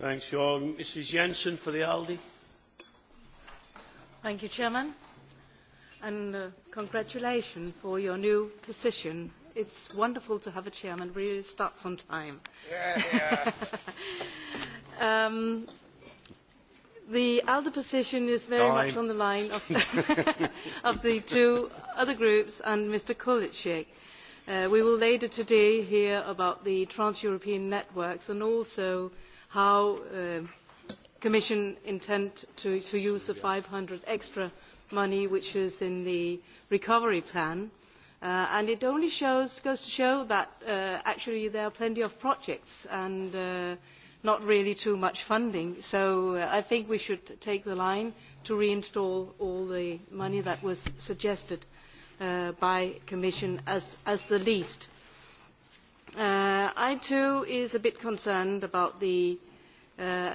Thanks, Jorgen. Mrs. Jensen for the ALDE. Thank you, Chairman. And uh, congratulations for your new position. It's wonderful to have a chairman really starts on time. Yeah, yeah. um, the ALDE position is very time. much on the line of, of the two other groups and Mr. Kulitschik. Uh, we will later today hear about the trans-European networks and also how uh, Commission intend to, to use the 500 extra money which is in the recovery plan. Uh, and it only shows, goes to show that uh, actually there are plenty of projects and uh, not really too much funding. So uh, I think we should take the line to reinstall all the money that was suggested uh, by Commission as, as the least. Uh, I too is a bit concerned about the uh, uh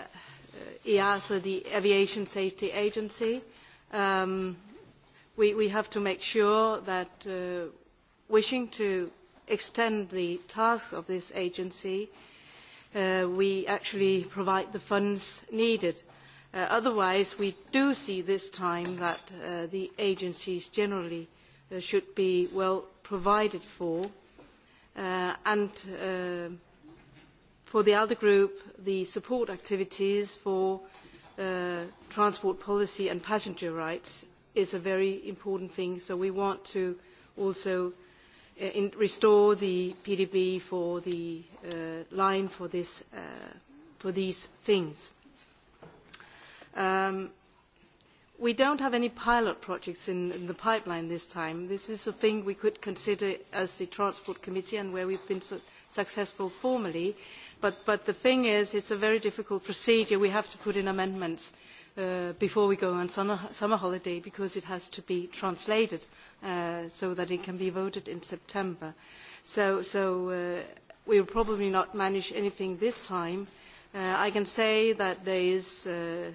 EASA, the Aviation Safety Agency. Um, we, we have to make sure that uh, wishing to extend the tasks of this agency, uh, we actually provide the funds needed. Uh, otherwise, we do see this time that uh, the agencies generally uh, should be well provided for Uh, and uh, for the ALDE group, the support activities for uh, transport policy and passenger rights is a very important thing. So we want to also uh, in, restore the PDB for the uh, line for, this, uh, for these things. Um, We don't have any pilot projects in, in the pipeline this time. This is a thing we could consider as the Transport Committee and where we've been su successful formally. But, but the thing is, it's a very difficult procedure. We have to put in amendments uh, before we go on summer, summer holiday because it has to be translated uh, so that it can be voted in September. So, so uh, we will probably not manage anything this time. Uh, I can say that there is... Uh,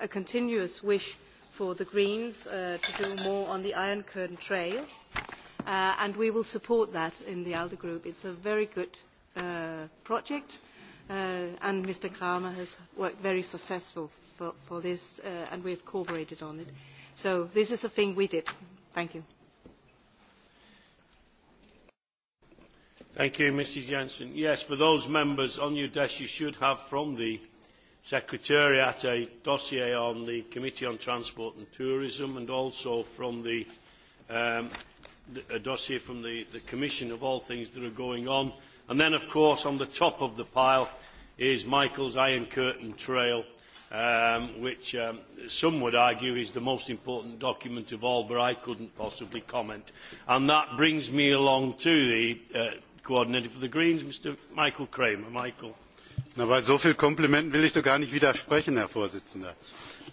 a continuous wish for the Greens uh, to do more on the Iron Curtain Trail, uh, and we will support that in the ALDE group. It's a very good uh, project, uh, and Mr. Kramer has worked very successful for, for this, uh, and we have cooperated on it. So this is a thing we did. Thank you. Thank you, Mrs. Jensen. Yes, for those members on your desk, you should have from the Secretariat a dossier on the Committee on Transport and Tourism and also from the, um, a dossier from the, the Commission of all things that are going on. And then, of course, on the top of the pile is Michael's Iron Curtain Trail, um, which um, some would argue is the most important document of all, but I couldn't possibly comment. And that brings me along to the uh, coordinator for the Greens, Mr. Michael Kramer. Michael. Na, bei so vielen Komplimenten will ich doch gar nicht widersprechen, Herr Vorsitzender.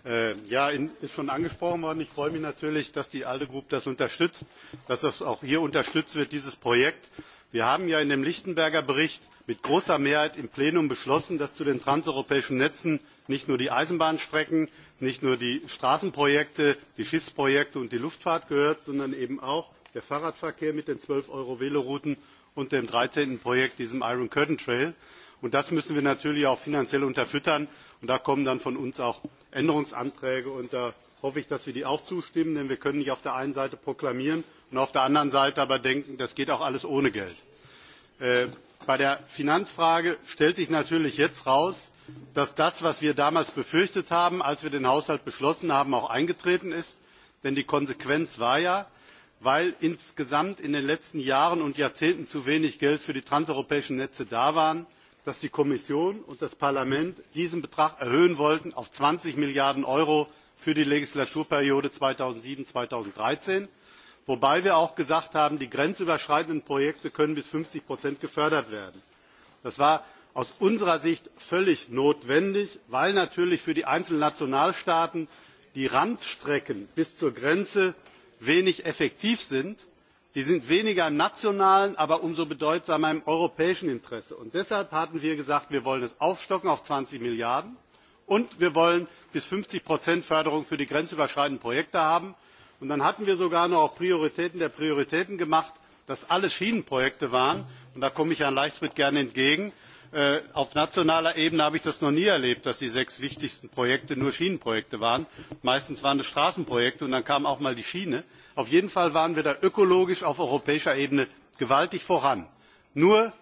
Äh, ja, in, ist schon angesprochen worden. Ich freue mich natürlich, dass die ALDE Group das unterstützt, dass das auch hier unterstützt wird, dieses Projekt. Wir haben ja in dem Lichtenberger Bericht mit großer Mehrheit im Plenum beschlossen, dass zu den transeuropäischen Netzen nicht nur die Eisenbahnstrecken, nicht nur die Straßenprojekte, die Schiffsprojekte und die Luftfahrt gehört, sondern eben auch der Fahrradverkehr mit den 12 Euro Velorouten und dem 13. Projekt, diesem Iron Curtain Trail. Und das müssen wir natürlich auch finanziell unterfüttern. Und da kommen dann von uns auch Änderungsanträge. Und da hoffe ich, dass wir die auch zustimmen, denn wir können nicht auf der einen Seite proklamieren und auf der anderen Seite aber denken, das geht auch alles ohne Geld. Äh, bei der Finanzfrage stellt sich natürlich jetzt heraus, dass das, was wir damals befürchtet haben, als wir den Haushalt beschlossen haben, auch eingetreten ist. Denn die Konsequenz war ja, weil insgesamt in den letzten Jahren und Jahrzehnten zu wenig Geld für die transeuropäischen Netze da waren, dass die Kommission und das Parlament diesen Betrag erhöhen wollten auf zwanzig Milliarden Euro für die Legislaturperiode 2007-2013, wobei wir auch gesagt haben, die grenzüberschreitenden Projekte können bis fünfzig gefördert werden. Das war aus unserer Sicht völlig notwendig, weil natürlich für die einzelnen Nationalstaaten die Randstrecken bis zur Grenze wenig effektiv sind die sind weniger im nationalen, aber umso bedeutsamer im europäischen Interesse. Und deshalb hatten wir gesagt, wir wollen es aufstocken auf zwanzig Milliarden und wir wollen bis fünfzig Förderung für die grenzüberschreitenden Projekte haben. Und dann hatten wir sogar noch Prioritäten der Prioritäten gemacht, dass alle Schienenprojekte waren. Und da komme ich Herrn Leichtfried gerne entgegen. Äh, auf nationaler Ebene habe ich das noch nie erlebt, dass die sechs wichtigsten Projekte nur Schienenprojekte waren. Meistens waren es Straßenprojekte und dann kam auch mal die Schiene. Auf jeden Fall waren wir da ökologisch auf europäischer Ebene gewaltig voran. Nur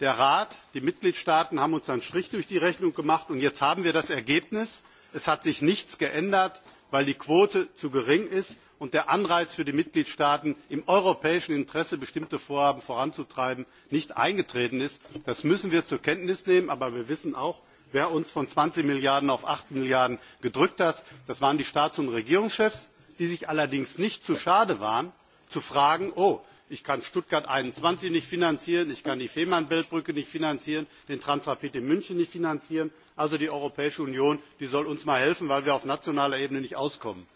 der Rat, die Mitgliedstaaten haben uns einen Strich durch die Rechnung gemacht und jetzt haben wir das Ergebnis. Es hat sich nichts geändert, weil die Quote zu gering ist und der Anreiz für die Mitgliedstaaten, im europäischen Interesse bestimmte Vorhaben voranzutreiben, nicht eingetreten ist. Das müssen wir zur Kenntnis nehmen, aber wir wissen auch, wer uns von zwanzig Milliarden auf acht Milliarden gedrückt hat. Das waren die Staats- und Regierungschefs, die sich allerdings nicht zu schade waren, zu fragen, oh, ich kann Stuttgart 21 nicht finanzieren, ich kann die Fehmarnbeltbrücke nicht finanzieren, den Transrapid in München nicht finanzieren. Also die Europäische Union, die soll uns mal helfen, weil wir auf nationaler Ebene nicht auskommen.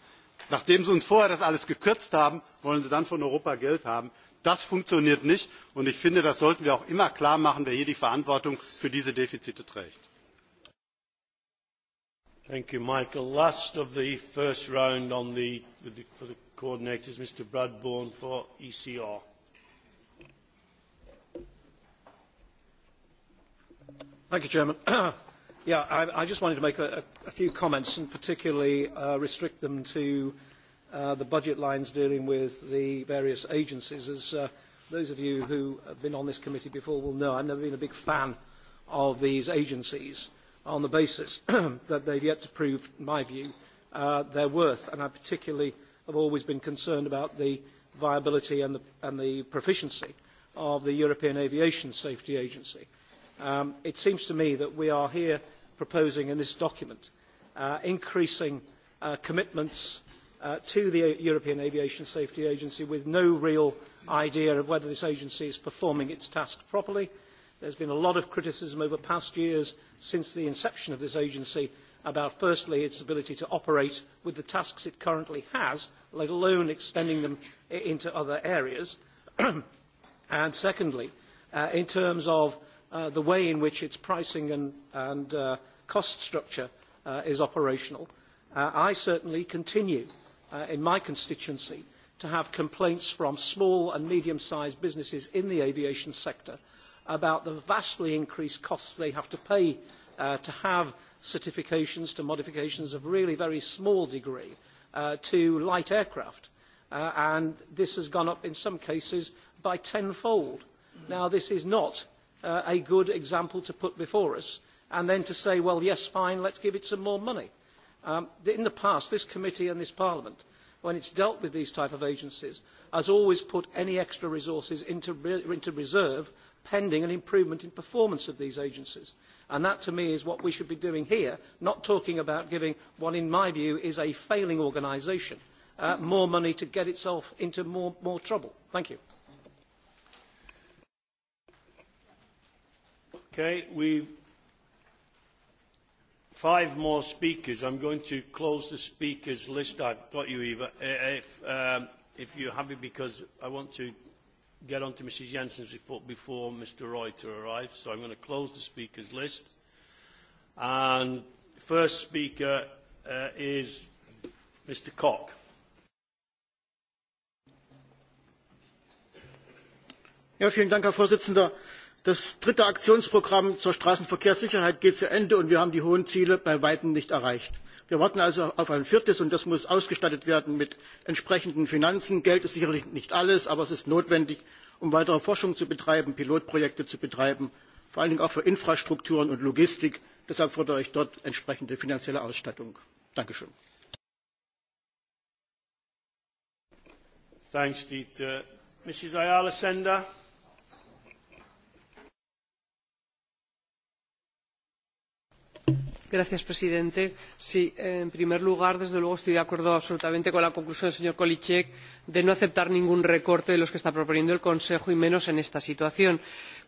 Nachdem sie uns vorher das alles gekürzt haben, wollen sie dann von Europa Geld haben. Das funktioniert nicht. Und ich finde, das sollten wir auch immer klar machen, wer hier die Verantwortung für diese Defizite trägt. Thank you, Michael. Last of the first round on the, the, for the coordinators, Mr. Bradbourne for ECR. Thank you, Chairman. Yeah, I, I just wanted to make a, a few comments and particularly uh, restrict them to uh, the budget lines dealing with the various agencies. As uh, those of you who have been on this committee before will know, I've never been a big fan of these agencies on the basis that they've yet to prove, in my view, uh, their worth. And I particularly have always been concerned about the viability and the, and the proficiency of the European Aviation Safety Agency. Um, it seems to me that we are here – proposing in this document, uh, increasing uh, commitments uh, to the European Aviation Safety Agency with no real idea of whether this agency is performing its task properly. There has been a lot of criticism over past years since the inception of this agency about firstly its ability to operate with the tasks it currently has, let alone extending them into other areas, and secondly uh, in terms of Uh, the way in which its pricing and, and uh, cost structure uh, is operational. Uh, I certainly continue uh, in my constituency to have complaints from small and medium-sized businesses in the aviation sector about the vastly increased costs they have to pay uh, to have certifications to modifications of really very small degree uh, to light aircraft. Uh, and this has gone up in some cases by tenfold. Now, this is not uh, a good example to put before us and then to say, well, yes, fine, let's give it some more money. Um, in the past, this committee and this parliament, when it's dealt with these type of agencies, has always put any extra resources into, re into reserve pending an improvement in performance of these agencies. And that, to me, is what we should be doing here, not talking about giving what, in my view, is a failing organisation uh, more money to get itself into more, more trouble. Thank you. Okay, we've five more speakers. I'm going to close the speakers list. I've got you, Eva. Uh, if, um, if you're happy, because I want to get on to Mrs. Jensen's report before Mr. Reuter arrives, so I'm going to close the speakers list. And first speaker uh, is Mr. Cock. Ja, vielen Dank, Herr Vorsitzender. Das dritte Aktionsprogramm zur Straßenverkehrssicherheit geht zu Ende und wir haben die hohen Ziele bei weitem nicht erreicht. Wir warten also auf ein viertes und das muss ausgestattet werden mit entsprechenden Finanzen. Geld ist sicherlich nicht alles, aber es ist notwendig, um weitere Forschung zu betreiben, Pilotprojekte zu betreiben, vor allen Dingen auch für Infrastrukturen und Logistik. Deshalb fordere ich dort entsprechende finanzielle Ausstattung. Dankeschön. Thanks, Dieter. Mrs. Ayala Sender. Señor presidente. Sí, en primer lugar, desde luego, estoy de acuerdo absolutamente con la conclusión del señor Kolicek de no aceptar ningún recorte de los que está proponiendo el Consejo y menos en esta situación.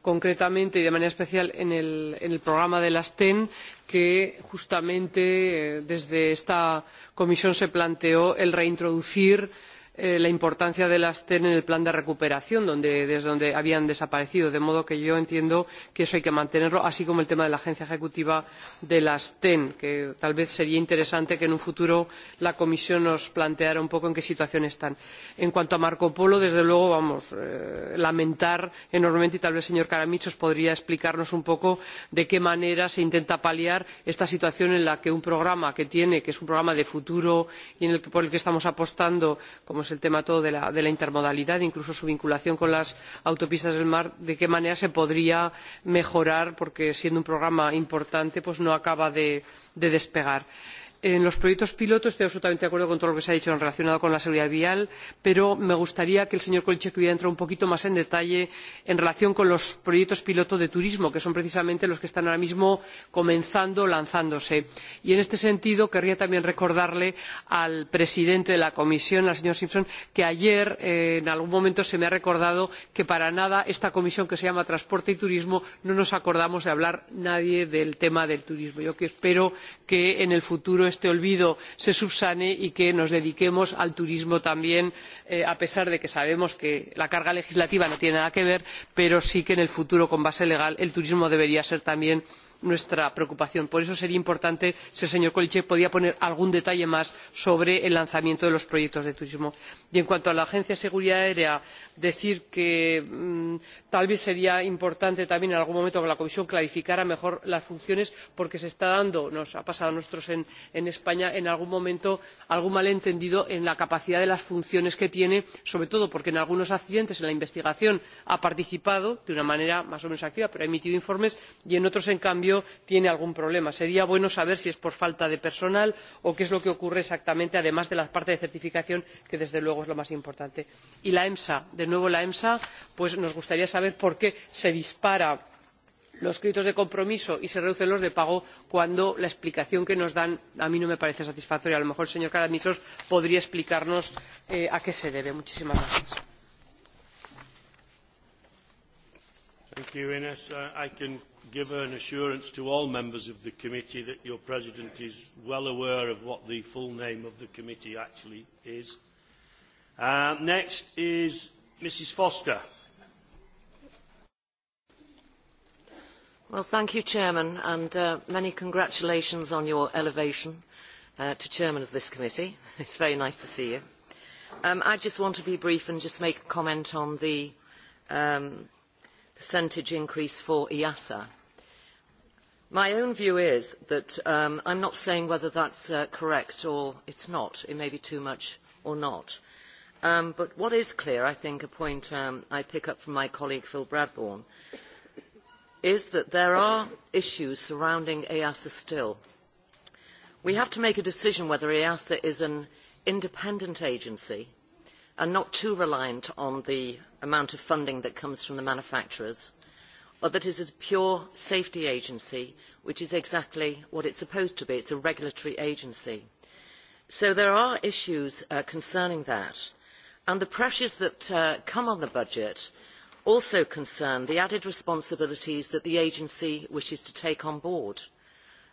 Concretamente y de manera especial en el, en el programa de las TEN, que justamente eh, desde esta comisión se planteó el reintroducir Eh, la importancia de las TEN en el plan de recuperación, donde, desde donde habían desaparecido. De modo que yo entiendo que eso hay que mantenerlo, así como el tema de la agencia ejecutiva de las TEN, que tal vez sería interesante que en un futuro la Comisión nos planteara un poco en qué situación están. En cuanto a Marco Polo, desde luego, vamos, eh, lamentar enormemente, y tal vez, el señor Karamichos, podría explicarnos un poco de qué manera se intenta paliar esta situación en la que un programa que tiene, que es un programa de futuro y en el que, por el que estamos apostando, como el tema todo de la, de la intermodalidad, incluso su vinculación con las autopistas del mar, de qué manera se podría mejorar, porque siendo un programa importante, pues no acaba de, de despegar. En los proyectos piloto estoy absolutamente de acuerdo con todo lo que se ha dicho relacionado con la seguridad vial, pero me gustaría que el señor Kolchek hubiera entrado un poquito más en detalle en relación con los proyectos piloto de turismo, que son precisamente los que están ahora mismo comenzando, lanzándose. Y en este sentido, querría también recordarle al presidente de la comisión, al señor Simpson, que ayer eh, en algún momento se me ha recordado que para nada esta comisión que se llama Transporte y Turismo no nos acordamos de hablar nadie del tema del turismo. Yo que espero que en el futuro este olvido se subsane y que nos dediquemos al turismo también eh, a pesar de que sabemos que la carga legislativa no tiene nada que ver pero sí que en el futuro con base legal el turismo debería ser también nuestra preocupación. por eso sería importante si el señor kohlek podía poner algún detalle más sobre el lanzamiento de los proyectos de turismo. y en cuanto a la agencia de seguridad aérea decir que mm, tal vez sería importante también en algún momento que la comisión clarificara mejor las funciones porque se está dando nos ha pasado a nosotros en, españa en algún momento algún malentendido en la capacidad de las funciones que tiene sobre todo porque en algunos accidentes en la investigación ha participado de una manera más o menos activa pero ha emitido informes y en otros en cambio tiene algún problema. sería bueno saber si es por falta de personal o qué es lo que ocurre exactamente además de la parte de certificación que desde luego es lo más importante. y la emsa de nuevo la emsa pues nos gustaría saber por qué se disparan los créditos de compromiso y se reducen los de pago cuando la explicación que nos dan a mí no me parece satisfactoria. a lo mejor el señor karamitsos podría explicarnos eh, a qué se debe. muchísimas gracias. Thank you, Ines. Uh, I can give an assurance to all members of the committee that your president is well aware of what the full name of the committee actually is. Uh, next is Mrs. Foster. Well, thank you, Chairman, and uh, many congratulations on your elevation uh, to Chairman of this committee. It's very nice to see you. Um, I just want to be brief and just make a comment on the um, percentage increase for EASA. My own view is that um, I'm not saying whether that's uh, correct or it's not. It may be too much or not. Um, but what is clear, I think, a point um, I pick up from my colleague Phil Bradbourne, is that there are issues surrounding EASA still. We have to make a decision whether EASA is an independent agency and not too reliant on the amount of funding that comes from the manufacturers, or that it is a pure safety agency, which is exactly what it is supposed to be. It is a regulatory agency. So there are issues uh, concerning that. And the pressures that uh, come on the budget also concern the added responsibilities that the agency wishes to take on board.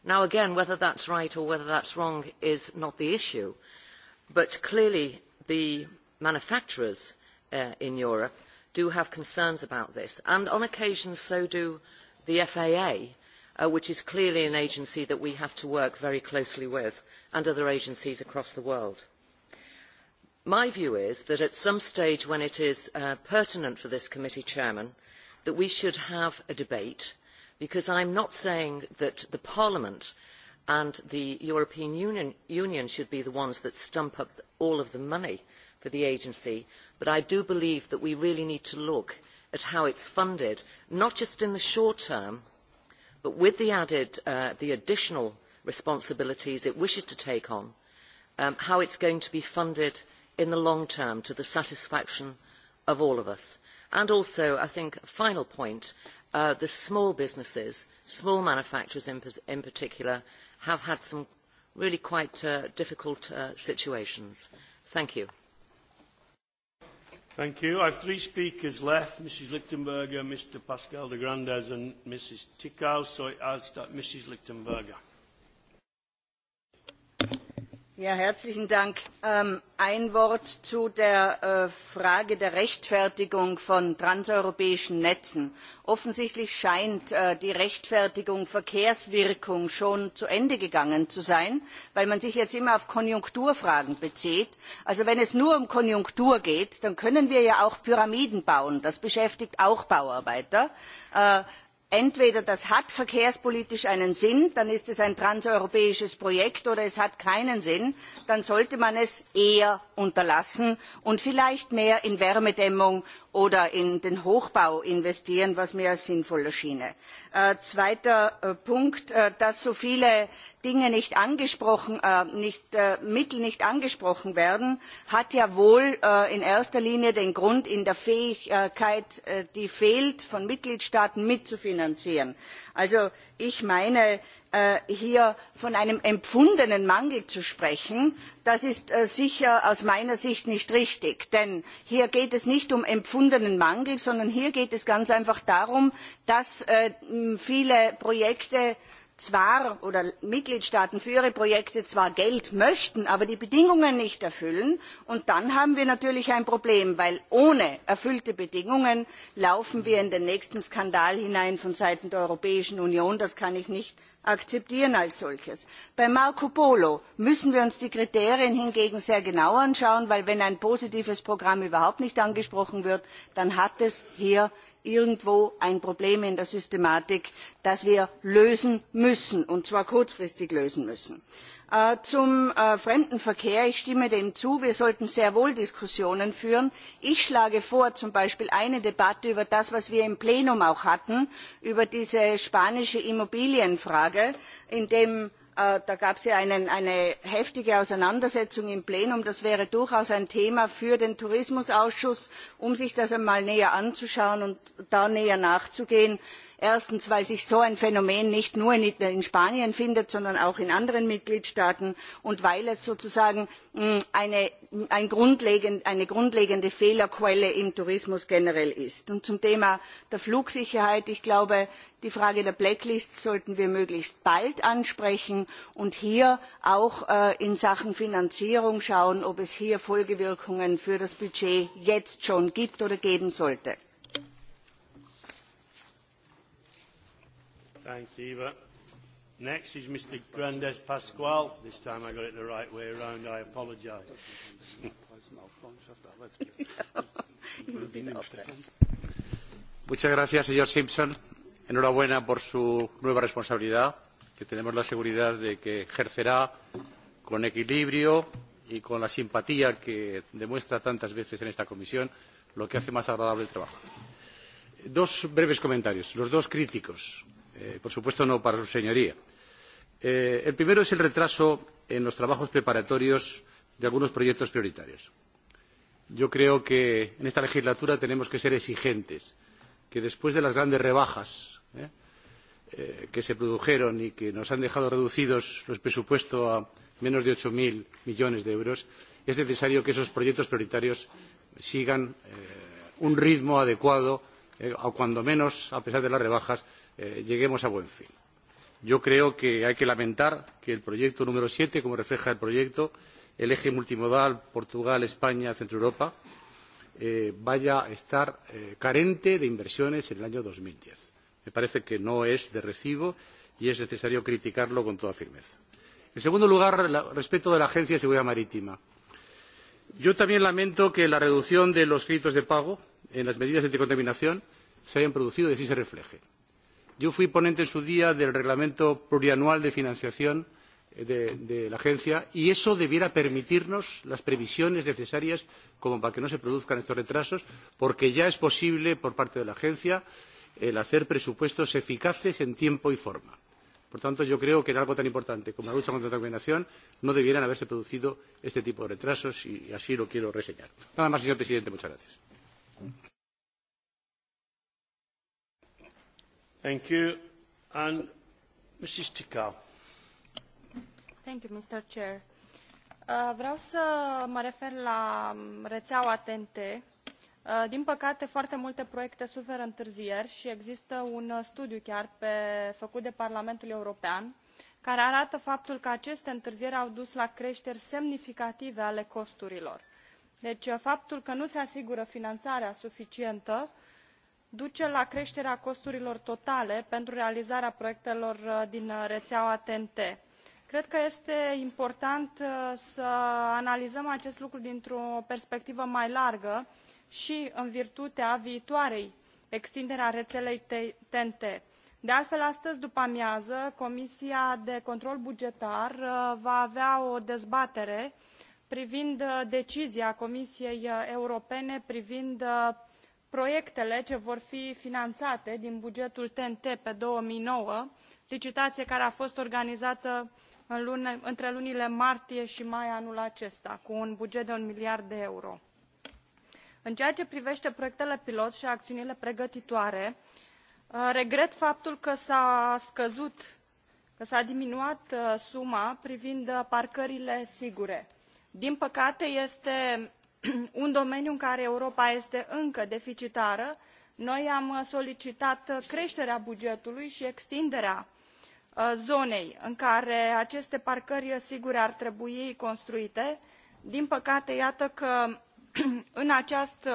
Now again, whether that is right or whether that is wrong is not the issue, but clearly the manufacturers uh, in Europe do have concerns about this, and on occasion so do the FAA, uh, which is clearly an agency that we have to work very closely with, and other agencies across the world. My view is that at some stage when it is uh, pertinent for this committee chairman that we should have a debate because I am not saying that Parliament and the European Union, Union, should be the ones that stump up all of the money for the agency, but I do believe that we really need to look at how it is funded, not just in the short term, but with the added, uh, the additional responsibilities it wishes to take on, um, how it is going to be funded in the long term to the satisfaction of all of us. And also, I think, a final point, uh, the small businesses, small manufacturers in, in particular, have had some really quite uh, difficult uh, situations. Thank you. Thank you. I have three speakers left, Mrs. Lichtenberger, Mr. Pascal de Grandes and Mrs. Tickow, so I'll start Mrs. Lichtenberger. Ja, herzlichen Dank. Ähm, ein Wort zu der äh, Frage der Rechtfertigung von transeuropäischen Netzen. Offensichtlich scheint äh, die Rechtfertigung Verkehrswirkung schon zu Ende gegangen zu sein, weil man sich jetzt immer auf Konjunkturfragen bezieht. Also wenn es nur um Konjunktur geht, dann können wir ja auch Pyramiden bauen. Das beschäftigt auch Bauarbeiter. Äh, entweder das hat verkehrspolitisch einen Sinn, dann ist es ein transeuropäisches Projekt, oder es hat keinen Sinn, dann sollte man es eher unterlassen und vielleicht mehr in Wärmedämmung oder in den Hochbau investieren, was mir als sinnvoll erschiene. Äh, zweiter äh, Punkt, äh, dass so viele Dinge nicht angesprochen, Mittel nicht angesprochen werden, hat ja wohl in erster Linie den Grund in der Fähigkeit, die fehlt, von Mitgliedstaaten mitzufinanzieren finanzieren. Also ich meine, äh, hier von einem empfundenen Mangel zu sprechen, das ist äh, sicher aus meiner Sicht nicht richtig. Denn hier geht es nicht um empfundenen Mangel, sondern hier geht es ganz einfach darum, dass äh, viele Projekte zwar oder Mitgliedstaaten für ihre Projekte zwar Geld möchten, aber die Bedingungen nicht erfüllen. Und dann haben wir natürlich ein Problem, weil ohne erfüllte Bedingungen laufen wir in den nächsten Skandal hinein von Seiten der Europäischen Union. Das kann ich nicht akzeptieren als solches. Bei Marco Polo müssen wir uns die Kriterien hingegen sehr genau anschauen, weil wenn ein positives Programm überhaupt nicht angesprochen wird, dann hat es hier irgendwo ein Problem in der Systematik, das wir lösen müssen, und zwar kurzfristig lösen müssen. Äh, zum äh, Fremdenverkehr, ich stimme dem zu, wir sollten sehr wohl Diskussionen führen. Ich schlage vor, zum Beispiel eine Debatte über das, was wir im Plenum auch hatten, über diese spanische Immobilienfrage, in dem Äh, da gab es ja einen, eine heftige Auseinandersetzung im Plenum. Das wäre durchaus ein Thema für den Tourismusausschuss, um sich das einmal näher anzuschauen und da näher nachzugehen. Erstens, weil sich so ein Phänomen nicht nur in, in Spanien findet, sondern auch in anderen Mitgliedstaaten und weil es sozusagen mm, eine ein grundlegend, eine grundlegende Fehlerquelle im Tourismus generell ist. Und zum Thema der Flugsicherheit, ich glaube, die Frage der Blacklist sollten wir möglichst bald ansprechen und hier auch äh, in Sachen Finanzierung schauen, ob es hier Folgewirkungen für das Budget jetzt schon gibt oder geben sollte. Thanks, Next is Mr. Grandes Pascual. This time I got it the right way around. I apologize. Muchas gracias, señor Simpson. Enhorabuena por su nueva responsabilidad, que tenemos la seguridad de que ejercerá con equilibrio y con la simpatía que demuestra tantas veces en esta comisión, lo que hace más agradable el trabajo. Dos breves comentarios, los dos críticos, eh, por supuesto no para su señoría. Eh, el primero es el retraso en los trabajos preparatorios de algunos proyectos prioritarios. Yo creo que en esta legislatura tenemos que ser exigentes, que después de las grandes rebajas eh, eh, que se produjeron y que nos han dejado reducidos los presupuestos a menos de ocho cero millones de euros, es necesario que esos proyectos prioritarios sigan un ritmo adecuado o cuando menos, a pesar de las rebajas, lleguemos a buen fin. Yo creo que hay que lamentar que el proyecto número siete, como refleja el proyecto, el eje multimodal Portugal, España, Centro Europa, eh, vaya a estar eh, carente de inversiones en el año dos mil diez. Me parece que no es de recibo y es necesario criticarlo con toda firmeza. En segundo lugar, la, respecto de la Agencia de Seguridad Marítima. Yo también lamento que la reducción de los créditos de pago en las medidas de anticontaminación se hayan producido y así se refleje. Yo fui ponente en su día del reglamento plurianual de financiación eh, de, de la agencia y eso debiera permitirnos las previsiones necesarias como para que no se produzcan estos retrasos, porque ya es posible por parte de la agencia el hacer presupuestos eficaces en tiempo y forma. Por tanto, yo creo que en algo tan importante como la lucha contra la contaminación no debieran haberse producido este tipo de retrasos y así lo quiero reseñar. Nada más, señor presidente. Muchas gracias. Thank you. And Mrs. Tika. Thank you, Mr. Chair. Uh, vreau să mă refer la um, rețeaua TNT. Uh, din păcate, foarte multe proiecte suferă întârzieri și există un uh, studiu chiar pe, făcut de Parlamentul European care arată faptul că aceste întârzieri au dus la creșteri semnificative ale costurilor. Deci, uh, faptul că nu se asigură finanțarea suficientă duce la creșterea costurilor totale pentru realizarea proiectelor uh, din uh, rețeaua TNT. Cred că este important uh, să analizăm acest lucru dintr-o perspectivă mai largă și în virtutea viitoarei extindere a rețelei TNT. De altfel, astăzi după amiază, Comisia de Control Bugetar va avea o dezbatere privind decizia Comisiei Europene privind proiectele ce vor fi finanțate din bugetul TNT pe 2009, licitație care a fost organizată în lune, între lunile martie și mai anul acesta cu un buget de un miliard de euro. în ceea ce privește proiectele pilot și acțiunile pregătitoare uh, regret faptul că s a scăzut că s a diminuat uh, suma privind uh, parcările sigure. din păcate este un domeniu în care Europa este încă deficitară, noi am uh, solicitat uh, creșterea bugetului și extinderea uh, zonei în care aceste parcări sigure ar trebui construite. Din păcate, iată că în acest,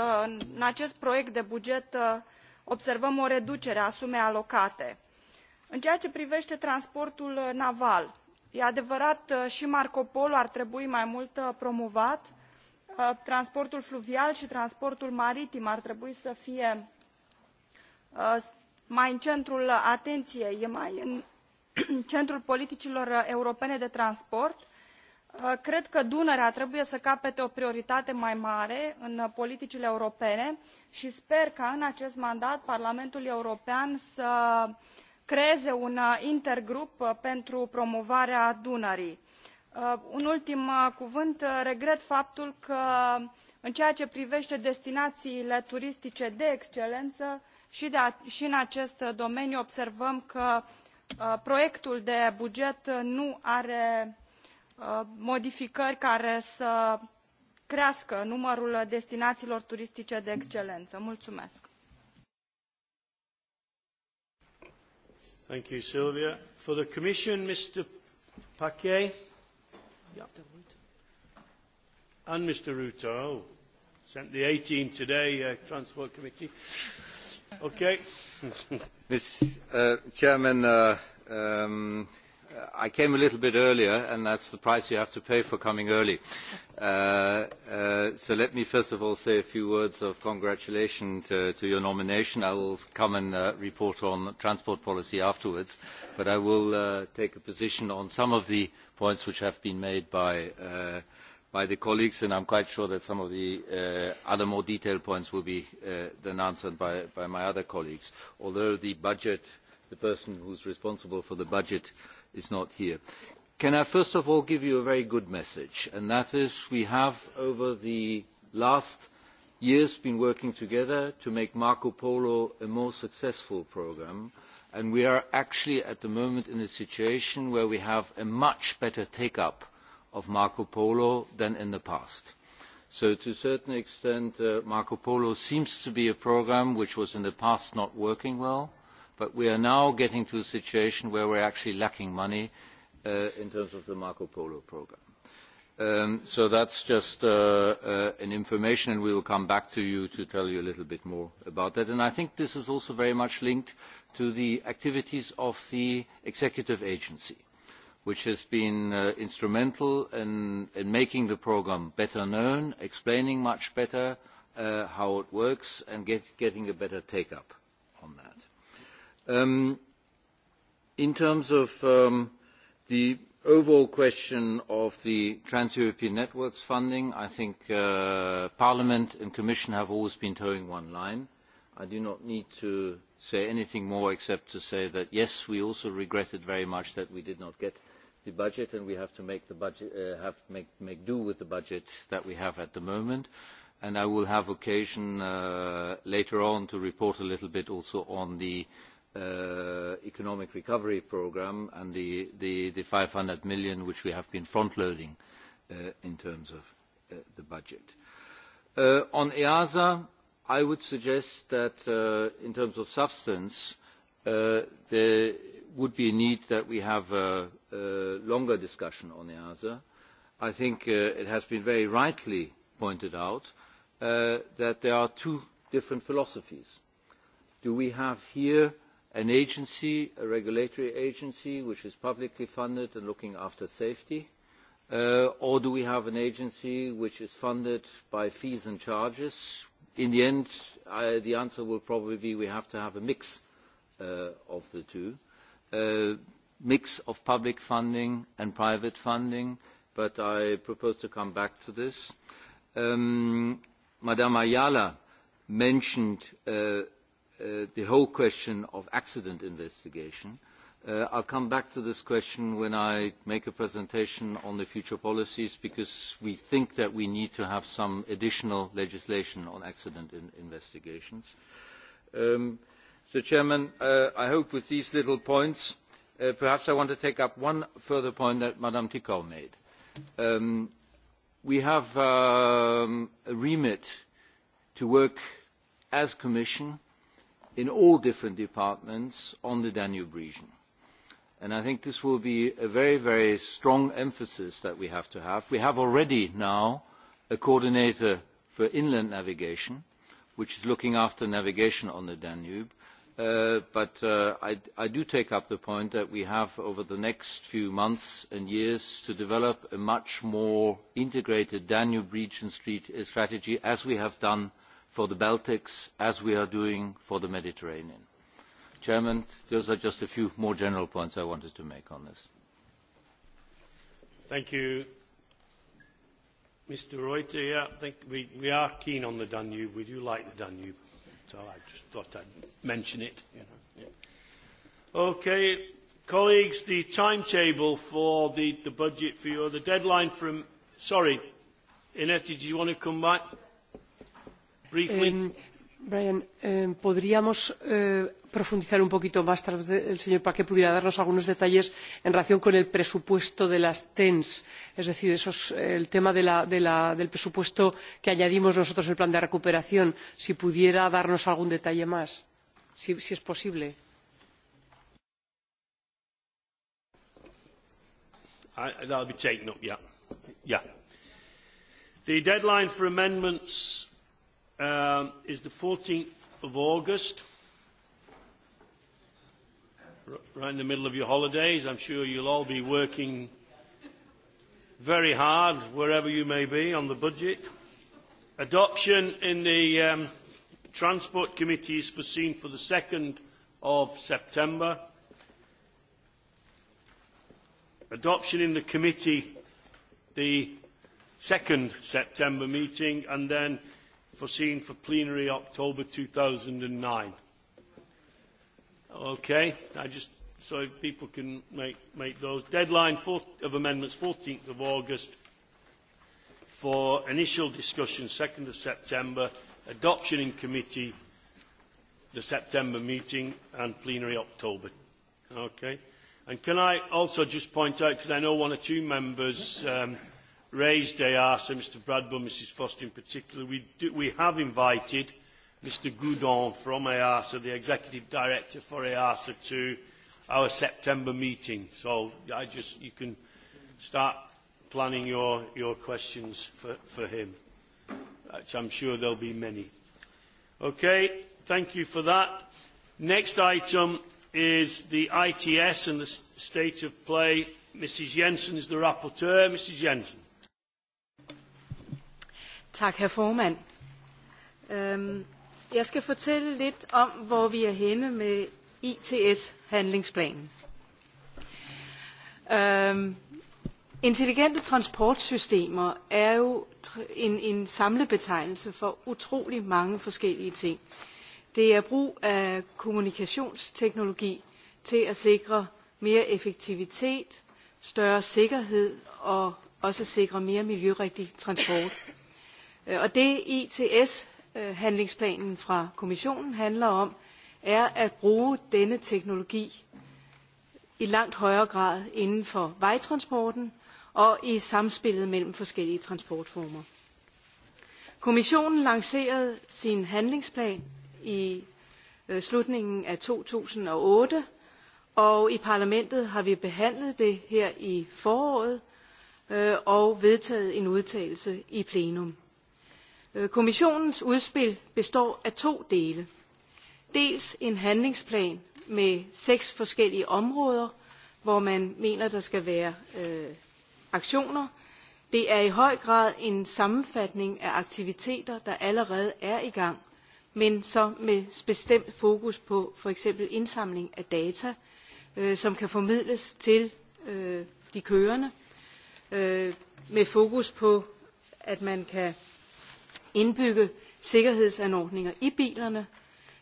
în acest proiect de buget observăm o reducere a sumei alocate. În ceea ce privește transportul naval, e adevărat și Marco Polo ar trebui mai mult promovat, Uh, transportul fluvial și transportul maritim ar trebui să fie uh, mai în centrul atenției, e mai în centrul politicilor europene de transport. Uh, cred că Dunărea trebuie să capete o prioritate mai mare în politicile europene și sper ca în acest mandat Parlamentul European să creeze un intergrup pentru promovarea Dunării Uh, un ultim uh, cuvânt, uh, regret faptul că în ceea ce privește destinațiile turistice de excelență și, de a, și în acest domeniu observăm că proiectul de buget nu are modificări care să crească numărul destinațiilor turistice de excelență. Mulțumesc! Thank you, For the Commission, Mr. Paquet. Mr. Ruto. And Mr. Ruto, oh, sent the A-team today, uh, Transport Committee. Okay. Ms. Uh, Chairman, uh, um, I came a little bit earlier, and that's the price you have to pay for coming early. Uh, uh, so let me first of all say a few words of congratulations to, to your nomination. I will come and uh, report on transport policy afterwards, but I will uh, take a position on some of the points which have been made by, uh, by the colleagues, and I am quite sure that some of the uh, other more detailed points will be uh, then answered by, by my other colleagues, although the budget, the person who is responsible for the budget is not here. Can I first of all give you a very good message, and that is we have over the last years been working together to make Marco Polo a more successful programme and we are actually at the moment in a situation where we have a much better take-up of Marco Polo than in the past. So to a certain extent, uh, Marco Polo seems to be a program which was in the past not working well, but we are now getting to a situation where we are actually lacking money uh, in terms of the Marco Polo program. Um, so that's just uh, uh, an information, and we will come back to you to tell you a little bit more about that. And I think this is also very much linked to the activities of the executive agency, which has been uh, instrumental in, in, making the programme better known, explaining much better uh, how it works, and get, getting a better take-up on that. Um, in terms of um, the overall question of the Trans-European Networks funding, I think uh, Parliament and Commission have always been towing one line. I do not need to say anything more except to say that, yes, we also regretted very much that we did not get the budget and we have to make, the budget, uh, have make, make do with the budget that we have at the moment. And I will have occasion uh, later on to report a little bit also on the uh, economic recovery program and the, the, the 500 million which we have been front-loading uh, in terms of uh, the budget. Uh, on EASA, I would suggest that uh, in terms of substance, uh, there would be a need that we have a, a longer discussion on EASA. I think uh, it has been very rightly pointed out uh, that there are two different philosophies. Do we have here an agency, a regulatory agency, which is publicly funded and looking after safety? Uh, or do we have an agency which is funded by fees and charges, in the end, I, the answer will probably be we have to have a mix uh, of the two, uh, mix of public funding and private funding, but I propose to come back to this. Um, Madame Ayala mentioned uh, uh, the whole question of accident investigation. Uh, Uh, I'll come back to this question when I make a presentation on the future policies because we think that we need to have some additional legislation on accident in investigations. Um, so, Chairman, uh, I hope with these little points, uh, perhaps I want to take up one further point that Madame Tikau made. Um, we have um, a remit to work as Commission in all different departments on the Danube region. And I think this will be a very, very strong emphasis that we have to have. We have already now a coordinator for inland navigation, which is looking after navigation on the Danube. Uh, but uh, I, I do take up the point that we have over the next few months and years to develop a much more integrated Danube region uh, strategy as we have done for the Baltics, as we are doing for the Mediterranean. Chairman, those are just a few more general points I wanted to make on this. Thank you, Mr. Reuter. Yeah, I think we, we are keen on the Danube. We do like the Danube. So I just thought I'd mention it. You know. yeah. Okay, colleagues, the timetable for the, the budget for your, the deadline from, sorry, Inetti, do you want to come back briefly? Um, Brian, eh, ¿podríamos eh, profundizar un poquito más, tal vez el señor Paquet pudiera darnos algunos detalles en relación con el presupuesto de las TENS? Es decir, eso es eh, el tema de la, de la, del presupuesto que añadimos nosotros en el plan de recuperación. Si pudiera darnos algún detalle más, si, si es posible. I, that'll be taken up, yeah. Yeah. The deadline for amendments um, is the 14th of August. right in the middle of your holidays, I'm sure you'll all be working very hard wherever you may be on the budget. Adoption in the um, Transport Committee is foreseen for the 2nd of September. Adoption in the committee the 2nd September meeting and then foreseen for plenary October 2009. Okay, I just so people can make, make those. Deadline for, of amendments 14th of August for initial discussion 2nd of September, adoption in committee the September meeting and plenary October. Okay. And can I also just point out, because I know one or two members um, raised EASA, Mr Bradburn, Mrs Foster in particular, we, do, we have invited Mr Goudon from EASA, the Executive Director for EASA, to our September meeting. So I just, you can start planning your, your questions for, for him, which I'm sure there'll be many. Okay, thank you for that. Next item is the ITS and the state of play. Mrs Jensen is the rapporteur. Mrs Jensen. Tak, herr formand. Øhm, jeg skal fortælle lidt om, hvor vi er henne med ITS-handlingsplanen. Øhm, intelligente transportsystemer er jo en, en samlebetegnelse for utrolig mange forskellige ting. Det er brug af kommunikationsteknologi til at sikre mere effektivitet, større sikkerhed og også sikre mere miljørigtig transport. Øh, og det ITS-handlingsplanen fra kommissionen handler om, er at bruge denne teknologi i langt højere grad inden for vejtransporten og i samspillet mellem forskellige transportformer. Kommissionen lancerede sin handlingsplan i øh, slutningen af 2008, og i parlamentet har vi behandlet det her i foråret øh, og vedtaget en udtalelse i plenum. Øh, kommissionens udspil består af to dele. Dels en handlingsplan med seks forskellige områder, hvor man mener, der skal være øh, aktioner. Det er i høj grad en sammenfatning af aktiviteter, der allerede er i gang, men så med bestemt fokus på for eksempel indsamling af data, øh, som kan formidles til øh, de kørende, øh, med fokus på, at man kan indbygge sikkerhedsanordninger i bilerne,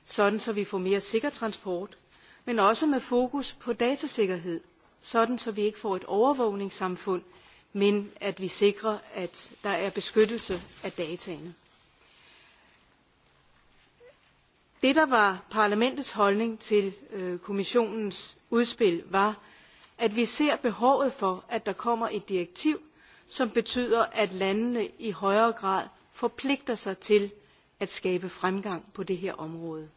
sådan så vi får mere sikker transport, men også med fokus på datasikkerhed, sådan så vi ikke får et overvågningssamfund, men at vi sikrer, at der er beskyttelse af dataene. Det, der var parlamentets holdning til øh, kommissionens udspil, var, at vi ser behovet for, at der kommer et direktiv, som betyder, at landene i højere grad forpligter sig til at skabe fremgang på det her område.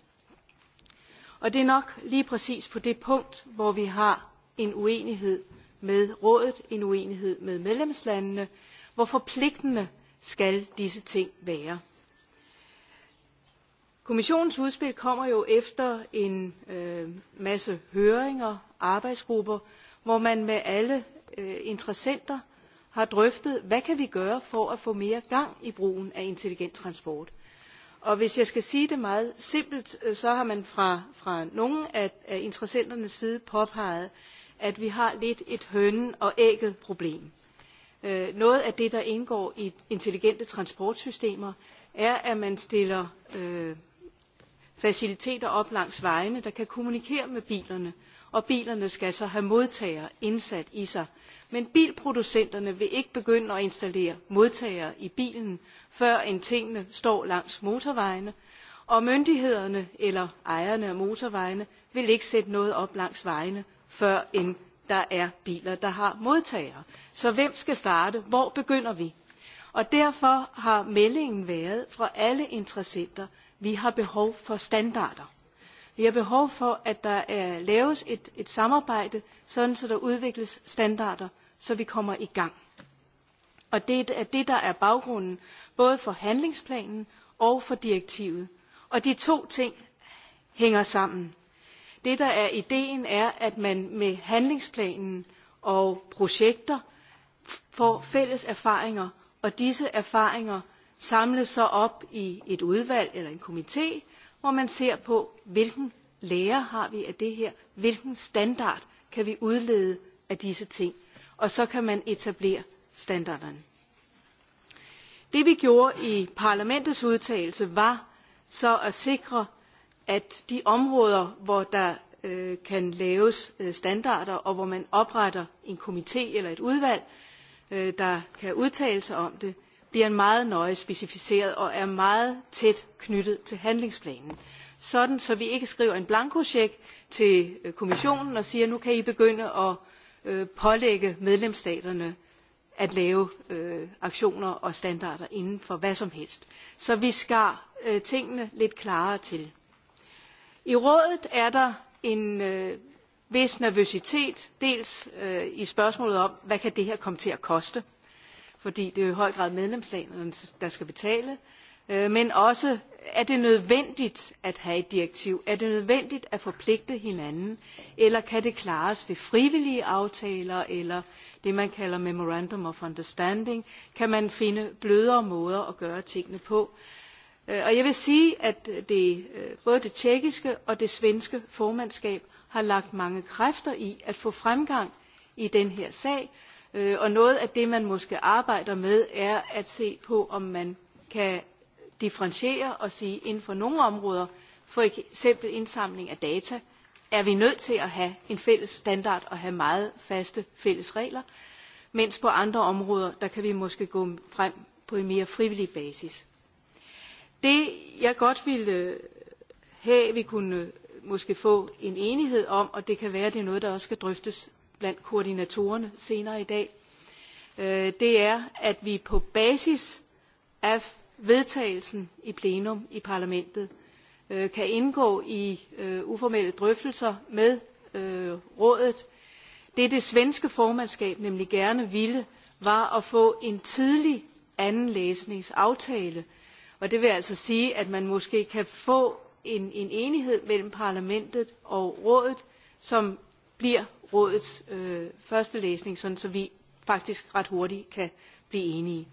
Og det er nok lige præcis på det punkt, hvor vi har en uenighed med rådet, en uenighed med medlemslandene, hvor forpligtende skal disse ting være. Kommissionens udspil kommer jo efter en øh, masse høringer, arbejdsgrupper, hvor man med alle øh, interessenter har drøftet, hvad kan vi gøre for at få mere gang i brugen af intelligent transport. Og hvis jeg skal sige det meget simpelt, øh, så har man fra, fra nogle af, af interessenternes side påpeget, at vi har lidt et hønne og ægget problem. Øh, noget af det, der indgår i intelligente transportsystemer, er, at man stiller øh, faciliteter op langs vejene, der kan kommunikere med bilerne, og bilerne skal så have modtagere indsat i sig. Men bilproducenterne vil ikke begynde at installere modtagere i bilen, før en tingene står langs motorvejene, og myndighederne eller ejerne af motorvejene vil ikke sætte noget op langs vejene, før en der er biler, der har modtagere. Så hvem skal starte? Hvor begynder vi? Og derfor har meldingen været fra alle interessenter, vi har behov for standarder. Vi har behov for, at der er, laves et, et samarbejde, sådan så der udvikles standarder, så vi kommer i gang. Og det er det, der er baggrunden, både for handlingsplanen og for direktivet. Og de to ting hænger sammen. Det, der er ideen, er, at man med handlingsplanen og projekter får fælles erfaringer, og disse erfaringer samles så op i et udvalg eller en komitee, hvor man ser på, hvilken lære har vi af det her, hvilken standard kan vi udlede af disse ting, og så kan man etablere standarderne. Det vi gjorde i parlamentets udtalelse var så at sikre, at de områder, hvor der øh, kan laves øh, standarder, og hvor man opretter en komité eller et udvalg, øh, der kan udtale sig om det, bliver meget nøje specificeret og er meget tæt knyttet til handlingsplanen. Sådan, så vi ikke skriver en blankosjek til øh, kommissionen og siger, nu kan I begynde at øh, pålægge medlemsstaterne at lave øh, aktioner og standarder inden for hvad som helst. Så vi skar øh, tingene lidt klarere til. I rådet er der en øh, vis nervøsitet, dels øh, i spørgsmålet om, hvad kan det her komme til at koste? fordi det er jo i høj grad medlemslandene, der skal betale, øh, men også, er det nødvendigt at have et direktiv? Er det nødvendigt at forpligte hinanden? Eller kan det klares ved frivillige aftaler, eller det man kalder Memorandum of Understanding? Kan man finde blødere måder at gøre tingene på? Øh, og jeg vil sige, at det, øh, både det tjekkiske og det svenske formandskab har lagt mange kræfter i at få fremgang i den her sag, Øh, og noget af det, man måske arbejder med, er at se på, om man kan differentiere og sige, inden for nogle områder, for eksempel indsamling af data, er vi nødt til at have en fælles standard og have meget faste fælles regler, mens på andre områder, der kan vi måske gå frem på en mere frivillig basis. Det, jeg godt ville have, vi kunne måske få en enighed om, og det kan være, at det er noget, der også skal drøftes blandt koordinatorerne senere i dag, øh, det er, at vi på basis af vedtagelsen i plenum i parlamentet øh, kan indgå i øh, uformelle drøftelser med øh, rådet. Det det svenske formandskab nemlig gerne ville, var at få en tidlig anden læsningsaftale. Og det vil altså sige, at man måske kan få en, en enighed mellem parlamentet og rådet, som bliver rådets øh, første læsning, sådan, så vi faktisk ret hurtigt kan blive enige.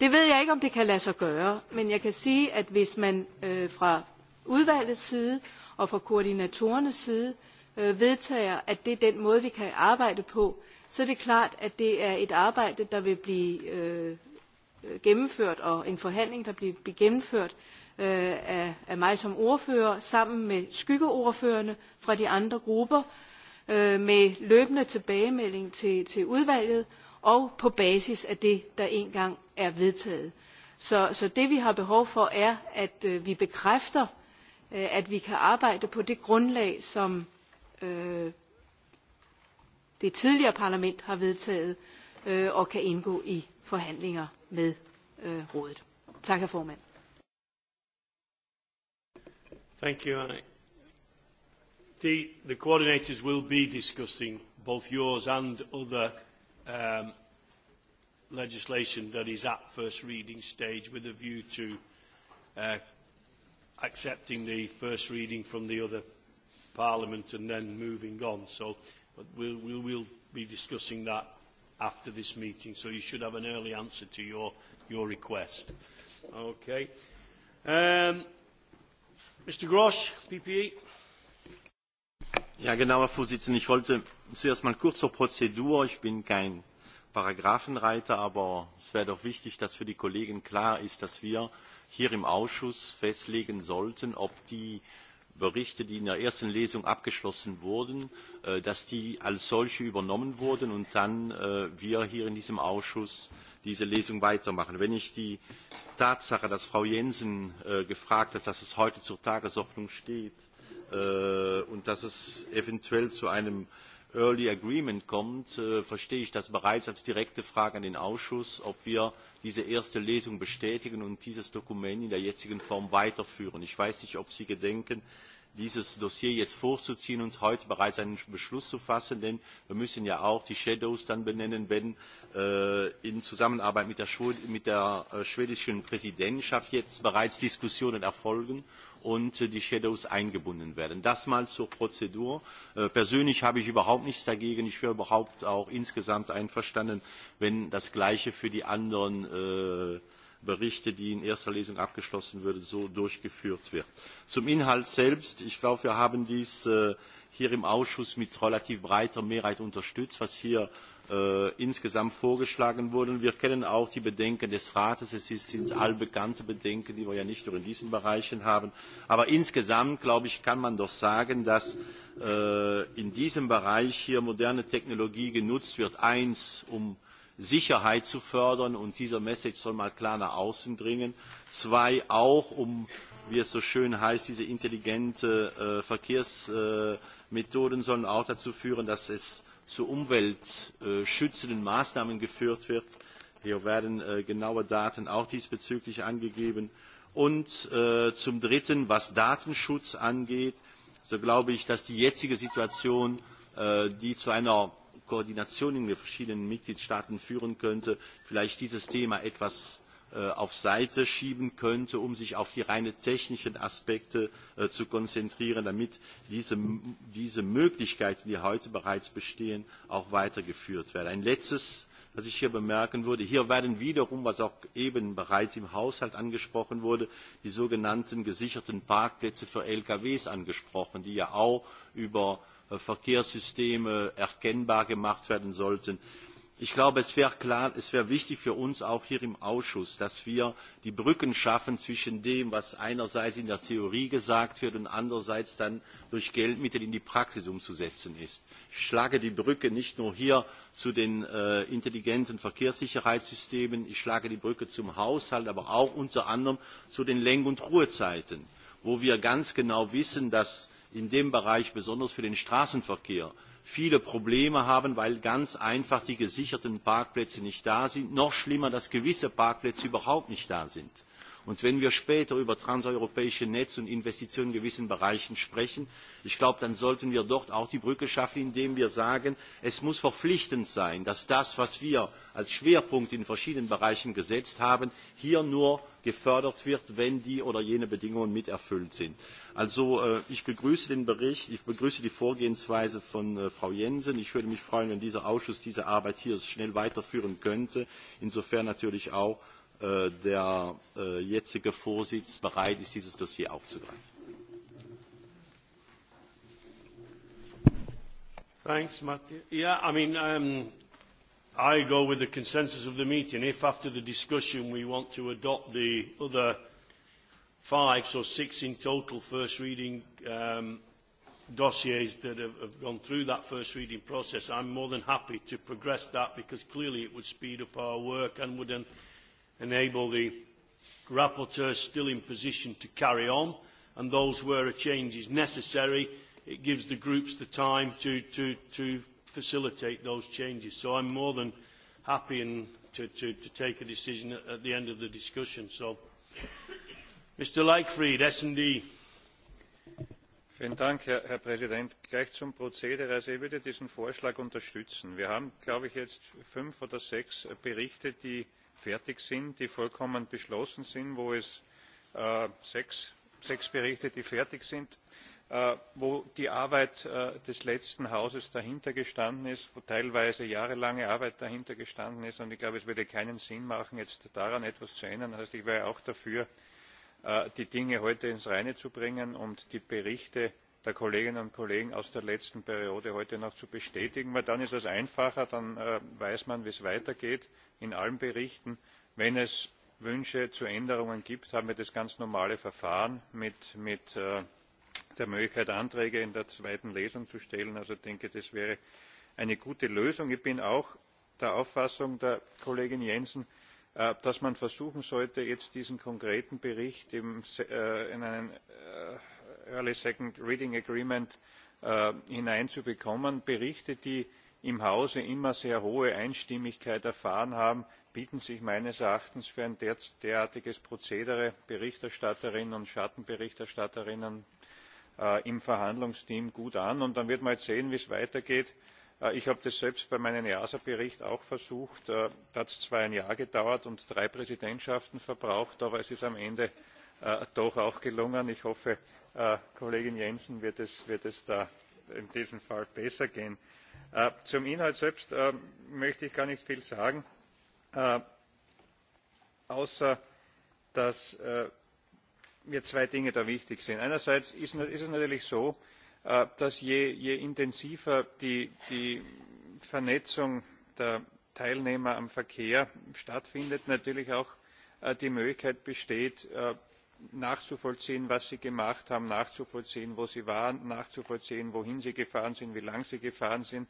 Det ved jeg ikke, om det kan lade sig gøre, men jeg kan sige, at hvis man øh, fra udvalgets side og fra koordinatorernes side øh, vedtager, at det er den måde, vi kan arbejde på, så er det klart, at det er et arbejde, der vil blive øh, gennemført, og en forhandling, der bliver, gennemført øh, af, af mig som ordfører, sammen med skyggeordførende fra de andre grupper, øh, med løbende tilbagemelding til, til udvalget og på basis af det, der engang er vedtaget. Så, så det vi har behov for er, at øh, vi bekræfter, øh, at vi kan arbejde på det grundlag, som øh, det tidligere parlament har vedtaget øh, og kan indgå i forhandlinger med øh, rådet. Tak, herr formand. Thank you, Annie. The, the coordinators will be discussing both yours and other um, legislation that is at first reading stage with a view to uh, accepting the first reading from the other parliament and then moving on. So we'll, we will be discussing that after this meeting, so you should have an early answer to your, your request. Okay. Um, Mr. Grosh, PPE. Ja, genau, Herr Vorsitzender. Ich wollte zuerst mal kurz zur Prozedur. Ich bin kein Paragraphenreiter, aber es wäre doch wichtig, dass für die Kollegen klar ist, dass wir hier im Ausschuss festlegen sollten, ob die Berichte, die in der ersten Lesung abgeschlossen wurden, äh, dass die als solche übernommen wurden und dann äh, wir hier in diesem Ausschuss diese Lesung weitermachen. Wenn ich die Tatsache, dass Frau Jensen äh, gefragt hat, dass es heute zur Tagesordnung steht, äh, und dass es eventuell zu einem Early Agreement kommt, äh, verstehe ich das bereits als direkte Frage an den Ausschuss, ob wir diese erste Lesung bestätigen und dieses Dokument in der jetzigen Form weiterführen. Ich weiß nicht, ob Sie gedenken, dieses Dossier jetzt vorzuziehen und heute bereits einen Beschluss zu fassen, denn wir müssen ja auch die Shadows dann benennen, wenn äh, in Zusammenarbeit mit der, mit der äh, schwedischen Präsidentschaft jetzt bereits Diskussionen erfolgen und äh, die Shadows eingebunden werden. Das mal zur Prozedur. Äh, persönlich habe ich überhaupt nichts dagegen. Ich wäre überhaupt auch insgesamt einverstanden, wenn das Gleiche für die anderen äh, Berichte, die in erster Lesung abgeschlossen würden, so durchgeführt wird. Zum Inhalt selbst. Ich glaube, wir haben dies hier im Ausschuss mit relativ breiter Mehrheit unterstützt, was hier äh, insgesamt vorgeschlagen wurden. Wir kennen auch die Bedenken des Rates. Es sind allbekannte Bedenken, die wir ja nicht nur in diesen Bereichen haben. Aber insgesamt, glaube ich, kann man doch sagen, dass äh, in diesem Bereich hier moderne Technologie genutzt wird. Eins, um Sicherheit zu fördern und dieser Message soll mal klar nach außen dringen. Zwei, auch um, wie es so schön heißt, diese intelligente äh, Verkehrsmethoden äh, sollen auch dazu führen, dass es zu umweltschützenden Maßnahmen geführt wird. Hier werden äh, genaue Daten auch diesbezüglich angegeben. Und äh, zum Dritten, was Datenschutz angeht, so glaube ich, dass die jetzige Situation, äh, die zu einer Koordination in den verschiedenen Mitgliedstaaten führen könnte, vielleicht dieses Thema etwas Äh, auf Seite schieben könnte, um sich auf die reine technischen Aspekte äh, zu konzentrieren, damit diese, diese Möglichkeiten, die heute bereits bestehen, auch weitergeführt werden. Ein letztes, was ich hier bemerken würde, hier werden wiederum, was auch eben bereits im Haushalt angesprochen wurde, die sogenannten gesicherten Parkplätze für LKWs angesprochen, die ja auch über äh, Verkehrssysteme erkennbar gemacht werden sollten. Ich glaube, es wäre klar, es wäre wichtig für uns auch hier im Ausschuss, dass wir die Brücken schaffen zwischen dem, was einerseits in der Theorie gesagt wird und andererseits dann durch Geldmittel in die Praxis umzusetzen ist. Ich schlage die Brücke nicht nur hier zu den äh, intelligenten Verkehrssicherheitssystemen, ich schlage die Brücke zum Haushalt, aber auch unter anderem zu den Lenk- und Ruhezeiten, wo wir ganz genau wissen, dass in dem Bereich, besonders für den Straßenverkehr, viele Probleme haben, weil ganz einfach die gesicherten Parkplätze nicht da sind. Noch schlimmer, dass gewisse Parkplätze überhaupt nicht da sind. Und wenn wir später über transeuropäische Netze und Investitionen in gewissen Bereichen sprechen, ich glaube, dann sollten wir dort auch die Brücke schaffen, indem wir sagen, es muss verpflichtend sein, dass das, was wir als Schwerpunkt in verschiedenen Bereichen gesetzt haben, hier nur gefördert wird, wenn die oder jene Bedingungen mit erfüllt sind. Also äh, ich begrüße den Bericht, ich begrüße die Vorgehensweise von äh, Frau Jensen. Ich würde mich freuen, wenn dieser Ausschuss diese Arbeit hier schnell weiterführen könnte. Insofern natürlich auch Äh, der äh, jetzige Vorsitz bereit ist, dieses Dossier aufzugreifen. Thanks, Matthew. Yeah, I mean, um, I go with the consensus of the meeting. If after the discussion we want to adopt the other five, so six in total first reading um, dossiers that have, have gone through that first reading process, I'm more than happy to progress that because clearly it would speed up our work and would enable the rapporteurs still in position to carry on, and those where a change is necessary, it gives the groups the time to, to, to facilitate those changes. So I'm more than happy and to, to, to take a decision at, at the end of the discussion. So, Mr. Leichfried, S&D. Vielen Dank, Herr, Herr Präsident. Gleich zum Prozedere. Also ich würde diesen Vorschlag unterstützen. Wir haben, glaube ich, jetzt fünf oder sechs Berichte, die fertig sind, die vollkommen beschlossen sind, wo es äh, sechs, sechs Berichte, die fertig sind, äh, wo die Arbeit äh, des letzten Hauses dahinter gestanden ist, wo teilweise jahrelange Arbeit dahinter gestanden ist. Und ich glaube, es würde keinen Sinn machen, jetzt daran etwas zu ändern. Das heißt, ich wäre auch dafür, äh, die Dinge heute ins Reine zu bringen und die Berichte der Kolleginnen und Kollegen aus der letzten Periode heute noch zu bestätigen, weil dann ist es einfacher, dann äh, weiß man, wie es weitergeht in allen Berichten. Wenn es Wünsche zu Änderungen gibt, haben wir das ganz normale Verfahren mit, mit äh, der Möglichkeit, Anträge in der zweiten Lesung zu stellen. Also ich denke, das wäre eine gute Lösung. Ich bin auch der Auffassung der Kollegin Jensen, äh, dass man versuchen sollte, jetzt diesen konkreten Bericht äh, in einen äh, early second reading agreement äh, hineinzubekommen. Berichte, die im Hause immer sehr hohe Einstimmigkeit erfahren haben, bieten sich meines Erachtens für ein derartiges Prozedere Berichterstatterinnen und Schattenberichterstatterinnen äh, im Verhandlungsteam gut an. Und dann wird man sehen, wie es weitergeht. Äh, ich habe das selbst bei meinem EASA-Bericht auch versucht. da hat es zwar ein Jahr gedauert und drei Präsidentschaften verbraucht, aber es ist am Ende Äh, doch auch gelungen. Ich hoffe, äh, Kollegin Jensen wird es, wird es da in diesem Fall besser gehen. Äh, zum Inhalt selbst möchte ich gar nicht viel sagen, außer dass mir zwei Dinge da wichtig sind. Einerseits ist, es natürlich so, dass je, je intensiver die, die Vernetzung der Teilnehmer am Verkehr stattfindet, natürlich auch die Möglichkeit besteht, nachzuvollziehen, was sie gemacht haben, nachzuvollziehen, wo sie waren, nachzuvollziehen, wohin sie gefahren sind, wie lange sie gefahren sind.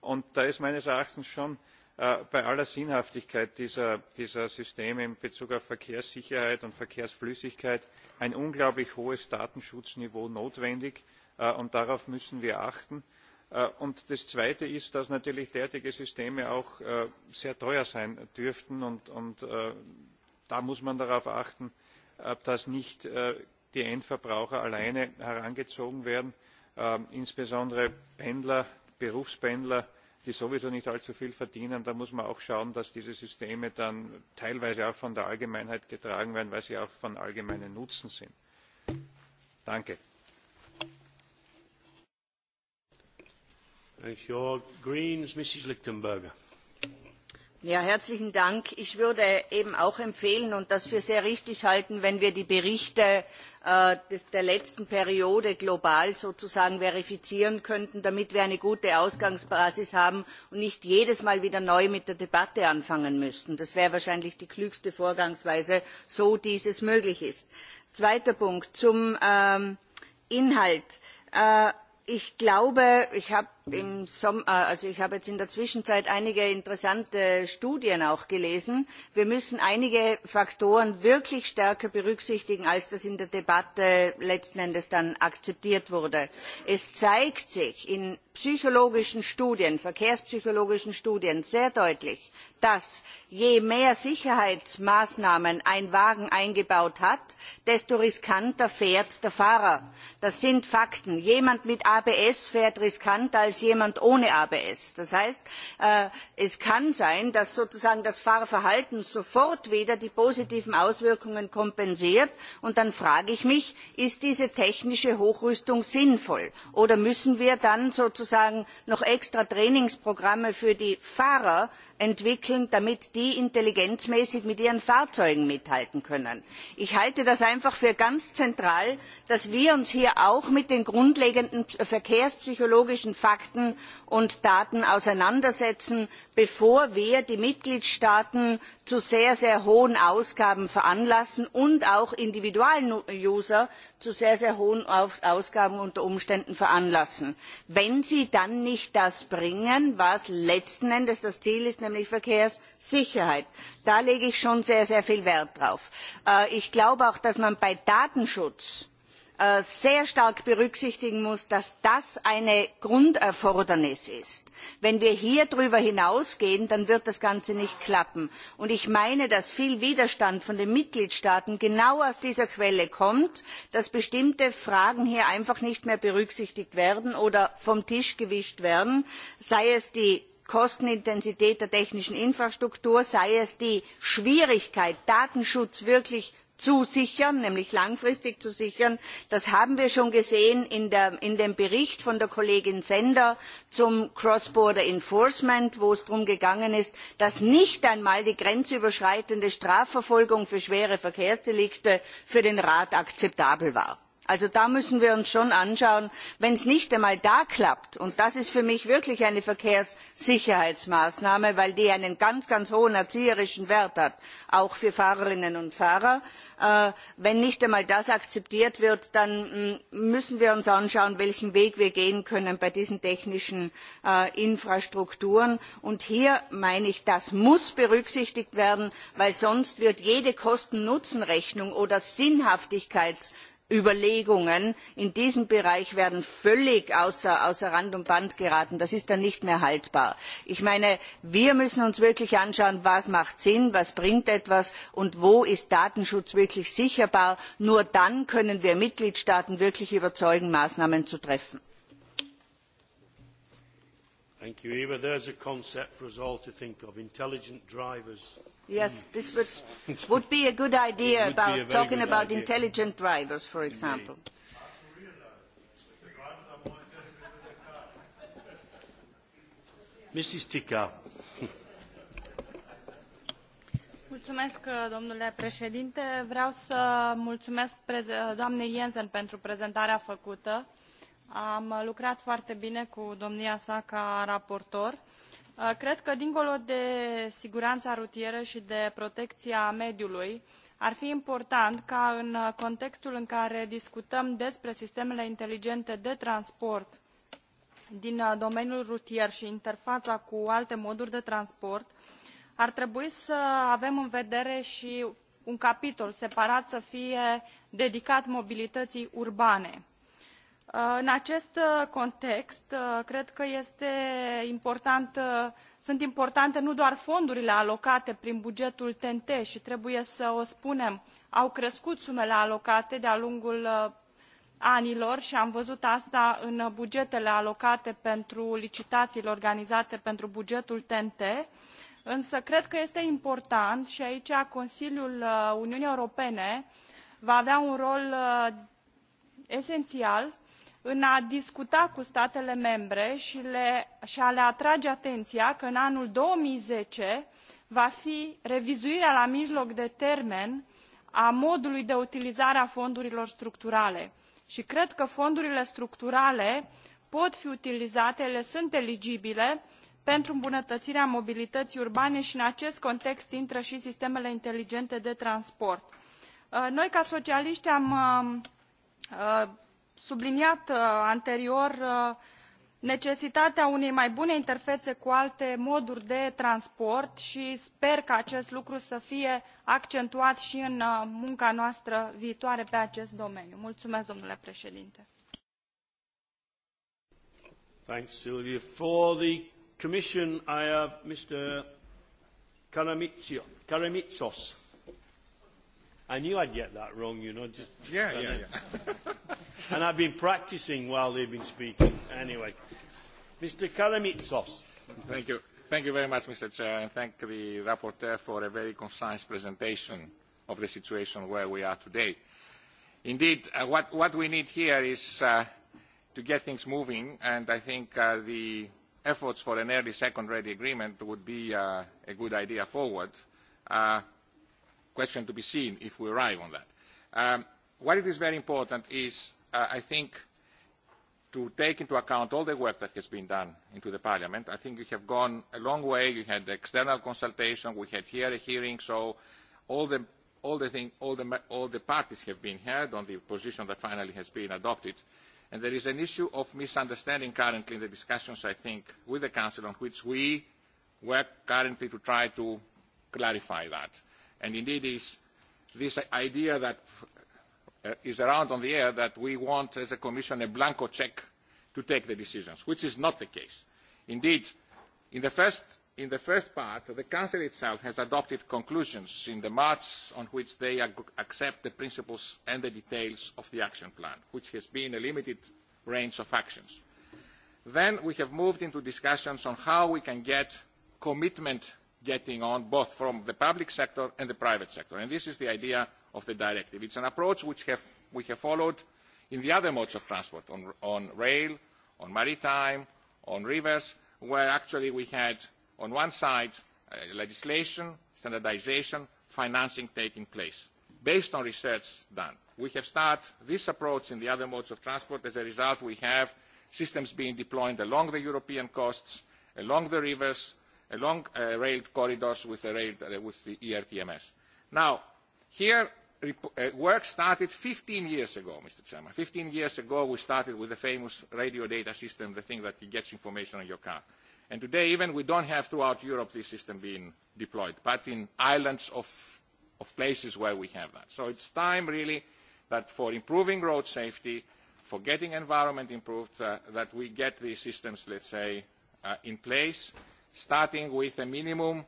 Und da ist meines Erachtens schon äh, bei aller Sinnhaftigkeit dieser, dieser Systeme in Bezug auf Verkehrssicherheit und Verkehrsflüssigkeit ein unglaublich hohes Datenschutzniveau notwendig. Äh, und darauf müssen wir achten. Äh, und das Zweite ist, dass natürlich derartige Systeme auch äh, sehr teuer sein dürften. Und, und äh, da muss man darauf achten, dass nicht äh, die Endverbraucher alleine herangezogen werden, ähm, insbesondere Pendler, Berufspendler, die sowieso nicht allzu viel verdienen. Da muss man auch schauen, dass diese Systeme dann teilweise auch von der Allgemeinheit getragen werden, weil sie auch von allgemeinem Nutzen sind. Danke. Ja, herzlichen Dank. Ich würde eben auch empfehlen und das für sehr richtig halten, wenn wir die Berichte äh, des, der letzten Periode global sozusagen verifizieren könnten, damit wir eine gute Ausgangsbasis haben und nicht jedes Mal wieder neu mit der Debatte anfangen müssten. Das wäre wahrscheinlich die klügste Vorgangsweise, so dieses möglich ist. Zweiter Punkt zum ähm, Inhalt. Äh, ich glaube, ich habe im Sommer, äh, also ich habe jetzt in der Zwischenzeit einige interessante Studien auch gelesen. Wir müssen einige Faktoren wirklich stärker berücksichtigen, als das in der Debatte letzten Endes dann akzeptiert wurde. Es zeigt sich in psychologischen Studien, verkehrspsychologischen Studien sehr deutlich, dass je mehr Sicherheitsmaßnahmen ein Wagen eingebaut hat, desto riskanter fährt der Fahrer. Das sind Fakten. Jemand mit ABS fährt riskanter als als jemand ohne ABS. Das heißt, äh, es kann sein, dass sozusagen das Fahrverhalten sofort wieder die positiven Auswirkungen kompensiert. Und dann frage ich mich, ist diese technische Hochrüstung sinnvoll? Oder müssen wir dann sozusagen noch extra Trainingsprogramme für die Fahrer entwickeln, damit die intelligenzmäßig mit ihren Fahrzeugen mithalten können. Ich halte das einfach für ganz zentral, dass wir uns hier auch mit den grundlegenden verkehrspsychologischen Fakten und Daten auseinandersetzen, bevor wir die Mitgliedstaaten zu sehr, sehr hohen Ausgaben veranlassen und auch Individualuser zu sehr, sehr hohen Ausgaben unter Umständen veranlassen. Wenn sie dann nicht das bringen, was letzten Endes das Ziel ist, nämlich Verkehrssicherheit. Da lege ich schon sehr, sehr viel Wert drauf. Äh, ich glaube auch, dass man bei Datenschutz äh, sehr stark berücksichtigen muss, dass das eine Grunderfordernis ist. Wenn wir hier darüber hinausgehen, dann wird das Ganze nicht klappen. Und ich meine, dass viel Widerstand von den Mitgliedstaaten genau aus dieser Quelle kommt, dass bestimmte Fragen hier einfach nicht mehr berücksichtigt werden oder vom Tisch gewischt werden, sei es die Kostenintensität der technischen Infrastruktur, sei es die Schwierigkeit, Datenschutz wirklich zu sichern, nämlich langfristig zu sichern. Das haben wir schon gesehen in, der, in dem Bericht von der Kollegin Sender zum Cross-Border Enforcement, wo es darum gegangen ist, dass nicht einmal die grenzüberschreitende Strafverfolgung für schwere Verkehrsdelikte für den Rat akzeptabel war. Also da müssen wir uns schon anschauen, wenn es nicht einmal da klappt, und das ist für mich wirklich eine Verkehrssicherheitsmaßnahme, weil die einen ganz, ganz hohen erzieherischen Wert hat, auch für Fahrerinnen und Fahrer. Äh, wenn nicht einmal das akzeptiert wird, dann mm, müssen wir uns anschauen, welchen Weg wir gehen können bei diesen technischen äh, Infrastrukturen. Und hier meine ich, das muss berücksichtigt werden, weil sonst wird jede Kosten-Nutzen-Rechnung oder Sinnhaftigkeits Überlegungen in diesem Bereich werden völlig außer, außer Rand und Band geraten. Das ist dann nicht mehr haltbar. Ich meine, wir müssen uns wirklich anschauen, was macht Sinn, was bringt etwas und wo ist Datenschutz wirklich sicherbar. Nur dann können wir Mitgliedstaaten wirklich überzeugen, Maßnahmen zu treffen. Thank you, Eva. There's a concept for us all to think of. Intelligent drivers. Yes, mm. this would, would be a good idea about talking about idea. intelligent drivers, for Indeed. example. Mrs. Tica. Mulțumesc, domnule președinte. Vreau să mulțumesc doamnei Jensen pentru prezentarea făcută. Am lucrat foarte bine cu domnia sa ca raportor. Uh, cred că, dincolo de siguranța rutieră și de protecția mediului, ar fi important ca în uh, contextul în care discutăm despre sistemele inteligente de transport din uh, domeniul rutier și interfața cu alte moduri de transport, ar trebui să avem în vedere și un capitol separat să fie dedicat mobilității urbane În acest uh, context, uh, cred că este important, uh, sunt importante nu doar fondurile alocate prin bugetul TNT și trebuie să o spunem, au crescut sumele alocate de-a lungul anilor și am văzut asta în bugetele alocate pentru licitațiile organizate pentru bugetul TNT, însă cred că este important și aici Consiliul Uniunii Europene va avea un rol esențial în a discuta cu statele membre și, a le atrage atenția că în anul două mii zece va fi revizuirea la mijloc de termen a modului de utilizare a fondurilor structurale. Și cred că fondurile structurale pot fi utilizate, ele sunt eligibile pentru îmbunătățirea mobilității urbane și în acest context intră și sistemele inteligente de transport. Uh, noi, ca socialiști, am uh, uh, subliniat uh, anterior uh, necesitatea unei mai bune interfețe cu alte moduri de transport și sper ca acest lucru să fie accentuat și în uh, munca noastră viitoare pe acest domeniu. Mulțumesc, domnule președinte. Thanks, Sylvia. For the Commission, I have Mr. Karamitsos. I knew I'd get that wrong, you know. Just yeah, yeah, yeah. and I've been practicing while they've been speaking. Anyway, Mr. Kalamitsos. Thank you. Thank you very much, Mr. Chair, and thank the rapporteur for a very concise presentation of the situation where we are today. Indeed, uh, what, what we need here is uh, to get things moving, and I think uh, the efforts for an early second-ready agreement would be uh, a good idea forward. Uh, question to be seen if we arrive on that. Um, what it is very important is, uh, I think, to take into account all the work that has been done into the Parliament. I think we have gone a long way. You had external consultation. We had here a hearing. So all the, all the, thing, all the, all the parties have been heard on the position that finally has been adopted. And there is an issue of misunderstanding currently in the discussions, I think, with the Council on which we work currently to try to clarify that. And indeed, is this idea that uh, is around on the air that we want, as a Commission, a blanco check to take the decisions, which is not the case. Indeed, in the first, in the first part, the Council itself has adopted conclusions in the March on which they accept the principles and the details of the action plan, which has been a limited range of actions. Then we have moved into discussions on how we can get commitment getting on both from the public sector and the private sector. And this is the idea of the directive. It's an approach which have, we have followed in the other modes of transport, on, on rail, on maritime, on rivers, where actually we had on one side uh, legislation, standardization, financing taking place, based on research done. We have started this approach in the other modes of transport. As a result, we have systems being deployed along the European coasts, along the rivers, along uh, rail corridors with the, rail, uh, with the ERTMS. Now, here uh, work started 15 years ago, Mr. Chairman. 15 years ago we started with the famous radio data system, the thing that gets information on your car. And today even we don't have throughout Europe this system being deployed, but in islands of, of places where we have that. So it's time really that for improving road safety, for getting environment improved, uh, that we get these systems, let's say, uh, in place starting with a minimum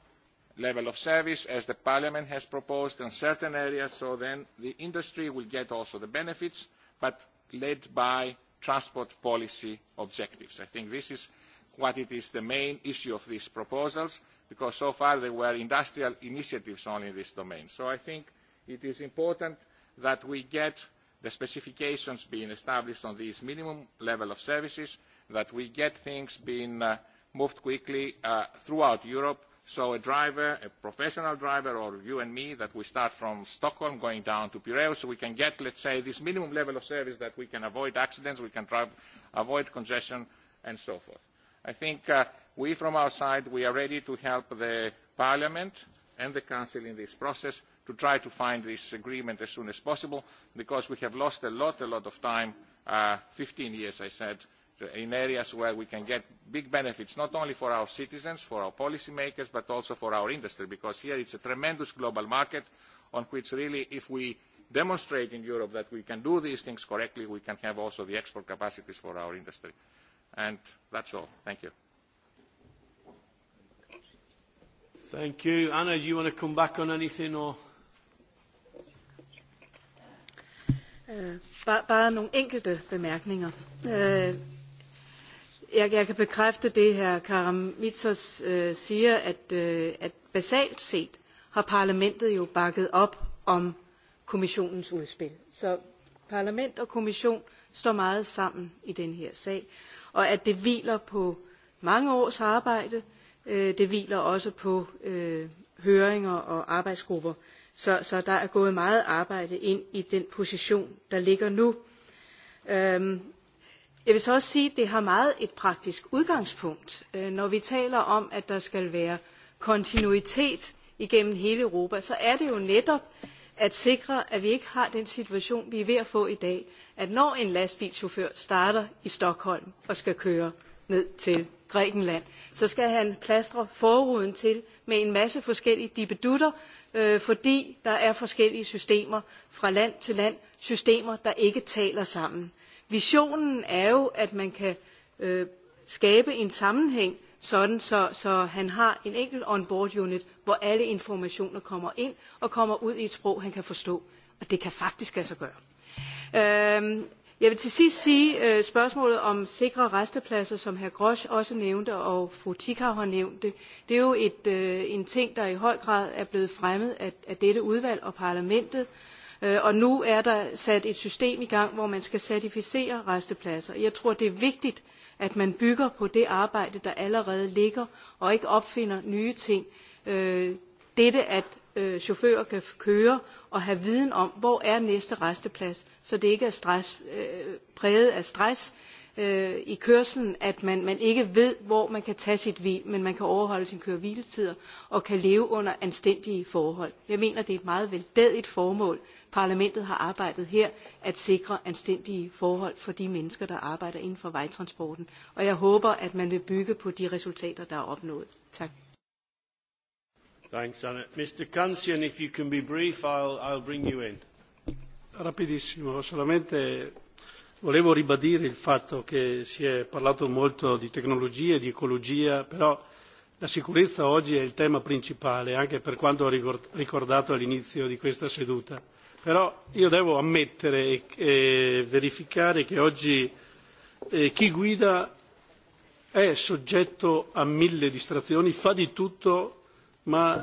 level of service as the Parliament has proposed in certain areas, so then the industry will get also the benefits, but led by transport policy objectives. I think this is what it is the main issue of these proposals, because so far there were industrial initiatives only in this domain. So I think it is important that we get the specifications being established on these minimum level of services, that we get things being uh, moved quickly uh, throughout Europe. So a driver, a professional driver, or you and me, that we start from Stockholm going down to Piraeus, so we can get, let's say, this minimum level of service that we can avoid accidents, we can drive, avoid congestion, and so forth. I think uh, we, from our side, we are ready to help the Parliament and the Council in this process to try to find this agreement as soon as possible, because we have lost a lot, a lot of time, uh, 15 years, I said, Uh, in areas where we can get big benefits not only for our citizens, for our policy makers, but also for our industry, because here it's a tremendous global market on which really if we demonstrate in Europe that we can do these things correctly, we can have also the export capacities for our industry. And that's all. Thank you. Thank you. Anna, do you want to come back on anything or? Uh, bare nogle enkelte bemærkninger. Uh, Jeg, jeg kan bekræfte det, her Karamitsos øh, siger, at, øh, at basalt set har parlamentet jo bakket op om kommissionens udspil. Så parlament og kommission står meget sammen i den her sag, og at det hviler på mange års arbejde, øh, det hviler også på øh, høringer og arbejdsgrupper. Så, så der er gået meget arbejde ind i den position, der ligger nu. Øhm, Jeg vil så også sige, at det har meget et praktisk udgangspunkt. Øh, når vi taler om, at der skal være kontinuitet igennem hele Europa, så er det jo netop at sikre, at vi ikke har den situation, vi er ved at få i dag, at når en lastbilchauffør starter i Stockholm og skal køre ned til Grækenland, så skal han plastre forruden til med en masse forskellige dibedutter, øh, fordi der er forskellige systemer fra land til land, systemer, der ikke taler sammen. Visionen er jo, at man kan øh, skabe en sammenhæng, sådan så, så han har en enkelt onboard unit, hvor alle informationer kommer ind og kommer ud i et sprog, han kan forstå. Og det kan faktisk altså gøre. Øhm, Jeg vil til sidst sige øh, spørgsmålet om sikre restepladser, som herr Grosch også nævnte, og fru Tikar har nævnt det. Det er jo et, øh, en ting, der i høj grad er blevet fremmet af, af dette udvalg og parlamentet, Øh, og nu er der sat et system i gang, hvor man skal certificere restepladser. Jeg tror, det er vigtigt, at man bygger på det arbejde, der allerede ligger, og ikke opfinder nye ting. Øh, dette, at øh, chauffører kan køre og have viden om, hvor er næste resteplads, så det ikke er stress, præget af stress, i kørselen, at man, man ikke ved, hvor man kan tage sit hvil, men man kan overholde sin køreviletider og kan leve under anstændige forhold. Jeg mener, det er et meget veldedigt formål, parlamentet har arbejdet her, at sikre anstændige forhold for de mennesker, der arbejder inden for vejtransporten. Og jeg håber, at man vil bygge på de resultater, der er opnået. Tak. Thanks, Anna. Mr. Kansian, if you can be brief, I'll, I'll bring you in. Rapidissimo, solamente volevo ribadire il fatto che si è parlato molto di tecnologia e di ecologia, però la sicurezza oggi è il tema principale, anche per quanto ho ricordato all'inizio di questa seduta. Però io devo ammettere e, e verificare che oggi eh, chi guida è soggetto a mille distrazioni, fa di tutto, ma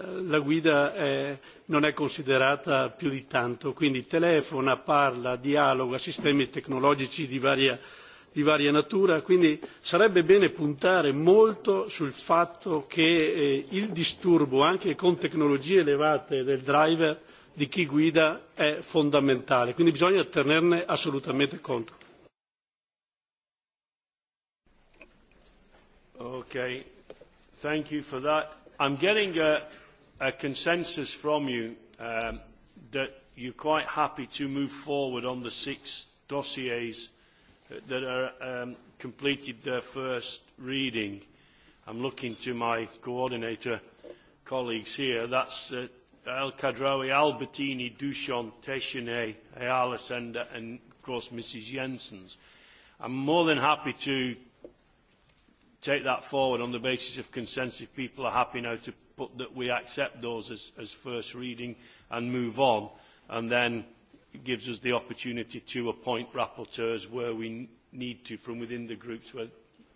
eh, la guida è, non è considerata più di tanto. Quindi telefona, parla, dialoga, sistemi tecnologici di varia, di varia natura. Quindi sarebbe bene puntare molto sul fatto che eh, il disturbo, anche con tecnologie elevate del driver, di chi guida è fondamentale, quindi bisogna tenerne assolutamente conto. Okay, thank you for that. I'm getting a, a consensus from you um, that you're quite happy to move forward on the six dossiers that are um, completed their first reading. I'm looking to my coordinator colleagues here. That's uh, El Kadrawi, Albertini, Dushon, Teshine, Ayala Sender, and of course Mrs. Jensen's. I'm more than happy to take that forward on the basis of consensus. If people are happy now to put that we accept those as, as first reading and move on, and then it gives us the opportunity to appoint rapporteurs where we need to from within the groups where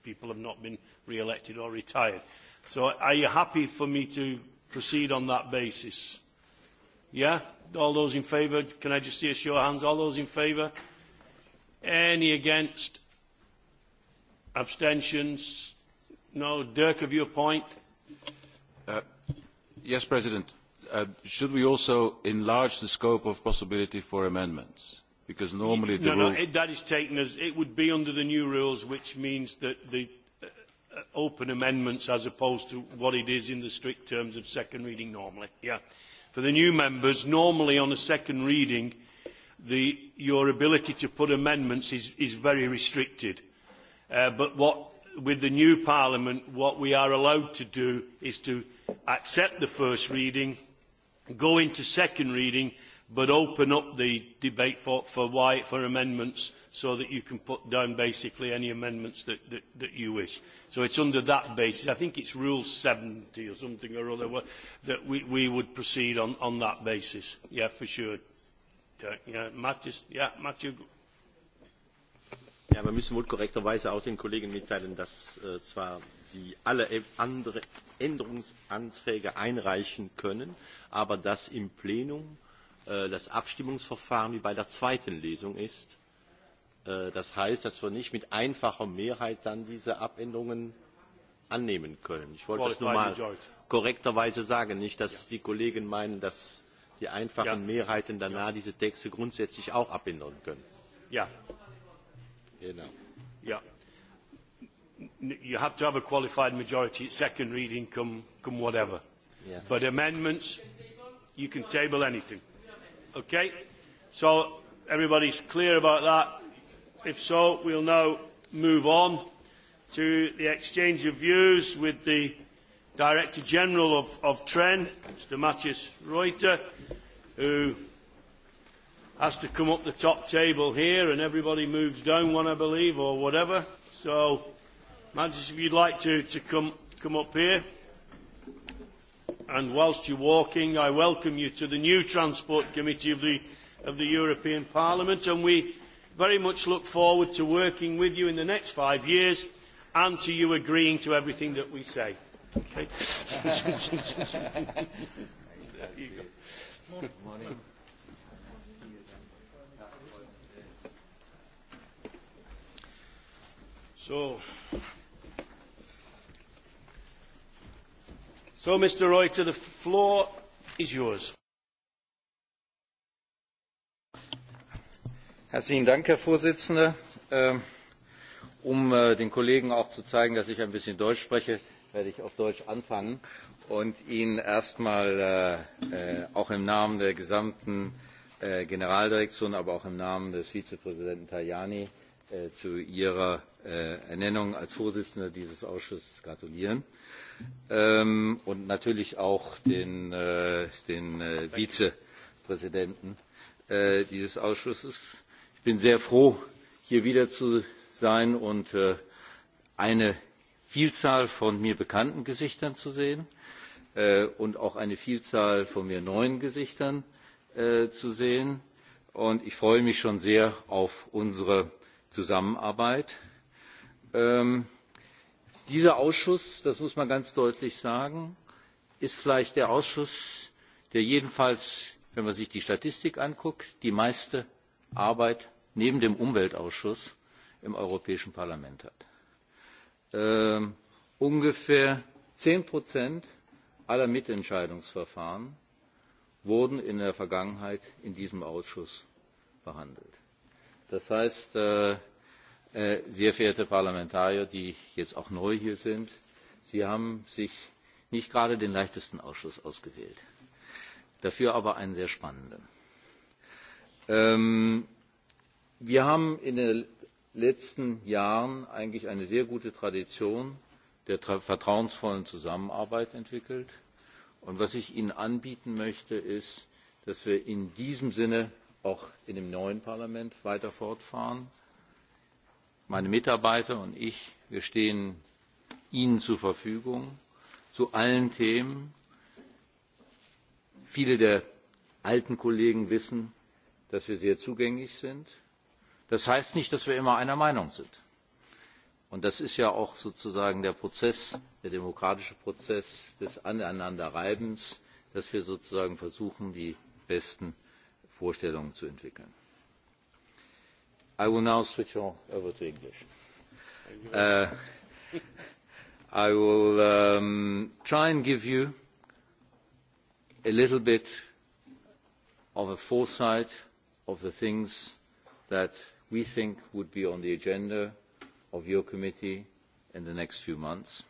people have not been re-elected or retired. So are you happy for me to proceed on that basis? Yeah? All those in favour? Can I just see a show of hands? All those in favour? Any against? Abstentions? No. Dirk, have you a point? Uh, yes, President. Uh, should we also enlarge the scope of possibility for amendments? Because normally the no, rule... No, it, that is taken as... It would be under the new rules, which means that the uh, uh, open amendments as opposed to what it is in the strict terms of second reading normally. Yeah. For the new members, normally on a second reading, the, your ability to put amendments is, is very restricted. Uh, but what, with the new Parliament, what we are allowed to do is to accept the first reading, go into second reading, but open up the debate for, for, why, for amendments so that you can put down basically any amendments that, that, that you wish. So it's under that basis. I think it's Rule 70 or something or other that we, we would proceed on, on that basis. Yeah, for sure. Uh, yeah, Matthew, yeah, Matthew. Ja, wir müssen wohl korrekterweise auch den Kollegen mitteilen, dass äh, zwar sie alle andere Änderungsanträge einreichen können, aber dass im Plenum Äh, das Abstimmungsverfahren wie bei der zweiten Lesung ist. Äh, das heißt, dass wir nicht mit einfacher Mehrheit dann diese Abänderungen annehmen können. Ich wollte das nur mal korrekterweise sagen, nicht, dass die Kollegen meinen, dass die einfachen Mehrheiten danach diese Texte grundsätzlich auch abändern können. Ja. Genau. Ja. You have to have a qualified majority second reading, come, come whatever. Yeah. But amendments, you can table anything. Okay? So, everybody's clear about that? If so, we'll now move on to the exchange of views with the Director General of, of TREN, Mr. Matthias Reuter, who has to come up the top table here and everybody moves down one, I believe, or whatever. So, Matthias, if you'd like to, to come, come up here and whilst you're walking, I welcome you to the new Transport Committee of the, of the European Parliament, and we very much look forward to working with you in the next five years and to you agreeing to everything that we say. Okay. So. So, Mr. Reuter, the floor is yours. Herzlichen Dank, Herr Vorsitzender. Ähm, um äh, den Kollegen auch zu zeigen, dass ich ein bisschen Deutsch spreche, werde ich auf Deutsch anfangen und Ihnen erst äh, äh, auch im Namen der gesamten Generaldirektion, aber auch im Namen des Vizepräsidenten Tajani Äh, zu Ihrer äh, Ernennung als Vorsitzender dieses Ausschusses gratulieren ähm, und natürlich auch den, äh, den äh, Vizepräsidenten äh, dieses Ausschusses. Ich bin sehr froh, hier wieder zu sein und äh, eine Vielzahl von mir bekannten Gesichtern zu sehen äh, und auch eine Vielzahl von mir neuen Gesichtern äh, zu sehen. Und ich freue mich schon sehr auf unsere Zusammenarbeit. Ähm, dieser Ausschuss, das muss man ganz deutlich sagen, ist vielleicht der Ausschuss, der jedenfalls, wenn man sich die Statistik anguckt, die meiste Arbeit neben dem Umweltausschuss im Europäischen Parlament hat. Ähm, ungefähr zehn Prozent aller Mitentscheidungsverfahren wurden in der Vergangenheit in diesem Ausschuss behandelt. Das heißt, äh, äh, sehr verehrte Parlamentarier, die jetzt auch neu hier sind, Sie haben sich nicht gerade den leichtesten Ausschuss ausgewählt, dafür aber einen sehr spannenden. Ähm, wir haben in den letzten Jahren eigentlich eine sehr gute Tradition der vertrauensvollen Zusammenarbeit entwickelt. Und was ich Ihnen anbieten möchte, ist, dass wir in diesem Sinne auch in dem neuen Parlament weiter fortfahren. Meine Mitarbeiter und ich, wir stehen Ihnen zur Verfügung zu allen Themen. Viele der alten Kollegen wissen, dass wir sehr zugänglich sind. Das heißt nicht, dass wir immer einer Meinung sind. Und das ist ja auch sozusagen der Prozess, der demokratische Prozess des Aneinanderreibens, dass wir sozusagen versuchen, die besten Vorstellungen zu entwickeln. I will now switch on over to English. Uh, I will um, try and give you a little bit of a foresight of the things that we think would be on the agenda of your committee in the next few months.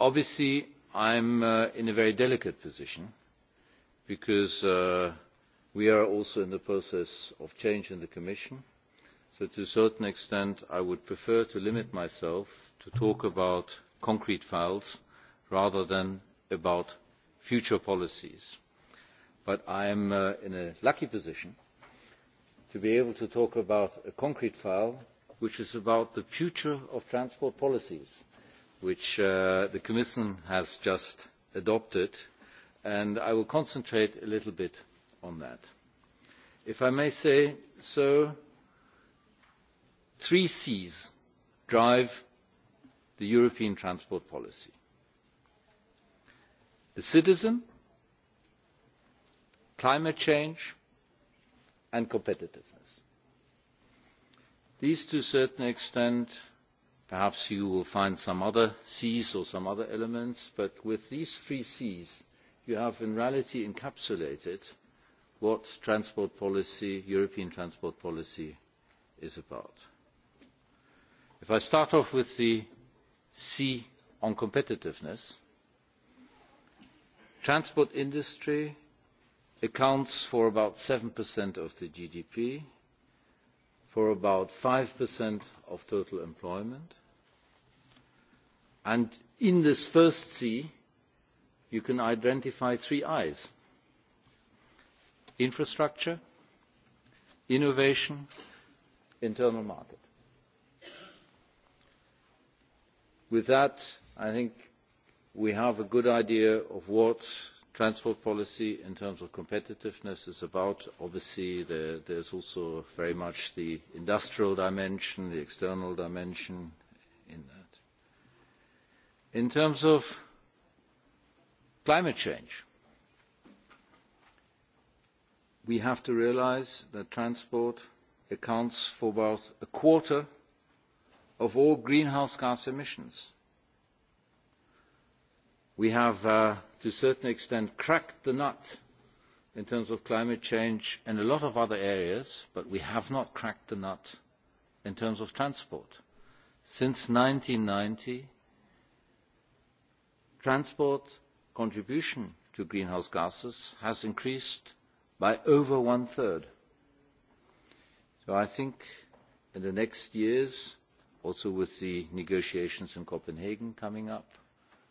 Obviously, I'm uh, in a very delicate position because uh, We are also in the process of change in the Commission, so to a certain extent I would prefer to limit myself to talk about concrete files rather than about future policies. But I am uh, in a lucky position to be able to talk about a concrete file which is about the future of transport policies, which uh, the Commission has just adopted, and I will concentrate a little bit on that. If I may say so, three C's drive the European transport policy. The citizen, climate change, and competitiveness. These to a certain extent, perhaps you will find some other Cs or some other elements, but with these three Cs, you have in reality encapsulated – what transport policy, European transport policy, is about. If I start off with the C on competitiveness, transport industry accounts for about 7% of the GDP, for about 5% of total employment. And in this first C, you can identify three I's infrastructure, innovation, internal market. With that, I think we have a good idea of what transport policy in terms of competitiveness is about. Obviously, there, there's also very much the industrial dimension, the external dimension in that. In terms of climate change, we have to realise that transport accounts for about a quarter of all greenhouse gas emissions. We have, uh, to a certain extent, cracked the nut in terms of climate change in a lot of other areas, but we have not cracked the nut in terms of transport. Since ninety, transport contribution to greenhouse gases has increased by over one third. So I think in the next years, also with the negotiations in Copenhagen coming up,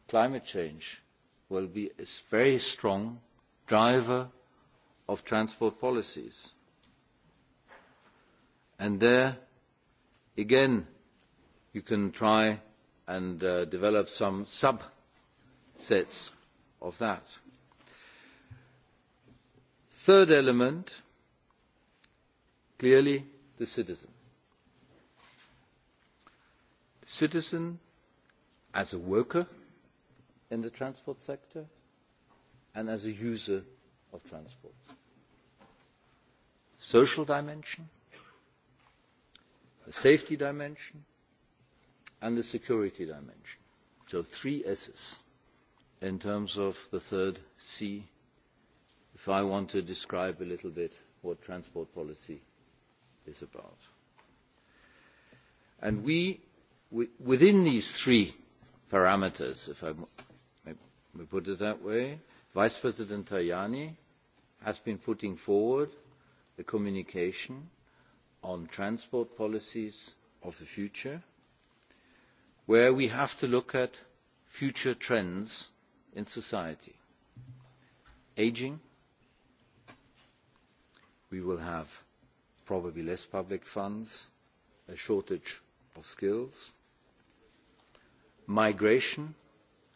climate change will be a very strong driver of transport policies. And there, again, you can try and uh, develop some subsets of that. Third element, clearly the citizen. Citizen as a worker in the transport sector and as a user of transport. Social dimension, the safety dimension, and the security dimension. So three S's in terms of the third C if I want to describe a little bit what transport policy is about. And we, we within these three parameters, if I may put it that way, Vice President Tajani has been putting forward the communication on transport policies of the future, where we have to look at future trends in society. Aging, we will have probably less public funds, a shortage of skills, migration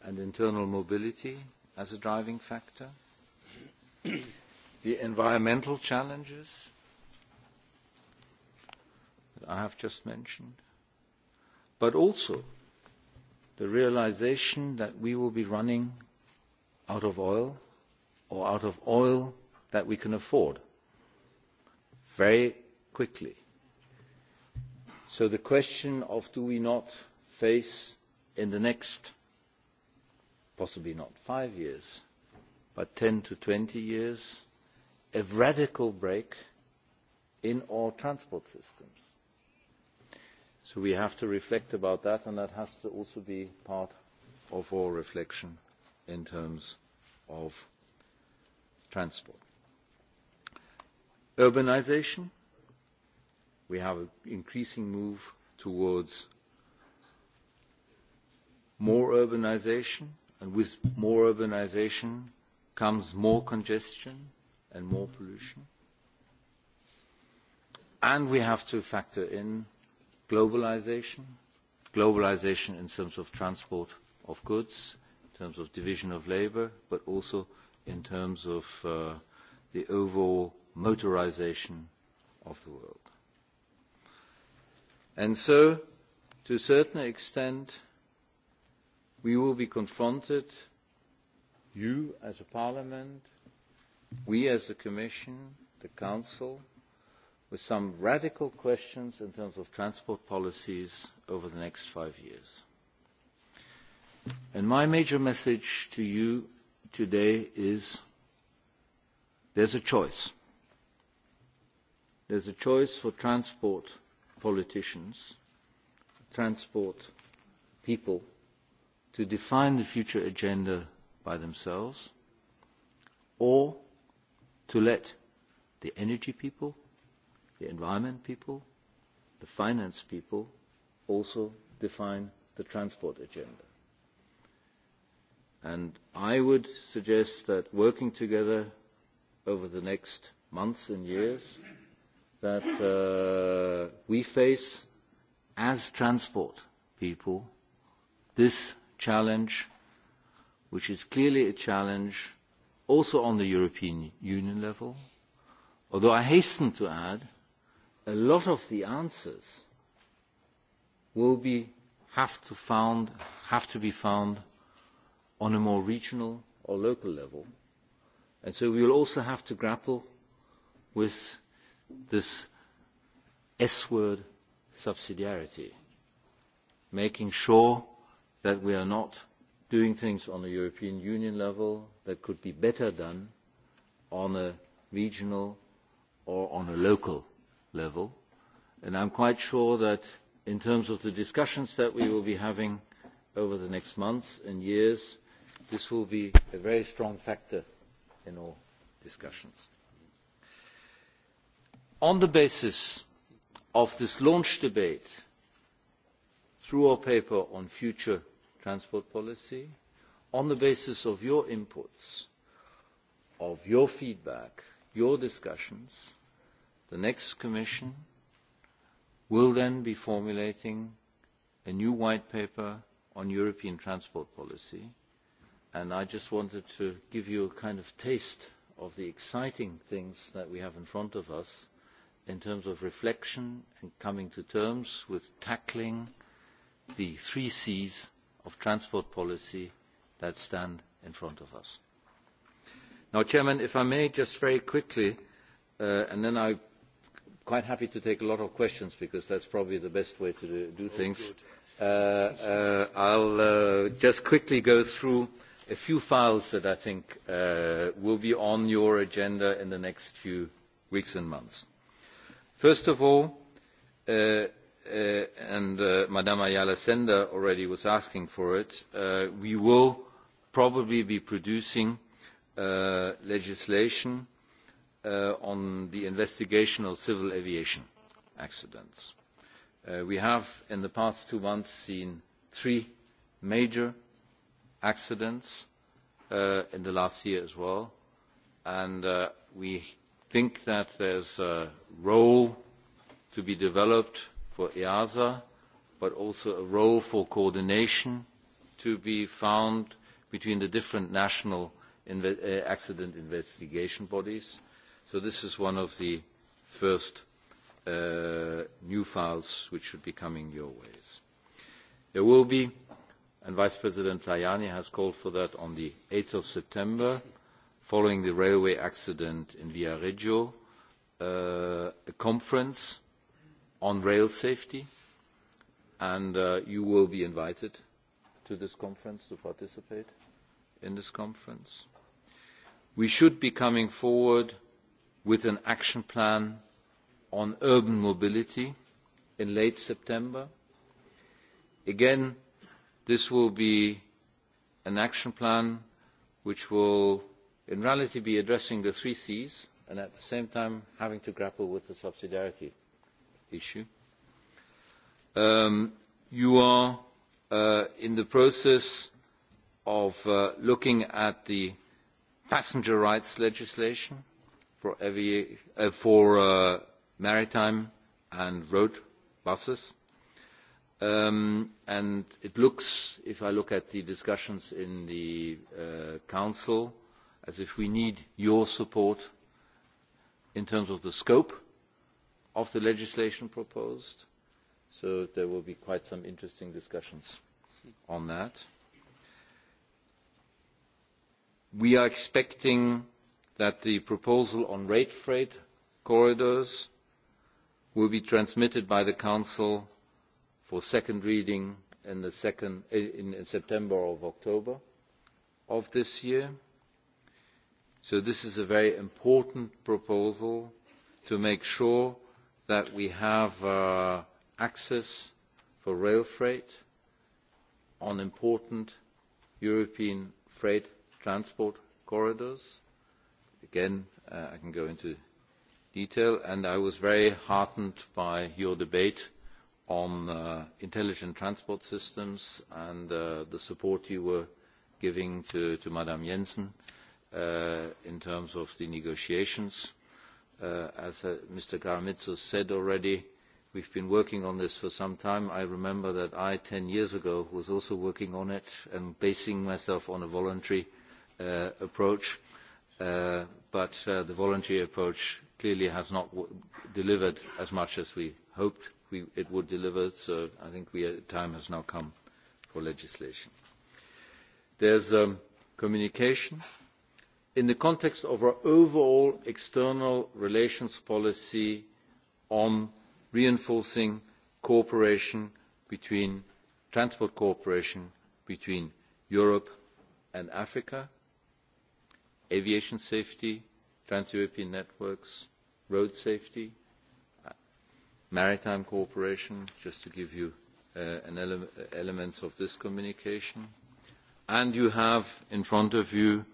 and internal mobility as a driving factor, the environmental challenges that I have just mentioned, but also the realization that we will be running out of oil or out of oil that we can afford very quickly. So the question of do we not face in the next, possibly not five years, but 10 to 20 years, a radical break in all transport systems. So we have to reflect about that, and that has to also be part of our reflection in terms of transport urbanisation we have an increasing move towards more urbanisation and with more urbanisation comes more congestion and more pollution. And we have to factor in globalisation, globalisation in terms of transport of goods, in terms of division of labour, but also in terms of uh, the overall motorization of the world. And so, to a certain extent, we will be confronted, you as a parliament, we as a commission, the council, with some radical questions in terms of transport policies over the next five years. And my major message to you today is there's a choice. There is a choice for transport politicians, transport people, to define the future agenda by themselves, or to let the energy people, the environment people, the finance people also define the transport agenda. And I would suggest that working together over the next months and years that uh, we face as transport people this challenge, which is clearly a challenge also on the European Union level, although I hasten to add a lot of the answers will be, have, to found, have to be found on a more regional or local level. And so we will also have to grapple with this S-word subsidiarity, making sure that we are not doing things on a European Union level that could be better done on a regional or on a local level. And I'm quite sure that in terms of the discussions that we will be having over the next months and years, this will be a very strong factor in all discussions on the basis of this launch debate through our paper on future transport policy, on the basis of your inputs, of your feedback, your discussions, the next Commission will then be formulating a new white paper on European transport policy. And I just wanted to give you a kind of taste of the exciting things that we have in front of us in terms of reflection and coming to terms with tackling the three Cs of transport policy that stand in front of us. Now, Chairman, if I may, just very quickly, uh, and then I'm quite happy to take a lot of questions because that's probably the best way to do, do oh, things. Uh, uh, I'll uh, just quickly go through a few files that I think uh, will be on your agenda in the next few weeks and months. First of all, uh, uh, and uh, Madame Ayala Sender already was asking for it, uh, we will probably be producing uh, legislation uh, on the investigation of civil aviation accidents. Uh, we have in the past two months seen three major accidents uh, in the last year as well, and uh, we think that there is a role to be developed for EASA, but also a role for coordination to be found between the different national inve uh, accident investigation bodies. So this is one of the first uh, new files which should be coming your ways. There will be, and Vice President Tajani has called for that on the 8th of September, following the railway accident in Viareggio, uh, a conference on rail safety, and uh, you will be invited to this conference to participate in this conference. We should be coming forward with an action plan on urban mobility in late September. Again, this will be an action plan which will in reality be addressing the three C's and at the same time having to grapple with the subsidiarity issue. Um, you are uh, in the process of uh, looking at the passenger rights legislation for, every, uh, for uh, maritime and road buses. Um, and it looks, if I look at the discussions in the uh, Council, uh, as if we need your support in terms of the scope of the legislation proposed. So there will be quite some interesting discussions on that. We are expecting that the proposal on rate freight corridors will be transmitted by the Council for second reading in, the second, in, in September or October of this year. So this is a very important proposal to make sure that we have uh, access for rail freight on important European freight transport corridors. Again, uh, I can go into detail, and I was very heartened by your debate on uh, intelligent transport systems and uh, the support you were giving to, to Madame Jensen. Uh, in terms of the negotiations. Uh, as uh, Mr. Karamitsos said already, we've been working on this for some time. I remember that I, ten years ago, was also working on it and basing myself on a voluntary uh, approach. Uh, but uh, the voluntary approach clearly has not w delivered as much as we hoped we, it would deliver, so I think we, uh, time has now come for legislation. There's um, communication in the context of our overall external relations policy on reinforcing cooperation between transport cooperation between Europe and Africa, aviation safety, trans-European networks, road safety, maritime cooperation, just to give you uh, an ele elements of this communication. And you have in front of you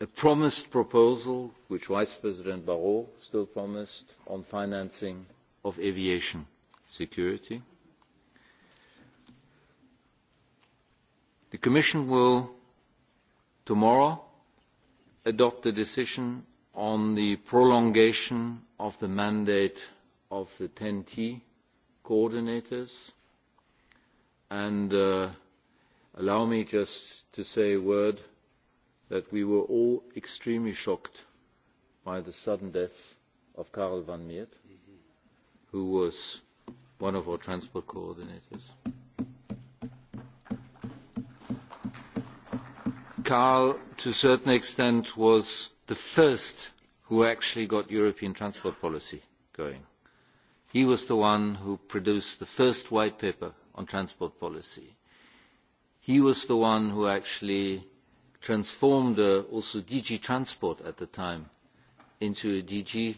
a promised proposal, which Vice President Barrot still promised, on financing of aviation security. The Commission will tomorrow adopt a decision on the prolongation of the mandate of the ten t coordinators. And uh, allow me just to say a word that we were all extremely shocked by the sudden death of Karl van Miert, who was one of our transport coordinators. Karl, to a certain extent, was the first who actually got European transport policy going. He was the one who produced the first white paper on transport policy. He was the one who actually transformed uh, also DG Transport at the time into a DG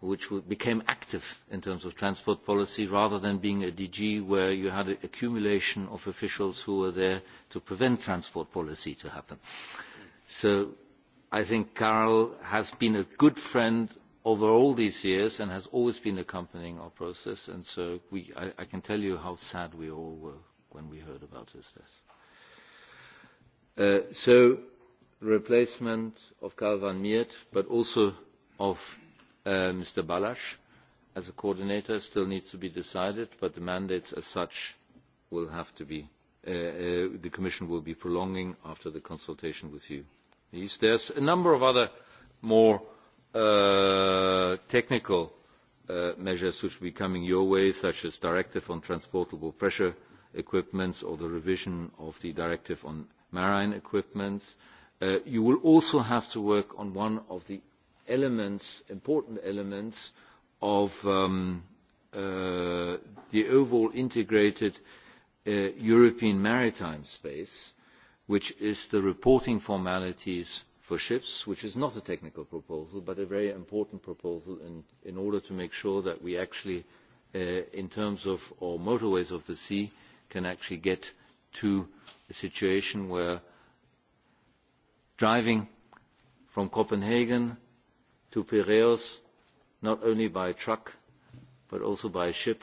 which became active in terms of transport policy rather than being a DG where you had an accumulation of officials who were there to prevent transport policy to happen. So I think Carol has been a good friend over all these years and has always been accompanying our process and so we, I, I can tell you how sad we all were when we heard about his death. Uh, so replacement of Karl van Miert, but also of uh, Mr. Balash as a coordinator still needs to be decided, but the mandates as such will have to be, uh, uh, the Commission will be prolonging after the consultation with you. There a number of other more uh, technical uh, measures which will be coming your way, such as directive on transportable pressure equipments or the revision of the directive on marine equipment. Uh, you will also have to work on one of the elements, important elements of um, uh, the overall integrated uh, European maritime space, which is the reporting formalities for ships, which is not a technical proposal, but a very important proposal in, in order to make sure that we actually, uh, in terms of our motorways of the sea, can actually get uh, to a situation where driving from Copenhagen to Piraeus, not only by truck, but also by ship,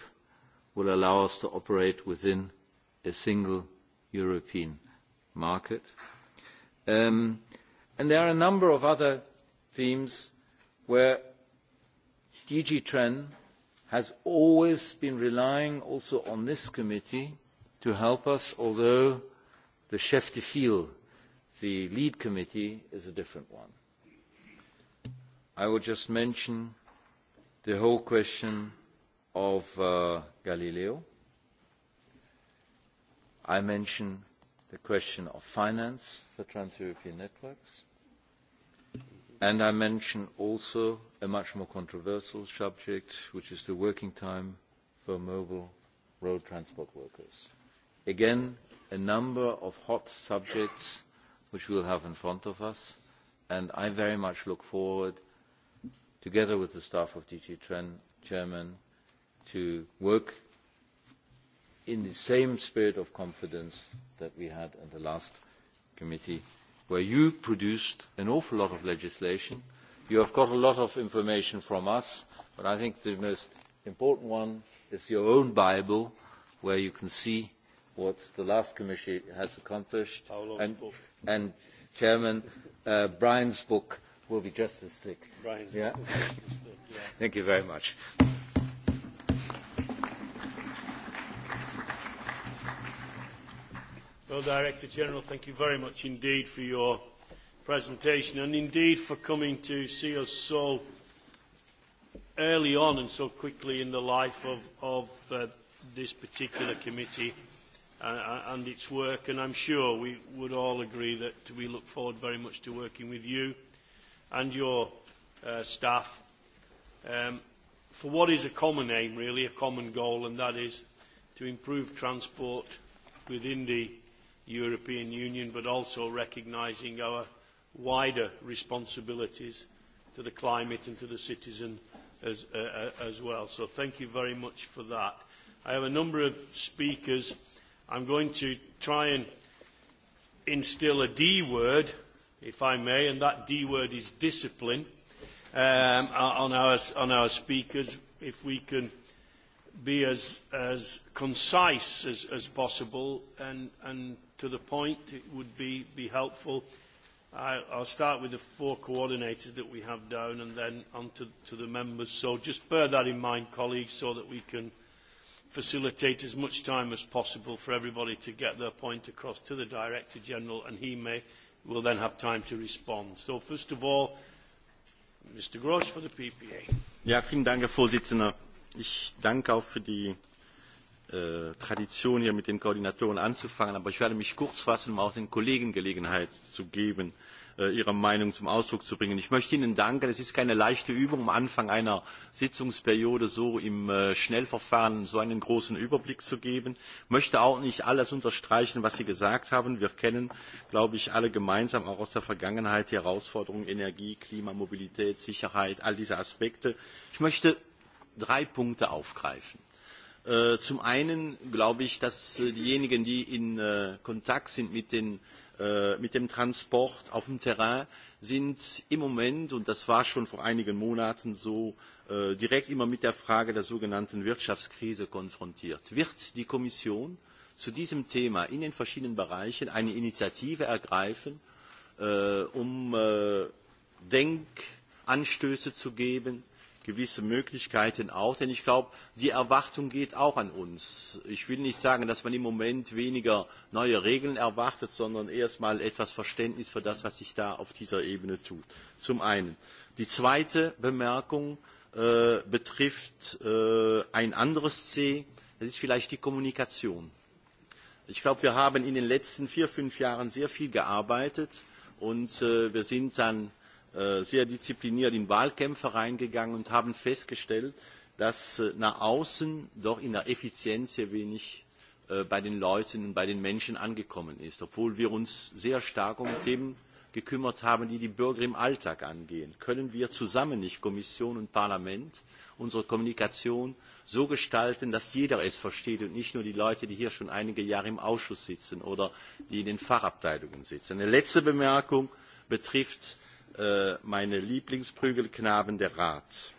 will allow us to operate within a single European market. Um, and there are a number of other themes where DG Tren has always been relying also on this committee to help us, although the chef de file, the lead committee, is a different one. I will just mention the whole question of uh, Galileo. I mention the question of finance for trans-European networks. And I mention also a much more controversial subject, which is the working time for mobile road transport workers. Again, a number of hot subjects which we will have in front of us, and I very much look forward, together with the staff of DG Tren, Chairman, to work in the same spirit of confidence that we had in the last committee, where you produced an awful lot of legislation. You have got a lot of information from us, but I think the most important one is your own Bible, where you can see what the last committee has accomplished. And, book. and Chairman, uh, Brian's book will be just as thick. Brian's yeah? book. yeah. Thank you very much. Well, Director General, thank you very much indeed for your presentation and indeed for coming to see us so early on and so quickly in the life of, of uh, this particular committee and its work, and I'm sure we would all agree that we look forward very much to working with you and your uh, staff um, for what is a common aim, really, a common goal, and that is to improve transport within the European Union, but also recognising our wider responsibilities to the climate and to the citizen as, uh, uh as well. So thank you very much for that. I have a number of speakers I'm going to try and instill a D word, if I may, and that D word is discipline, um, uh, on, our, on our speakers, if we can be as, as concise as, as possible and, and to the point, it would be, be helpful. I, I'll start with the four coordinators that we have down and then on to, to the members. So just bear that in mind, colleagues, so that we can – facilitate as much time as possible for everybody to get their point across to the Director General and he may will then have time to respond. So first of all, Mr. Grosch for the PPA. Ja, vielen Dank, Herr Vorsitzender. Ich danke auch für die äh, Tradition, hier mit den Koordinatoren anzufangen, aber ich werde mich kurz fassen, um auch den Kollegen Gelegenheit zu geben, Äh, ihre Meinung zum Ausdruck zu bringen. Ich möchte Ihnen danken. Es ist keine leichte Übung, am Anfang einer Sitzungsperiode so im äh, Schnellverfahren so einen großen Überblick zu geben. Ich möchte auch nicht alles unterstreichen, was Sie gesagt haben. Wir kennen, glaube ich, alle gemeinsam auch aus der Vergangenheit die Herausforderungen Energie, Klima, Mobilität, Sicherheit, all diese Aspekte. Ich möchte drei Punkte aufgreifen. Äh, zum einen glaube ich, dass diejenigen, die in Kontakt sind mit den Äh, mit dem Transport auf dem Terrain sind im Moment, und das war schon vor einigen Monaten so, äh, direkt immer mit der Frage der sogenannten Wirtschaftskrise konfrontiert. Wird die Kommission zu diesem Thema in den verschiedenen Bereichen eine Initiative ergreifen, äh, um Denkanstöße zu geben, gewisse Möglichkeiten auch, denn ich glaube, die Erwartung geht auch an uns. Ich will nicht sagen, dass man im Moment weniger neue Regeln erwartet, sondern erst mal etwas Verständnis für das, was sich da auf dieser Ebene tut. Zum einen. Die zweite Bemerkung äh, betrifft äh, ein anderes C, das ist vielleicht die Kommunikation. Ich glaube, wir haben in den letzten vier, fünf Jahren sehr viel gearbeitet und äh, wir sind dann Äh, sehr diszipliniert in Wahlkämpfe reingegangen und haben festgestellt, dass äh, nach außen doch in der Effizienz sehr wenig äh, bei den Leuten und bei den Menschen angekommen ist, obwohl wir uns sehr stark um Themen gekümmert haben, die die Bürger im Alltag angehen. Können wir zusammen nicht, Kommission und Parlament, unsere Kommunikation so gestalten, dass jeder es versteht und nicht nur die Leute, die hier schon einige Jahre im Ausschuss sitzen oder die in den Fachabteilungen sitzen. Eine letzte Bemerkung betrifft Äh, meine Lieblingsprügelknaben der Rat.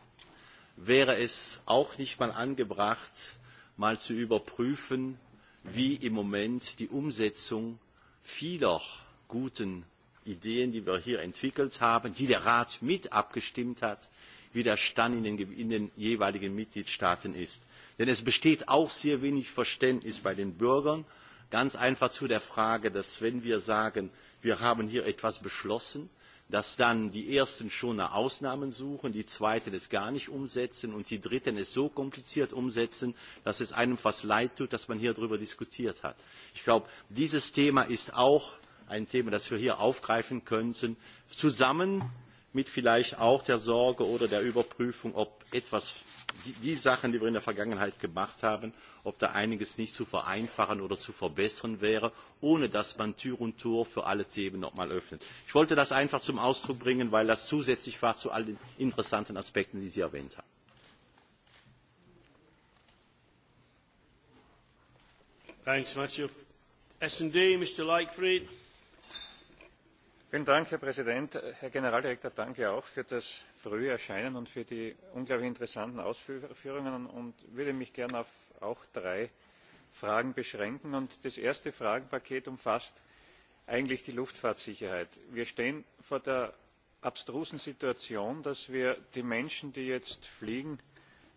Wäre es auch nicht mal angebracht, mal zu überprüfen, wie im Moment die Umsetzung vieler guten Ideen, die wir hier entwickelt haben, die der Rat mit abgestimmt hat, wie der Stand in den, in den jeweiligen Mitgliedstaaten ist. Denn es besteht auch sehr wenig Verständnis bei den Bürgern, ganz einfach zu der Frage, dass wenn wir sagen, wir haben hier etwas beschlossen, dass dann die ersten schon nach Ausnahmen suchen, die zweiten es gar nicht umsetzen und die dritten es so kompliziert umsetzen, dass es einem fast leid tut, dass man hier darüber diskutiert hat. Ich glaube, dieses Thema ist auch ein Thema, das wir hier aufgreifen könnten, zusammen mit vielleicht auch der Sorge oder der Überprüfung, ob etwas, die, die Sachen, die wir in der Vergangenheit gemacht haben, ob da einiges nicht zu vereinfachen oder zu verbessern wäre, ohne dass man Tür und Tor für alle Themen nochmal öffnet. Ich wollte das einfach zum Ausdruck bringen, weil das zusätzlich war zu all den interessanten Aspekten, die Sie erwähnt haben. Thanks, Matthew. S&D, Mr. Lightfried. Herr Präsident. Herr Generaldirektor, danke auch für das frühe Erscheinen und für die unglaublich interessanten Ausführungen und würde mich gerne auf auch drei Fragen beschränken. Und das erste Fragenpaket umfasst eigentlich die Luftfahrtsicherheit. Wir stehen vor der abstrusen Situation, dass wir die Menschen, die jetzt fliegen,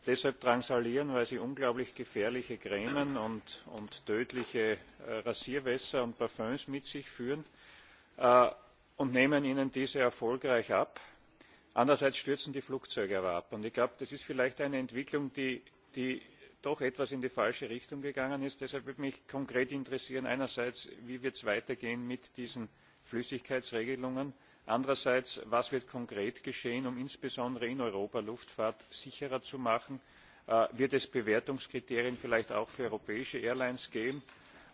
deshalb drangsalieren, weil sie unglaublich gefährliche Cremen und, tödliche äh, Rasierwässer und Parfüms mit sich führen. Äh, und nehmen ihnen diese erfolgreich ab. Andererseits stürzen die Flugzeuge aber ab. Und ich glaube, das ist vielleicht eine Entwicklung, die, die doch etwas in die falsche Richtung gegangen ist. Deshalb würde mich konkret interessieren, einerseits, wie wird es weitergehen mit diesen Flüssigkeitsregelungen, andererseits, was wird konkret geschehen, um insbesondere in Europa Luftfahrt sicherer zu machen. Äh, wird es Bewertungskriterien vielleicht auch für europäische Airlines geben,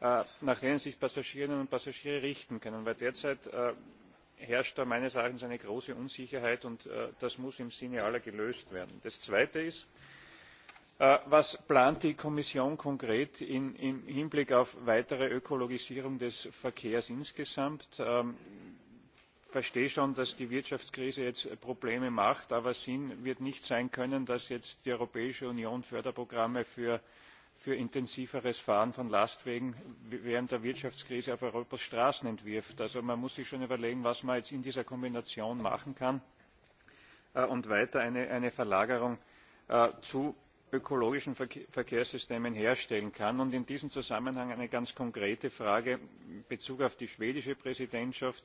äh, nach denen sich Passagierinnen und Passagiere richten können? Weil derzeit äh, herrscht da meines Erachtens eine große Unsicherheit und äh, das muss im Sinne aller gelöst werden. Das Zweite ist, äh, was plant die Kommission konkret in, im Hinblick auf weitere Ökologisierung des Verkehrs insgesamt? Ähm, verstehe schon, dass die Wirtschaftskrise jetzt Probleme macht, aber Sinn wird nicht sein können, dass jetzt die Europäische Union Förderprogramme für für intensiveres Fahren von Lastwagen während der Wirtschaftskrise auf Europas Straßen entwirft. Also man muss sich schon überlegen, was man jetzt in dieser Kombination machen kann äh, und weiter eine, eine Verlagerung äh, zu ökologischen Verkehrssystemen herstellen kann. Und in diesem Zusammenhang eine ganz konkrete Frage in Bezug auf die schwedische Präsidentschaft.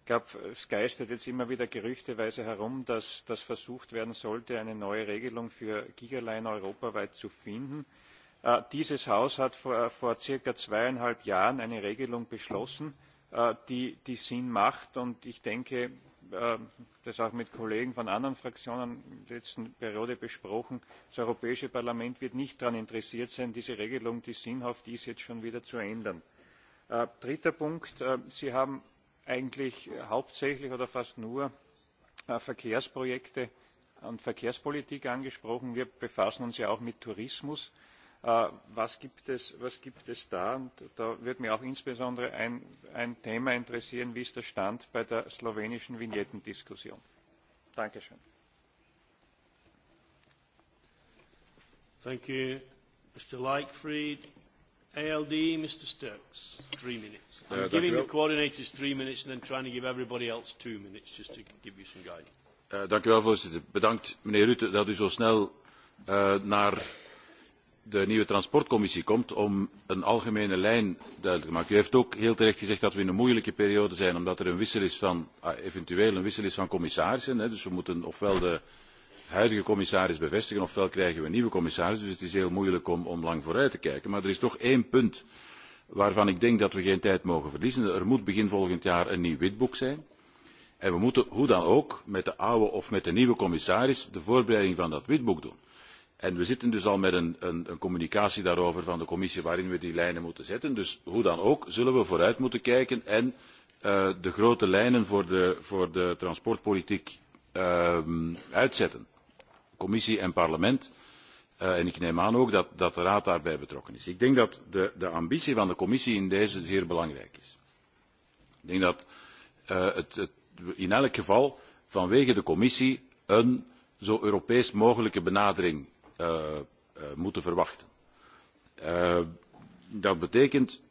Ich glaube, es geistert jetzt immer wieder gerüchteweise herum, dass das versucht werden sollte, eine neue Regelung für Gigaline europaweit zu finden. Äh, dieses Haus hat vor, äh, vor circa zweieinhalb Jahren eine Regelung beschlossen, äh, die, die Sinn macht. Und ich denke, ähm, das auch mit Kollegen von anderen Fraktionen in der letzten Periode besprochen, das Europäische Parlament wird nicht daran interessiert sein, diese Regelung, die sinnhaft ist, jetzt schon wieder zu ändern. Dritter Punkt, Sie haben eigentlich hauptsächlich oder fast nur Verkehrsprojekte und Verkehrspolitik angesprochen. Wir befassen uns ja auch mit Tourismus Äh, was, gibt es, was gibt es da? Und da würde mich auch insbesondere ein, ein Thema interessieren, wie ist der Stand bei der slowenischen Vignettendiskussion? Dankeschön. Thank you, Mr. Leichfried. ALD, Mr. Sturks, three minutes. I'm uh, giving the coordinators three minutes and then trying to give everybody else two minutes just to give you some guidance. Uh, dank u wel, voorzitter. Bedankt, meneer Rutte, dat u zo snel uh, naar de nieuwe transportcommissie komt om een algemene lijn duidelijk te maken. U heeft ook heel terecht gezegd dat we in een moeilijke periode zijn omdat er een wissel is van, ah, eventueel een wissel is van commissarissen. Dus we moeten ofwel de huidige commissaris bevestigen ofwel krijgen we een nieuwe commissaris. Dus het is heel moeilijk om, om lang vooruit te kijken. Maar er is toch één punt waarvan ik denk dat we geen tijd mogen verliezen. Er moet begin volgend jaar een nieuw witboek zijn. En we moeten hoe dan ook met de oude of met de nieuwe commissaris de voorbereiding van dat witboek doen. En we zitten dus al met een, een, een communicatie daarover van de commissie waarin we die lijnen moeten zetten. Dus hoe dan ook zullen we vooruit moeten kijken en uh, de grote lijnen voor de, voor de transportpolitiek uh, uitzetten. Commissie en parlement. Uh, en ik neem aan ook dat, dat de raad daarbij betrokken is. Ik denk dat de, de ambitie van de commissie in deze zeer belangrijk is. Ik denk dat uh, het, het in elk geval vanwege de commissie een zo Europees mogelijke benadering Eh, eh, moeten verwachten. Eh, dat betekent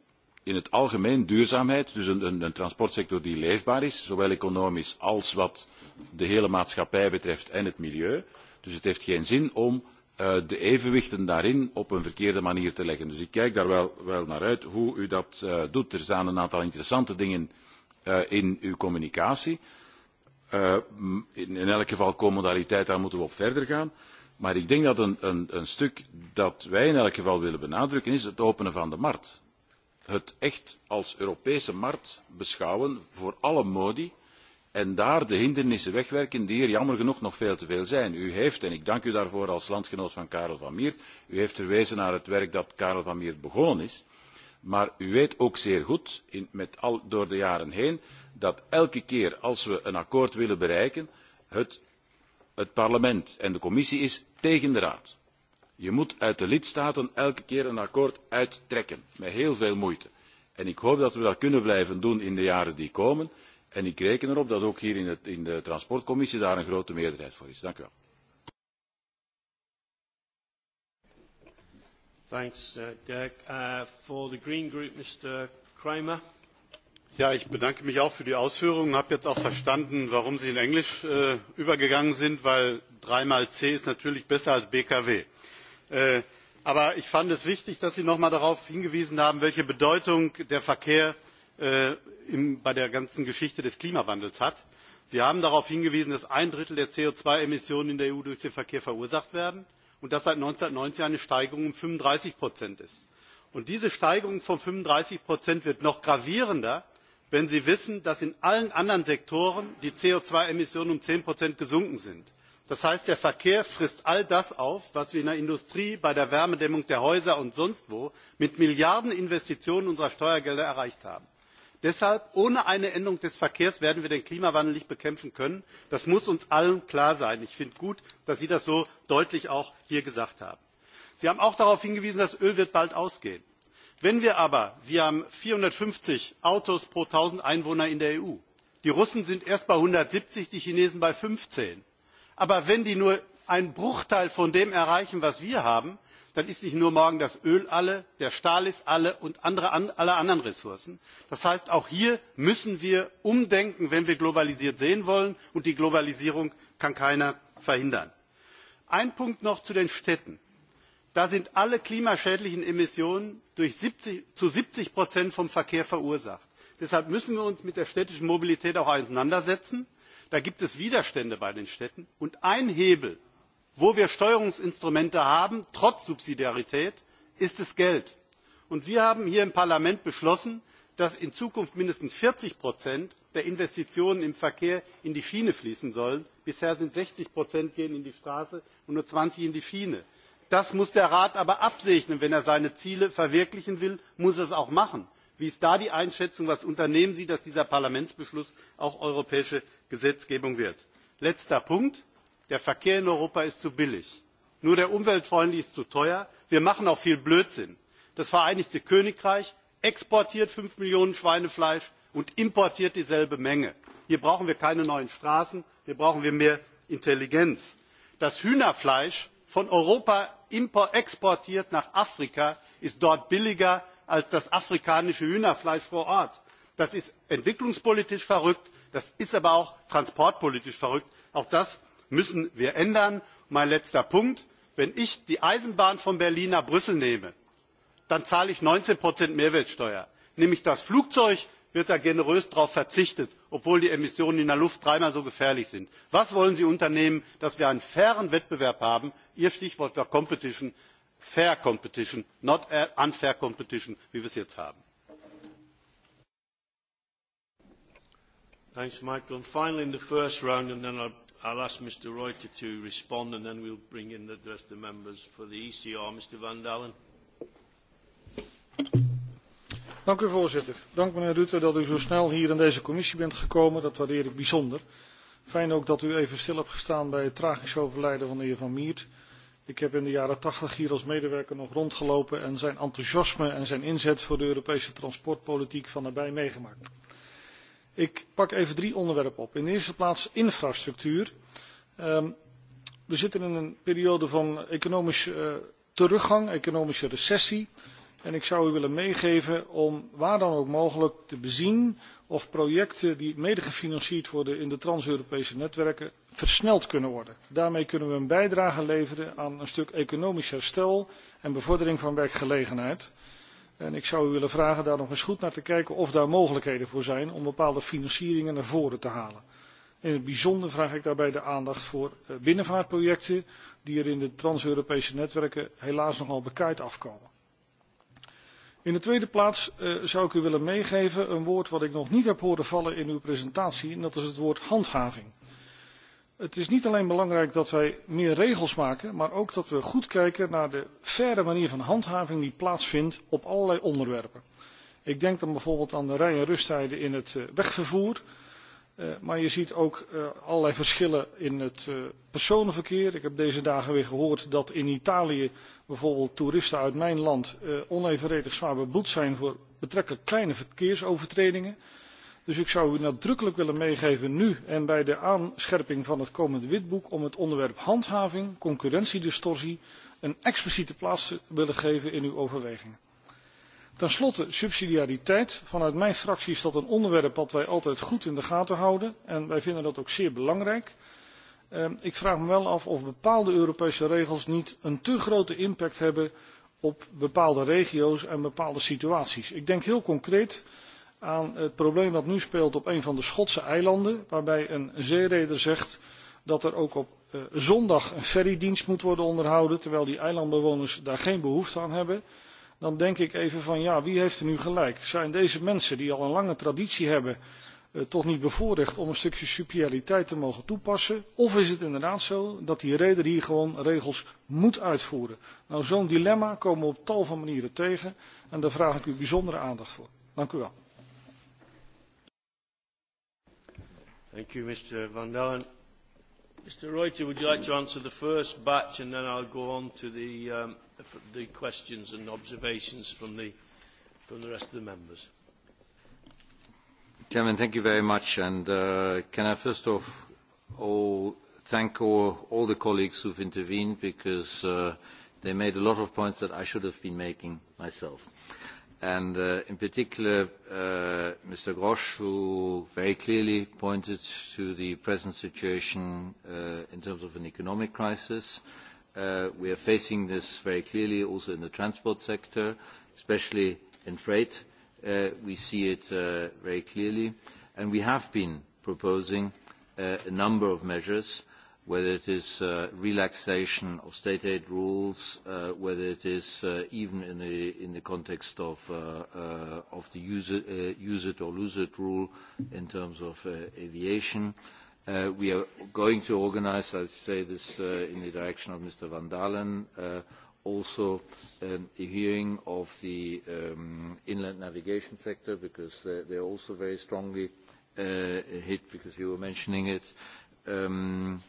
in het algemeen duurzaamheid, dus een, een, een transportsector die leefbaar is, zowel economisch als wat de hele maatschappij betreft en het milieu. Dus het heeft geen zin om uh, de evenwichten daarin op een verkeerde manier te leggen. Dus ik kijk daar wel, wel naar uit hoe u dat uh, doet. Er staan een aantal interessante dingen uh, in uw communicatie. Uh, in, in elk geval comodaliteit, daar moeten we op verder gaan. Maar ik denk dat een, een, een stuk dat wij in elk geval willen benadrukken is het openen van de markt. Het echt als Europese markt beschouwen voor alle modi en daar de hindernissen wegwerken die er jammer genoeg nog veel te veel zijn. U heeft, en ik dank u daarvoor als landgenoot van Karel van Miert, u heeft verwezen naar het werk dat Karel van Miert begonnen is. Maar u weet ook zeer goed, in, met al, door de jaren heen, dat elke keer als we een akkoord willen bereiken, het het parlement en de commissie is tegen de raad. Je moet uit de lidstaten elke keer een akkoord uittrekken, met heel veel moeite. En ik hoop dat we dat kunnen blijven doen in de jaren die komen. En ik reken erop dat ook hier in, het, in de transportcommissie daar een grote meerderheid voor is. Dank u wel. Thanks, uh, Dirk. Uh, for the Green Group, Mr. Kramer. Ja, ich bedanke mich auch für die Ausführungen, habe jetzt auch verstanden, warum Sie in Englisch äh, übergegangen sind, weil dreimal C ist natürlich besser als BKW. Äh, aber ich fand es wichtig, dass Sie noch mal darauf hingewiesen haben, welche Bedeutung der Verkehr äh, im, bei der ganzen Geschichte des Klimawandels hat. Sie haben darauf hingewiesen, dass ein Drittel der co zwei emissionen in der EU durch den Verkehr verursacht werden und dass seit 1990 eine Steigerung um 35 Prozent ist. Und diese Steigerung von 35 Prozent wird noch gravierender, wenn Sie wissen, dass in allen anderen Sektoren die co zwei emissionen um zehn gesunken sind. Das heißt, der Verkehr frisst all das auf, was wir in der Industrie, bei der Wärmedämmung der Häuser und sonst wo mit Milliardeninvestitionen unserer Steuergelder erreicht haben. Deshalb, ohne eine Änderung des Verkehrs werden wir den Klimawandel nicht bekämpfen können. Das muss uns allen klar sein. Ich finde gut, dass Sie das so deutlich auch hier gesagt haben. Sie haben auch darauf hingewiesen, das Öl wird bald ausgehen. Wenn wir aber, wir haben 450 Autos pro 1000 Einwohner in der EU. Die Russen sind erst bei 170, die Chinesen bei 15. Aber wenn die nur einen Bruchteil von dem erreichen, was wir haben, dann ist nicht nur morgen das Öl alle, der Stahl ist alle und andere, alle anderen Ressourcen. Das heißt, auch hier müssen wir umdenken, wenn wir globalisiert sehen wollen und die Globalisierung kann keiner verhindern. Ein Punkt noch zu den Städten da sind alle klimaschädlichen Emissionen 70, zu siebzig vom Verkehr verursacht. Deshalb müssen wir uns mit der städtischen Mobilität auch auseinandersetzen. Da gibt es Widerstände bei den Städten. Und ein Hebel, wo wir Steuerungsinstrumente haben, trotz Subsidiarität, ist das Geld. Und wir haben hier im Parlament beschlossen, dass in Zukunft mindestens vierzig der Investitionen im Verkehr in die Schiene fließen sollen. Bisher sind 60 gehen in die Straße und nur zwanzig in die Schiene. Das muss der Rat aber absegnen. Wenn er seine Ziele verwirklichen will, muss er es auch machen. Wie ist da die Einschätzung? Was unternehmen Sie, dass dieser Parlamentsbeschluss auch europäische Gesetzgebung wird? Letzter Punkt. Der Verkehr in Europa ist zu billig. Nur der umweltfreundliche ist zu teuer. Wir machen auch viel Blödsinn. Das Vereinigte Königreich exportiert fünf Millionen Schweinefleisch und importiert dieselbe Menge. Hier brauchen wir keine neuen Straßen, hier brauchen wir mehr Intelligenz. Das Hühnerfleisch von Europa exportiert nach Afrika, ist dort billiger als das afrikanische Hühnerfleisch vor Ort. Das ist entwicklungspolitisch verrückt, das ist aber auch transportpolitisch verrückt. Auch das müssen wir ändern. Mein letzter Punkt. Wenn ich die Eisenbahn von Berlin nach Brüssel nehme, dann zahle ich neunzehn Mehrwertsteuer. Nämlich das Flugzeug wird da generös darauf verzichtet obwohl die Emissionen in der Luft dreimal so gefährlich sind. Was wollen Sie unternehmen, dass wir einen fairen Wettbewerb haben? Ihr Stichwort war Competition, fair competition, not unfair competition, wie wir es jetzt haben. Thanks, Michael. And finally, in the first round, and then I'll, I'll ask Mr. Reuter to respond, and then we'll bring in the rest of the members for the ECR. Mr. Van Dalen. Dank u voorzitter. Dank meneer Rutte dat u zo snel hier in deze commissie bent gekomen. Dat waardeer ik bijzonder. Fijn ook dat u even stil hebt gestaan bij het tragisch overlijden van de heer Van Miert. Ik heb in de jaren tachtig hier als medewerker nog rondgelopen en zijn enthousiasme en zijn inzet voor de Europese transportpolitiek van nabij meegemaakt. Ik pak even drie onderwerpen op. In de eerste plaats infrastructuur. Um, we zitten in een periode van economische uh, teruggang, economische recessie. En ik zou u willen meegeven om waar dan ook mogelijk te bezien of projecten die mede gefinancierd worden in de trans-Europese netwerken versneld kunnen worden. Daarmee kunnen we een bijdrage leveren aan een stuk economisch herstel en bevordering van werkgelegenheid. En ik zou u willen vragen daar nog eens goed naar te kijken of daar mogelijkheden voor zijn om bepaalde financieringen naar voren te halen. In het bijzonder vraag ik daarbij de aandacht voor eh, binnenvaartprojecten die er in de trans-Europese netwerken helaas nogal bekaaid afkomen. In de tweede plaats uh, zou ik u willen meegeven een woord wat ik nog niet heb horen vallen in uw presentatie, en dat is het woord handhaving. Het is niet alleen belangrijk dat wij meer regels maken, maar ook dat we goed kijken naar de verre manier van handhaving die plaatsvindt op allerlei onderwerpen. Ik denk dan bijvoorbeeld aan de rij- en rusttijden in het eh, wegvervoer, Eh, maar je ziet ook uh, allerlei verschillen in het uh, personenverkeer. Ik heb deze dagen weer gehoord dat in Italië bijvoorbeeld toeristen uit mijn land onevenredig zwaar beboet zijn voor betrekkelijk kleine verkeersovertredingen. Dus ik zou u nadrukkelijk willen meegeven nu en bij de aanscherping van het komende witboek om het onderwerp handhaving, concurrentiedistortie een expliciete plaats willen geven in uw overwegingen. Ten slotte subsidiariteit. Vanuit mijn fractie is dat een onderwerp dat wij altijd goed in de gaten houden en wij vinden dat ook zeer belangrijk. Ehm, ik vraag me wel af of bepaalde Europese regels niet een te grote impact hebben op bepaalde regio's en bepaalde situaties. Ik denk heel concreet aan het probleem dat nu speelt op een van de Schotse eilanden, waarbij een zeereder zegt dat er ook op eh, zondag een ferrydienst moet worden onderhouden, terwijl die eilandbewoners daar geen behoefte aan hebben dan denk ik even van ja, wie heeft er nu gelijk? Zijn deze mensen die al een lange traditie hebben eh, toch niet bevoorrecht om een stukje superioriteit te mogen toepassen? Of is het inderdaad zo dat die reder hier gewoon regels moet uitvoeren? Nou, zo'n dilemma komen we op tal van manieren tegen en daar vraag ik u bijzondere aandacht voor. Dank u wel. Thank you, Mr. Van Dalen. Mr. Reuter, would you like to answer the first batch and then I'll go on to the um, the questions and observations from the, from the rest of the members. Chairman, thank you very much. And uh, can I first of all thank all, all the colleagues who've intervened because uh, they made a lot of points that I should have been making myself. And uh, in particular, uh, Mr. Grosch, who very clearly pointed to the present situation uh, in terms of an economic crisis, uh, Uh, we are facing this very clearly also in the transport sector, especially in freight. Uh, we see it uh, very clearly. And we have been proposing uh, a number of measures, whether it is uh, relaxation of state aid rules, uh, whether it is even in the, in the context of, of the use it, use it or lose it rule in terms of aviation, uh, Uh, we are going to organise, I say this uh, in the direction of Mr. Van Dalen, uh, also um, a hearing of the um, inland navigation sector because uh, they are also very strongly uh, hit because you were mentioning it. Um,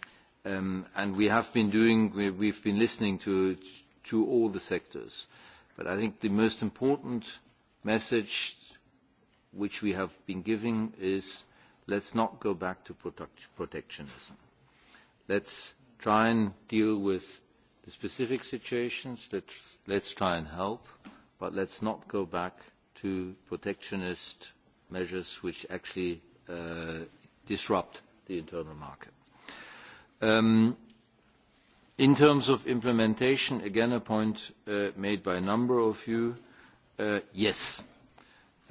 um, and we have been doing, we, we've been listening to, to all the sectors. But I think the most important message which we have been giving is Let's not go back to protect protectionism. Let's try and deal with the specific situations. Let's, let's try and help, but let's not go back to protectionist measures which actually uh, disrupt the internal market. Um, in terms of implementation, again, a point uh, made by a number of you, uh, yes,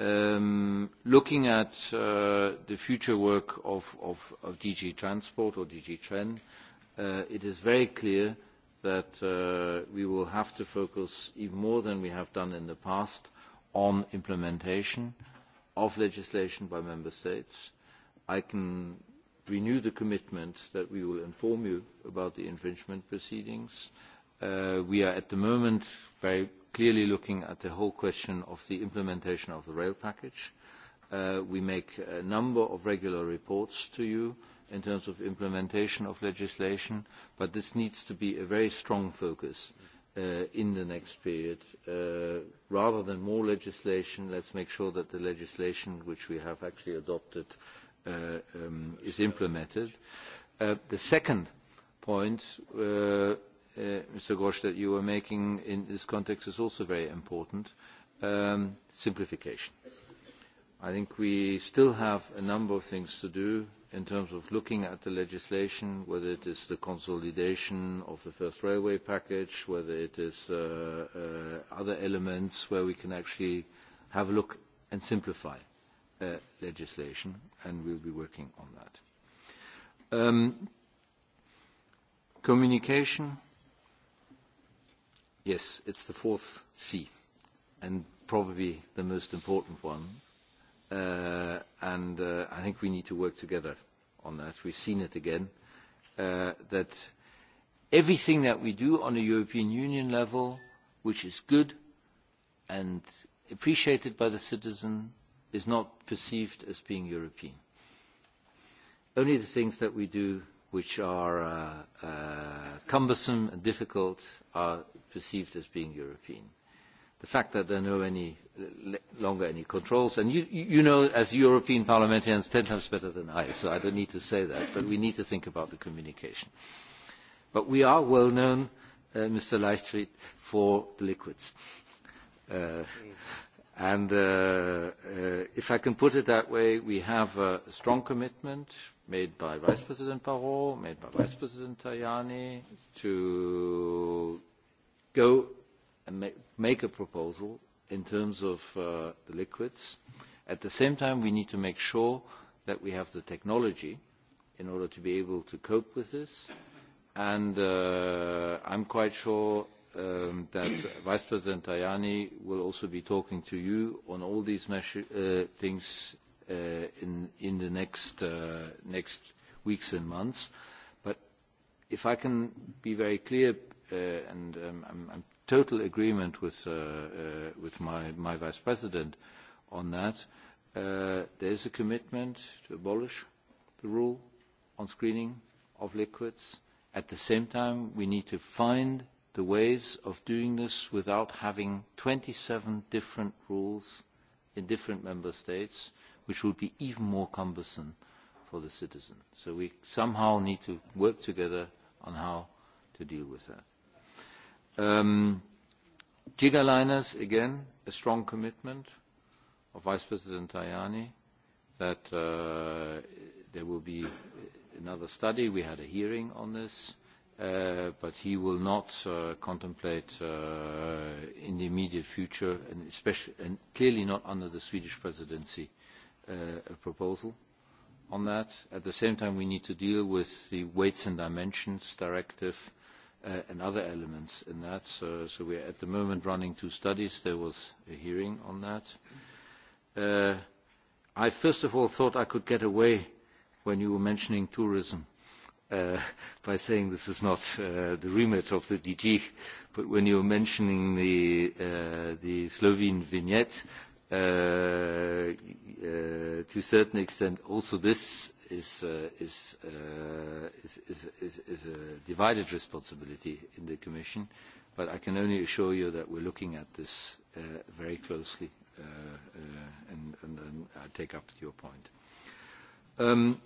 Um, looking at uh, the future work of, DG Transport or DG TREN, uh, it is very clear that uh, we will have to focus even more than we have done in the past on implementation of legislation by member states. I can renew the commitment that we will inform you about the infringement proceedings. we are at the moment very clearly looking at the whole question of the implementation of the rail package. Uh, we make a number of regular reports to you in terms of implementation of legislation, but this needs to be a very strong focus uh, in the next period. Uh, rather than more legislation, let's make sure that the legislation which we have actually adopted uh, um, is implemented. Uh, the second point uh, Uh, Mr. Gosh, that you were making in this context is also very important. Um, simplification. I think we still have a number of things to do in terms of looking at the legislation, whether it is the consolidation of the first railway package, whether it is uh, uh, other elements where we can actually have a look and simplify uh, legislation, and we'll be working on that. Um, communication Yes, it's the fourth C, and probably the most important one. Uh, and uh, I think we need to work together on that. We've seen it again, uh, that everything that we do on a European Union level, which is good and appreciated by the citizen, is not perceived as being European. Only the things that we do which are uh, uh, cumbersome and difficult are perceived as being European. The fact that there are no any, longer any controls, and you, you know as European parliamentarians ten times better than I, so I don't need to say that, but we need to think about the communication. But we are well known, uh, Mr. Leichtfried, for the liquids. Uh, and uh, uh, if I can put it that way, we have a strong commitment made by Vice President Barrot, made by Vice President Tajani to go and ma make a proposal in terms of uh, the liquids. At the same time, we need to make sure that we have the technology in order to be able to cope with this. And uh, I'm quite sure um, that Vice President Tajani will also be talking to you on all these uh, things uh, in, in the next, uh, next weeks and months. But if I can be very clear, uh, and um, I'm, I'm total agreement with, uh, uh, with my, my vice president on that. Uh, there is a commitment to abolish the rule on screening of liquids. At the same time, we need to find the ways of doing this without having 27 different rules in different member states, which would be even more cumbersome for the citizen. So we somehow need to work together on how to deal with that. Um, Giga liners, again, a strong commitment of Vice President Tajani that uh, there will be another study. We had a hearing on this, uh, but he will not uh, contemplate uh, in the immediate future, and, especially, and clearly not under the Swedish presidency, uh, a proposal on that. At the same time, we need to deal with the weights and dimensions directive uh, and other elements in that. So, so we are at the moment running two studies. There was a hearing on that. Uh, I first of all thought I could get away when you were mentioning tourism uh, by saying this is not uh, the remit of the DG, but when you were mentioning the, uh, the Slovene vignette, uh, uh, to a certain extent also this is, uh, is, uh, is, is, is, is a divided responsibility in the Commission, but I can only assure you that we're looking at this uh, very closely, uh, uh, and, and, and I take up your point. Um,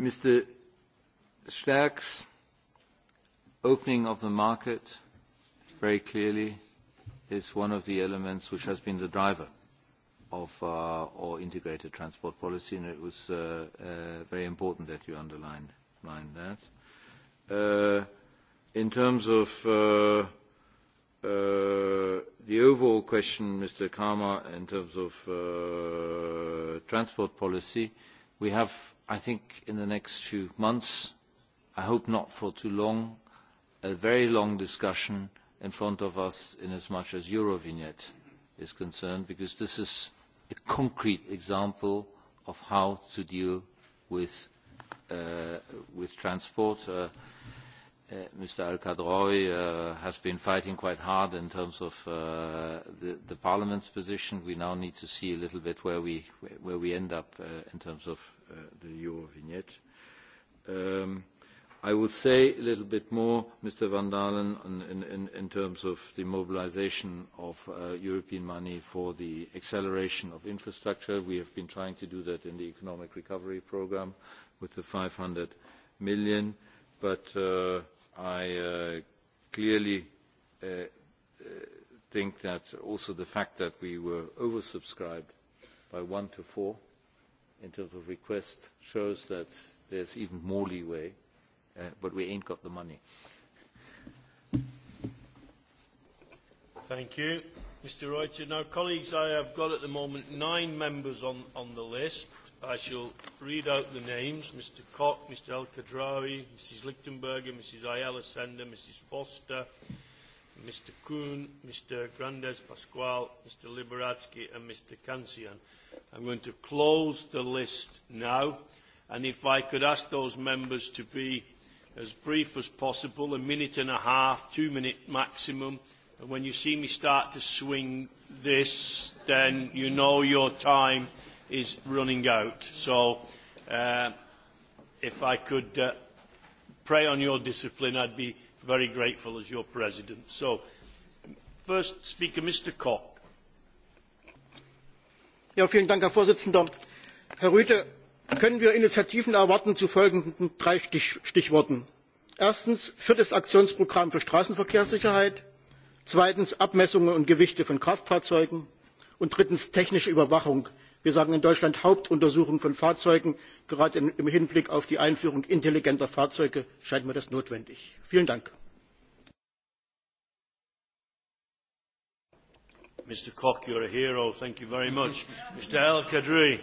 Mr. Stärk's opening of the market very clearly is one of the elements which has been the driver of uh, our integrated transport policy, and it was uh, uh, very important that you underlined that. Uh, in terms of uh, uh, the overall question, Mr. Kama, in terms of uh, transport policy, we have, I think, in the next few months, I hope not for too long, a very long discussion in front of us in as much as Eurovignette is concerned, because this is a concrete example of how to deal with, uh, with transport. Uh, uh, Mr. Al-Khadroy uh, has been fighting quite hard in terms of uh, the, the Parliament's position. We now need to see a little bit where we, where we end up uh, in terms of uh, the Eurovignette. vignette. Um, I will say a little bit more, Mr. Van Dalen, in, in, in terms of the mobilization of uh, European money for the acceleration of infrastructure. We have been trying to do that in the economic recovery program with the 500 million, but uh, I uh, clearly uh, uh, think that also the fact that we were oversubscribed by one to four in terms of request shows that there's even more leeway uh, but we ain't got the money. Thank you. Mr. Reuter. Now, colleagues, I have got at the moment nine members on, on the list. I shall read out the names. Mr. Koch, Mr. El Kadrawi, Mrs. Lichtenberger, Mrs. Ayala Sender, Mrs. Foster, Mr. Kuhn, Mr. Grandes Pasquale, Mr. Liberatsky, and Mr. Kansian. I'm going to close the list now, and if I could ask those members to be as brief as possible, a minute and a half, two minute maximum. And when you see me start to swing this, then you know your time is running out. So uh, if I could uh, pray on your discipline, I'd be very grateful as your president. So first speaker, Mr. Koch. Ja, vielen Dank, Herr Vorsitzender. Herr Rüte, können wir Initiativen erwarten zu folgenden drei Stich Stichworten. Erstens viertes Aktionsprogramm für Straßenverkehrssicherheit, zweitens Abmessungen und Gewichte von Kraftfahrzeugen und drittens technische Überwachung. Wir sagen in Deutschland Hauptuntersuchung von Fahrzeugen. Gerade im Hinblick auf die Einführung intelligenter Fahrzeuge scheint mir das notwendig. Vielen Dank. Mr. Koch, you're a hero. Thank you very much. Mr. El Kadri.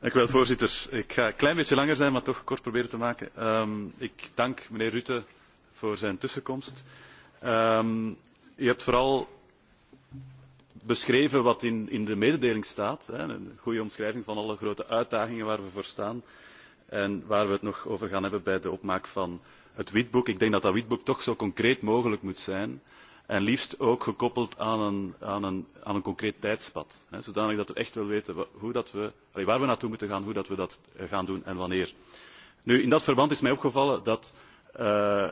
Dank u wel, voorzitter. Ik ga een klein beetje langer zijn, maar toch kort proberen te maken. Um, ik dank meneer Rutte voor zijn tussenkomst. Um, u hebt vooral beschreven wat in, in de mededeling staat. Hè, een goede omschrijving van alle grote uitdagingen waar we voor staan. En waar we het nog over gaan hebben bij de opmaak van het witboek. Ik denk dat dat witboek toch zo concreet mogelijk moet zijn. En liefst ook gekoppeld aan een, aan een, aan een concreet tijdspad. Hè, zodanig dat we echt wel weten hoe dat we, waar we naartoe moeten gaan, hoe dat we dat eh, gaan doen en wanneer. Nu, in dat verband is mij opgevallen dat uh,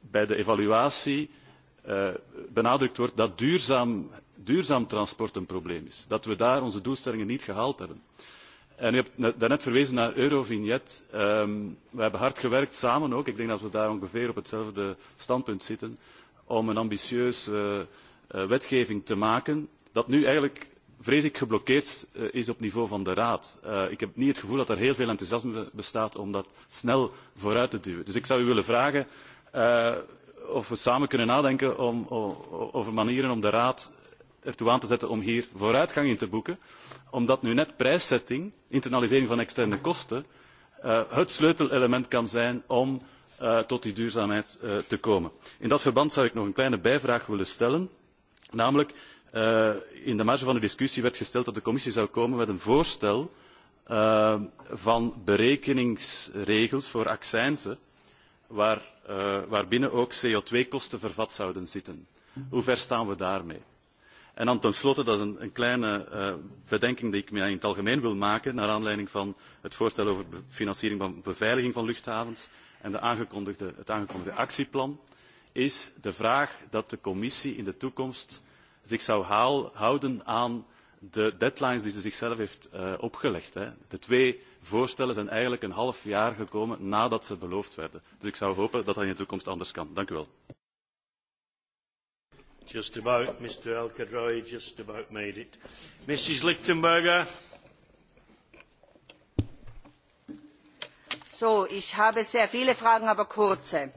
bij de evaluatie uh, benadrukt wordt dat duurzaam, duurzaam transport een probleem is. Dat we daar onze doelstellingen niet gehaald hebben. En u hebt daarnet verwezen naar Eurovignet. Um, we hebben hard gewerkt samen ook. Ik denk dat we daar ongeveer op hetzelfde standpunt zitten om een ambitieuze uh, eh, wetgeving te maken, dat nu eigenlijk, vrees ik, geblokkeerd uh, is op niveau van de Raad. Uh, ik heb niet het gevoel dat er heel veel enthousiasme bestaat om dat snel vooruit te duwen. Dus ik zou u willen vragen uh, of we samen kunnen nadenken om, om, over manieren om de Raad ertoe aan te zetten om hier vooruitgang in te boeken, omdat nu net prijszetting, internalisering van externe kosten, uh, het sleutelelement kan zijn om uh, tot die duurzaamheid uh, te komen. In dat verband zou ik nog een kleine bijvraag willen stellen, namelijk uh, in de marge van de discussie werd gesteld dat de commissie zou komen met een voorstel uh, van berekeningsregels voor accijnzen waar, uh, waarbinnen ook CO2-kosten vervat zouden zitten. Hoe ver staan we daarmee? En dan tenslotte, dat is een, een kleine uh, bedenking die ik in het algemeen wil maken, naar aanleiding van het voorstel over financiering van beveiliging van luchthavens en de aangekondigde, het aangekondigde actieplan is de vraag dat de commissie in de toekomst zich zou haal, houden aan de deadlines die ze zichzelf heeft uh, opgelegd. Hè. De twee voorstellen zijn eigenlijk een half jaar gekomen nadat ze beloofd werden. Dus ik zou hopen dat dat in de toekomst anders kan. Dank u wel. Just about, Mr. just about made it. Mrs. Lichtenberger. So, ich habe sehr viele Fragen, aber kurze.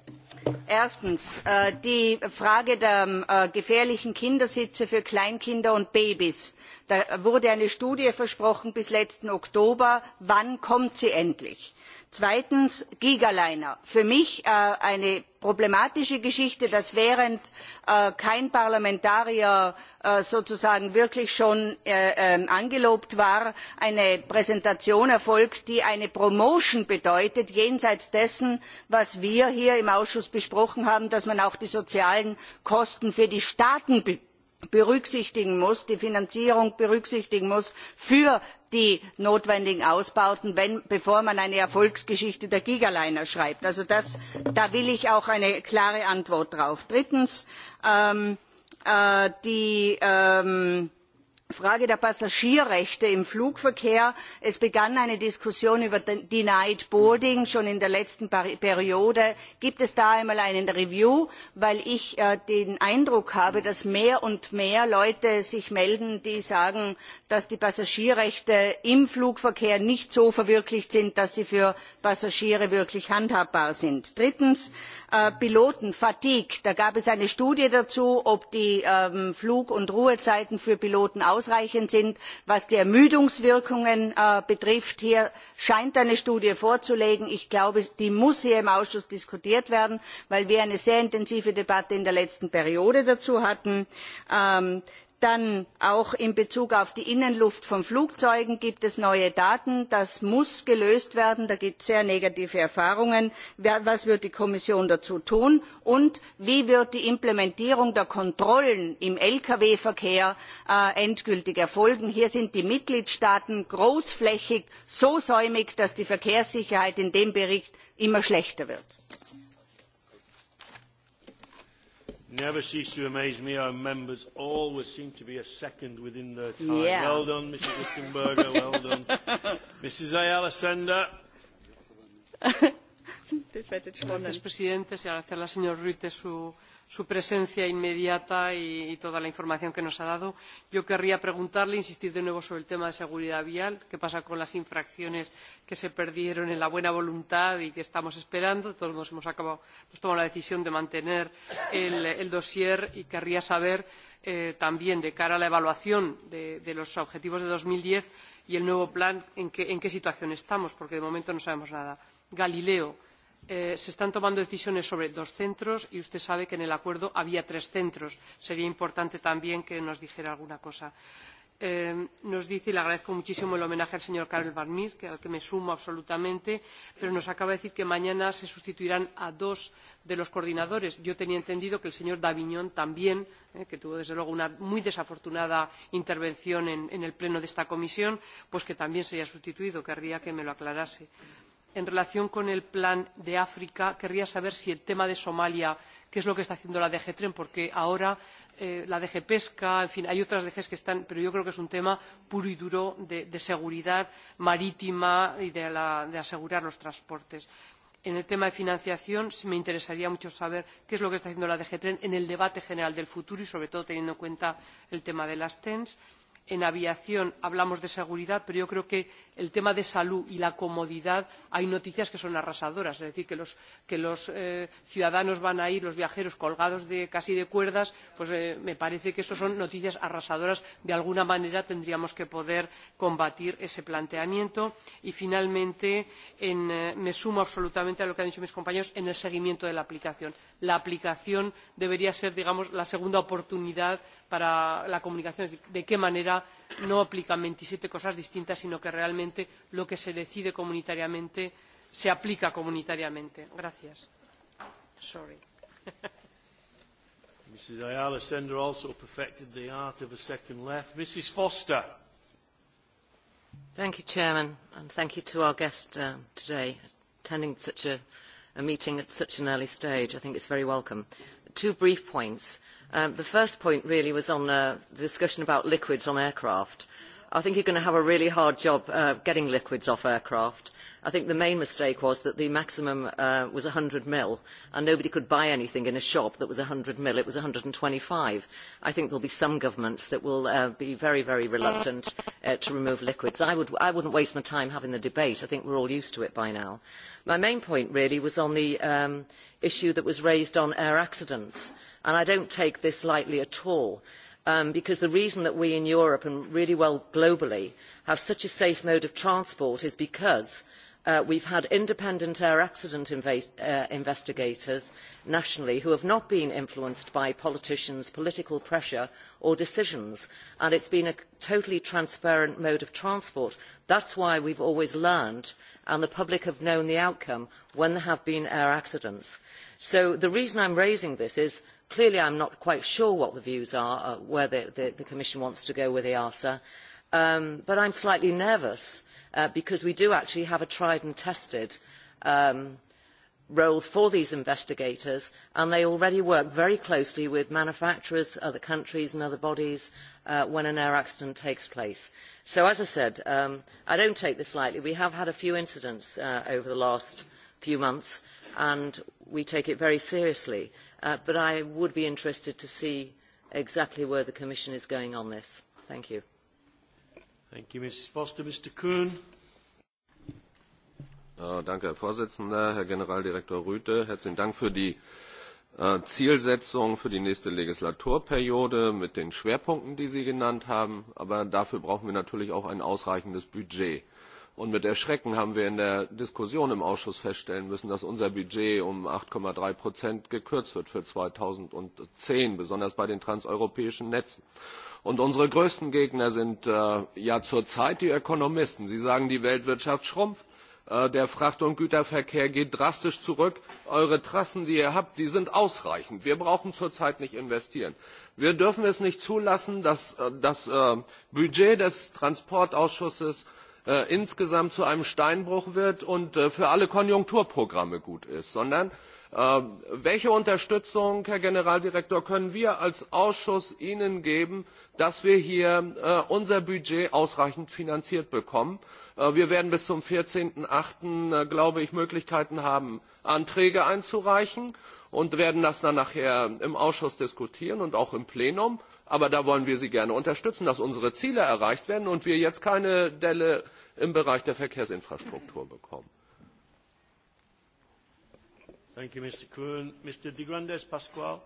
Erstens, äh, die Frage der ähm, äh, gefährlichen Kindersitze für Kleinkinder und Babys. Da wurde eine Studie versprochen bis letzten Oktober. Wann kommt sie endlich? Zweitens, Gigaliner. Für mich äh, eine problematische Geschichte, dass während äh, kein Parlamentarier äh, sozusagen wirklich schon äh, ähm, angelobt war, eine Präsentation erfolgt, die eine Promotion bedeutet, jenseits dessen, was wir hier im Ausschuss besprochen haben, dass man auch die sozialen Kosten für die Staaten berücksichtigen muss, die Finanzierung berücksichtigen muss für die notwendigen Ausbauten, bevor man eine Erfolgsgeschichte der Gigaliner schreibt. Also das, da will ich auch eine klare Antwort drauf. Drittens, ähm, äh, die, ähm, Frage der Passagierrechte im Flugverkehr. Es begann eine Diskussion über Denied Boarding schon in der letzten Periode. Gibt es da einmal eine Review? Weil ich äh, den Eindruck habe, dass mehr und mehr Leute sich melden, die sagen, dass die Passagierrechte im Flugverkehr nicht so verwirklicht sind, dass sie für Passagiere wirklich handhabbar sind. Drittens, äh, piloten fatigue Da gab es eine Studie dazu, ob die ähm, Flug- und Ruhezeiten für Piloten ausreichend sind. Was die Ermüdungswirkungen äh, betrifft, hier scheint eine Studie vorzulegen. Ich glaube, die muss hier im Ausschuss diskutiert werden, weil wir eine sehr intensive Debatte in der letzten Periode dazu hatten. Ähm, Dann auch in Bezug auf die Innenluft von Flugzeugen gibt es neue Daten. Das muss gelöst werden. Da gibt es sehr negative Erfahrungen. Was wird die Kommission dazu tun? Und wie wird die Implementierung der Kontrollen im Lkw-Verkehr äh, endgültig erfolgen? Hier sind die Mitgliedstaaten großflächig so säumig, dass die Verkehrssicherheit in dem Bericht immer schlechter wird. never cease to amaze me. Our members always seem to be a second within their time. Yeah. Well done, Mrs. Lichtenberger. well done. Mrs. Ayala Sender. Gracias, Presidente. Se agradece la señor Rutte, de su su presencia inmediata y, y toda la información que nos ha dado. Yo querría preguntarle, insistir de nuevo sobre el tema de seguridad vial, qué pasa con las infracciones que se perdieron en la buena voluntad y que estamos esperando. Todos nos hemos, acabado, hemos tomado la decisión de mantener el, el dossier y querría saber eh, también de cara a la evaluación de, de los objetivos de 2010 y el nuevo plan en que, en qué situación estamos, porque de momento no sabemos nada. Galileo eh, se están tomando decisiones sobre dos centros y usted sabe que en el acuerdo había tres centros. Sería importante también que nos dijera alguna cosa. Eh, nos dice, y le agradezco muchísimo el homenaje al señor Karel Barmir, que, al que me sumo absolutamente, pero nos acaba de decir que mañana se sustituirán a dos de los coordinadores. Yo tenía entendido que el señor Davignon también, eh, que tuvo desde luego una muy desafortunada intervención en, en el pleno de esta comisión, pues que también sería sustituido. Querría que me lo aclarase. Eh, en relación con el plan de África, querría saber si el tema de Somalia, qué es lo que está haciendo la DG Tren, porque ahora eh, la DG Pesca, en fin, hay otras DGs que están, pero yo creo que es un tema puro y duro de, de seguridad marítima y de, la, de asegurar los transportes. En el tema de financiación, me interesaría mucho saber qué es lo que está haciendo la DG Tren en el debate general del futuro y, sobre todo, teniendo en cuenta el tema de las TENS. En aviación hablamos de seguridad, pero yo creo que el tema de salud y la comodidad, hay noticias que son arrasadoras, es decir, que los, que los eh, ciudadanos van a ir, los viajeros colgados de, casi de cuerdas, pues eh, me parece que eso son noticias arrasadoras. De alguna manera tendríamos que poder combatir ese planteamiento. Y finalmente, en, eh, me sumo absolutamente a lo que han dicho mis compañeros en el seguimiento de la aplicación. La aplicación debería ser, digamos, la segunda oportunidad para la comunicación, es decir, de qué manera no aplican 27 cosas distintas, sino que realmente comunitariamente lo que se decide comunitariamente se aplica comunitariamente. Gracias. Sorry. Mrs. Ayala Sender also perfected the art of a second left. Mrs. Foster. Thank you, Chairman, and thank you to our guest uh, today, attending such a, a meeting at such an early stage. I think it's very welcome. Two brief points. Um, the first point really was on uh, the discussion about liquids on aircraft I think you are going to have a really hard job uh, getting liquids off aircraft. I think the main mistake was that the maximum uh, was 100 mil, and nobody could buy anything in a shop that was 100 mil. It was 125. I think there will be some governments that will uh, be very, very reluctant uh, to remove liquids. I, would, I wouldn't waste my time having the debate. I think we're all used to it by now. My main point really was on the um, issue that was raised on air accidents, and I don't take this lightly at all um, because the reason that we in Europe and really well globally have such a safe mode of transport is because uh, we have had independent air accident uh, investigators nationally who have not been influenced by politicians, political pressure or decisions. And it has been a totally transparent mode of transport. That is why we have always learned and the public have known the outcome when there have been air accidents. So the reason I am raising this is clearly I am not quite sure what the views are, uh, where the, the, the Commission wants to go with EASA, um, but I am slightly nervous uh, because we do actually have a tried and tested um, role for these investigators and they already work very closely with manufacturers, other countries and other bodies uh, when an air accident takes place. So as I said, um, I don't take this lightly. We have had a few incidents uh, over the last few months and we take it very seriously. Uh, but I would be interested to see exactly where the Commission is going on this. Thank you. Thank you, Ms. Foster. Mr. Kuhn. Uh, danke, Herr Vorsitzender, Herr Generaldirektor Rüte, Herzlichen Dank für die uh, Zielsetzung für die nächste Legislaturperiode mit den Schwerpunkten, die Sie genannt haben. Aber dafür brauchen wir natürlich auch ein ausreichendes Budget. Und mit Erschrecken haben wir in der Diskussion im Ausschuss feststellen müssen, dass unser Budget um 8,3 Prozent gekürzt wird für 2010, besonders bei den transeuropäischen Netzen. Und unsere größten Gegner sind äh, ja zurzeit die Ökonomisten. Sie sagen, die Weltwirtschaft schrumpft, äh, der Fracht- und Güterverkehr geht drastisch zurück, eure Trassen, die ihr habt, die sind ausreichend. Wir brauchen zurzeit nicht investieren. Wir dürfen es nicht zulassen, dass äh, das äh, Budget des Transportausschusses äh, Äh, insgesamt zu einem Steinbruch wird und äh, für alle Konjunkturprogramme gut ist, sondern äh, welche Unterstützung, Herr Generaldirektor, können wir als Ausschuss Ihnen geben, dass wir hier unser Budget ausreichend finanziert bekommen? wir werden bis zum 14.8., glaube ich, Möglichkeiten haben, Anträge einzureichen und werden das dann nachher im Ausschuss diskutieren und auch im Plenum. Aber da wollen wir Sie gerne unterstützen, dass unsere Ziele erreicht werden und wir jetzt keine Delle im Bereich der Verkehrsinfrastruktur bekommen. Thank you, Mr. Kuhn. Mr. De Grandes Pascual.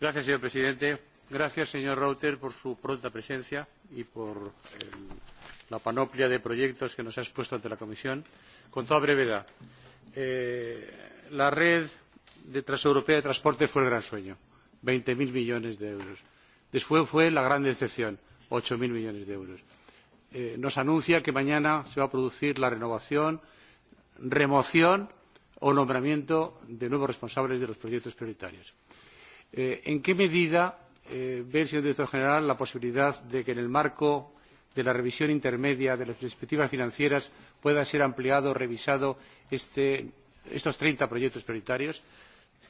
Gracias, señor presidente. Gracias, señor Reuter, por su pronta presencia y por el, eh, la panoplia de proyectos que nos ha expuesto ante la Comisión. Con toda brevedad, eh, la red de transeuropea de transporte fue el gran sueño, veinte mil millones de euros. Después fue la gran decepción, ocho mil millones de euros. Eh, nos anuncia que mañana se va a producir la renovación, remoción o nombramiento de nuevos responsables de los proyectos prioritarios. Eh, ¿En qué medida eh, ve el señor director general la posibilidad de que en el marco de la revisión intermedia de las perspectivas financieras pueda ser ampliado, revisado este estos treinta proyectos prioritarios.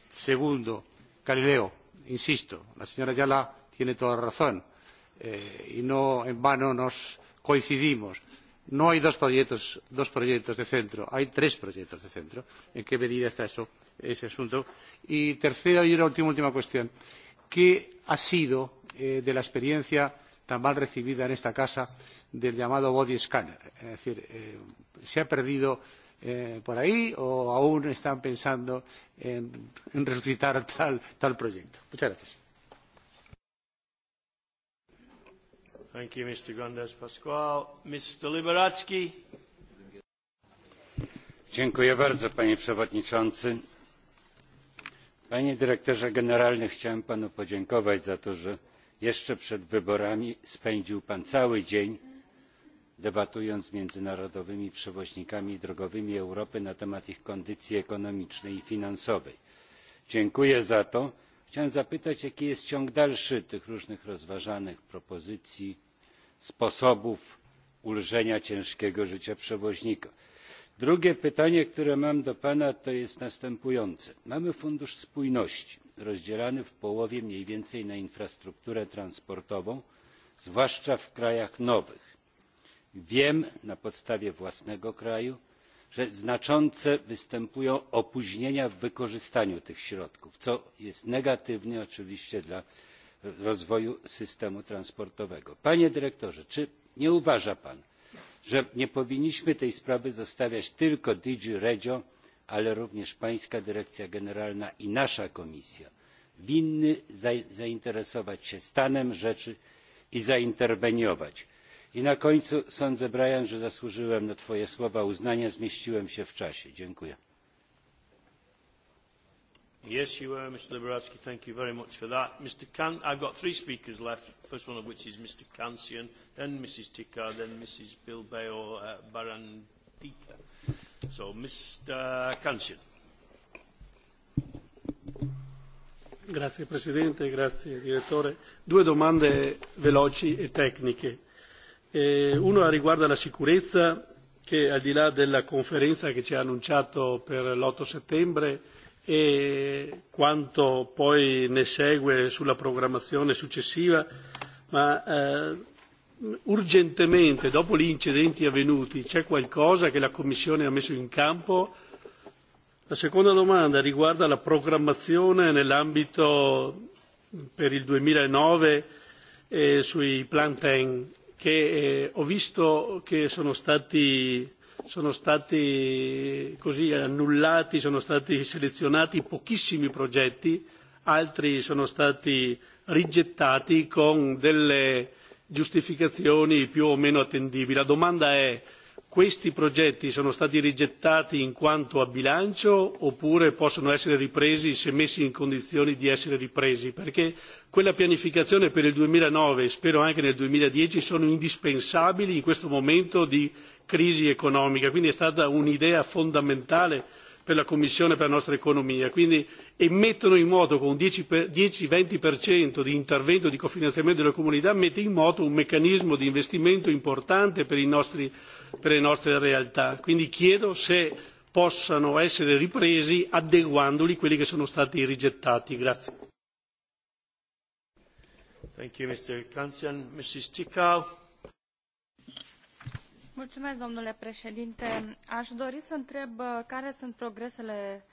Segundo, Galileo, insisto, la señora Ayala tiene toda la razón eh, y no en vano nos coincidimos. No hay dos proyectos, dos proyectos de centro, hay tres proyectos de centro. ¿En qué medida está eso, ese asunto? Y tercera y una última, última cuestión. ¿Qué ha sido eh, de la experiencia tan mal recibida en esta casa del llamado body scanner? Es decir, eh, se ha perdido eh, por ahí o aún están pensando en, en resucitar tal, tal proyecto. Muchas gracias. Thank you, Mr. Gondes Pascual. Mr. Liberatsky. Dziękuję bardzo, panie przewodniczący. Panie dyrektorze generalny, chciałem panu podziękować za to, że jeszcze przed wyborami spędził pan cały dzień debatując z międzynarodowymi przewoźnikami drogowymi europy na temat ich kondycji ekonomicznej i finansowej. dziękuję za to. chciałem zapytać jaki jest ciąg dalszy tych różnych rozważanych propozycji sposobów ulżenia ciężkiego życia przewoźnika. drugie pytanie które mam do pana to jest następujące mamy fundusz spójności rozdzielany w połowie mniej więcej na infrastrukturę transportową zwłaszcza w krajach nowych wiem na podstawie własnego kraju że znaczące występują opóźnienia w wykorzystaniu tych środków co jest negatywne oczywiście dla rozwoju systemu transportowego. panie dyrektorze czy nie uważa pan że nie powinniśmy tej sprawy zostawiać tylko dg regio ale również pańska dyrekcja generalna i nasza komisja winny zainteresować się stanem rzeczy i zainterweniować? I na końcu sądzę, Brian, że zasłużyłem na Twoje słowa uznania, zmieściłem się w czasie. Dziękuję. Yes, you were, Mr. Liberatsky. Thank you very much for that. Mr. Can I've got three speakers left, first one of which is Mr. Kansian, then Mrs. Tickar, then Mrs. Bilbao uh, Barandika. So, Mr. Kansian. Grazie Presidente, grazie Direttore. Due domande veloci e tecniche Eh, uno riguarda la sicurezza che al di là della conferenza che ci ha annunciato per l'8 settembre e quanto poi ne segue sulla programmazione successiva, ma eh, urgentemente dopo gli incidenti avvenuti c'è qualcosa che la Commissione ha messo in campo? La seconda domanda riguarda la programmazione nell'ambito per il 2009 eh, sui plantain che eh, ho visto che sono stati, sono stati così annullati, sono stati selezionati pochissimi progetti, altri sono stati rigettati con delle giustificazioni più o meno attendibili. La domanda è Questi progetti sono stati rigettati in quanto a bilancio oppure possono essere ripresi se messi in condizioni di essere ripresi? Perché quella pianificazione per il duemilanove e spero anche nel duemiladieci sono indispensabili in questo momento di crisi economica, quindi è stata un'idea fondamentale per la Commissione per la nostra economia, quindi, e mettono in moto con 10-20% di intervento di cofinanziamento delle comunità, mette in moto un meccanismo di investimento importante per, i nostri, per le nostre realtà. Quindi chiedo se possano essere ripresi adeguandoli quelli che sono stati rigettati. Grazie. Thank you, Mr. Kansian. Mrs. Tikau. Mulțumesc, domnule președinte. Aș dori să întreb uh, care sunt progresele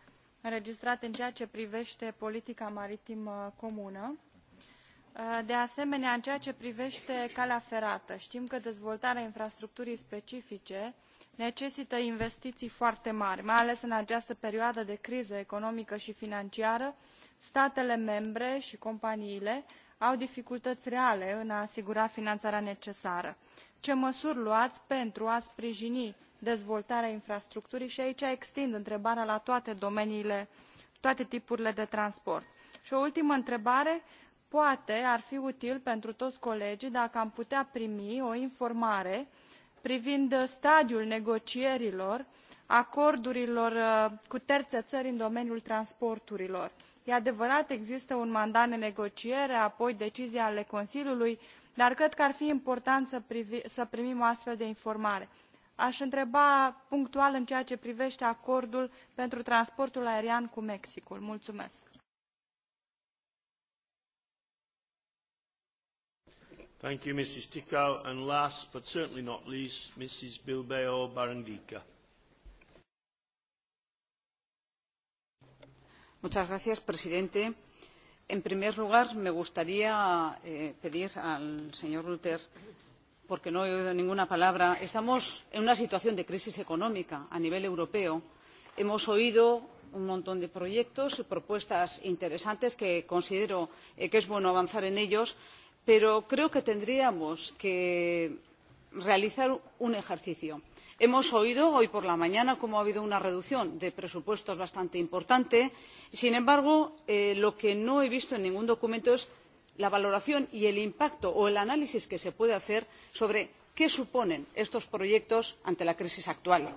înregistrate în ceea ce privește politica maritimă comună. Uh, de asemenea, în ceea ce privește calea ferată, știm că dezvoltarea infrastructurii specifice necesită investiții foarte mari, mai ales în această perioadă de criză economică și financiară. Statele membre și companiile au dificultăți reale în a asigura finanțarea necesară. Ce măsuri luați pentru a sprijini dezvoltarea infrastructurii și aici extind întrebarea la toate domeniile, toate tipurile de transport. Și o ultimă întrebare, poate ar fi util pentru toți colegii dacă am putea primi o informare privind stadiul negocierilor acordurilor uh, cu terțe țări în domeniul transporturilor. E adevărat, există un mandat de negociere, apoi decizii ale Consiliului, dar cred că ar fi important să, privi, să primim o astfel de informare. Aș întreba punctual în ceea ce privește acordul pentru transportul aerian cu Mexicul. Mulțumesc. Thank you, Mrs. Tickow. And last, but certainly not least, Mrs. Bilbao Barandica. Señor presidente. En primer lugar, me gustaría eh, pedir al señor Ruther, porque no he oído ninguna palabra, estamos en una situación de crisis económica a nivel europeo. Hemos oído un montón de proyectos y propuestas interesantes que considero eh, que es bueno avanzar en ellos, pero creo que tendríamos que realizar un ejercicio. Hemos oído hoy por la mañana cómo ha habido una reducción de presupuestos bastante importante. Sin embargo, eh, lo que no he visto en ningún documento es la valoración y el impacto o el análisis que se puede hacer sobre qué suponen estos proyectos ante la crisis actual.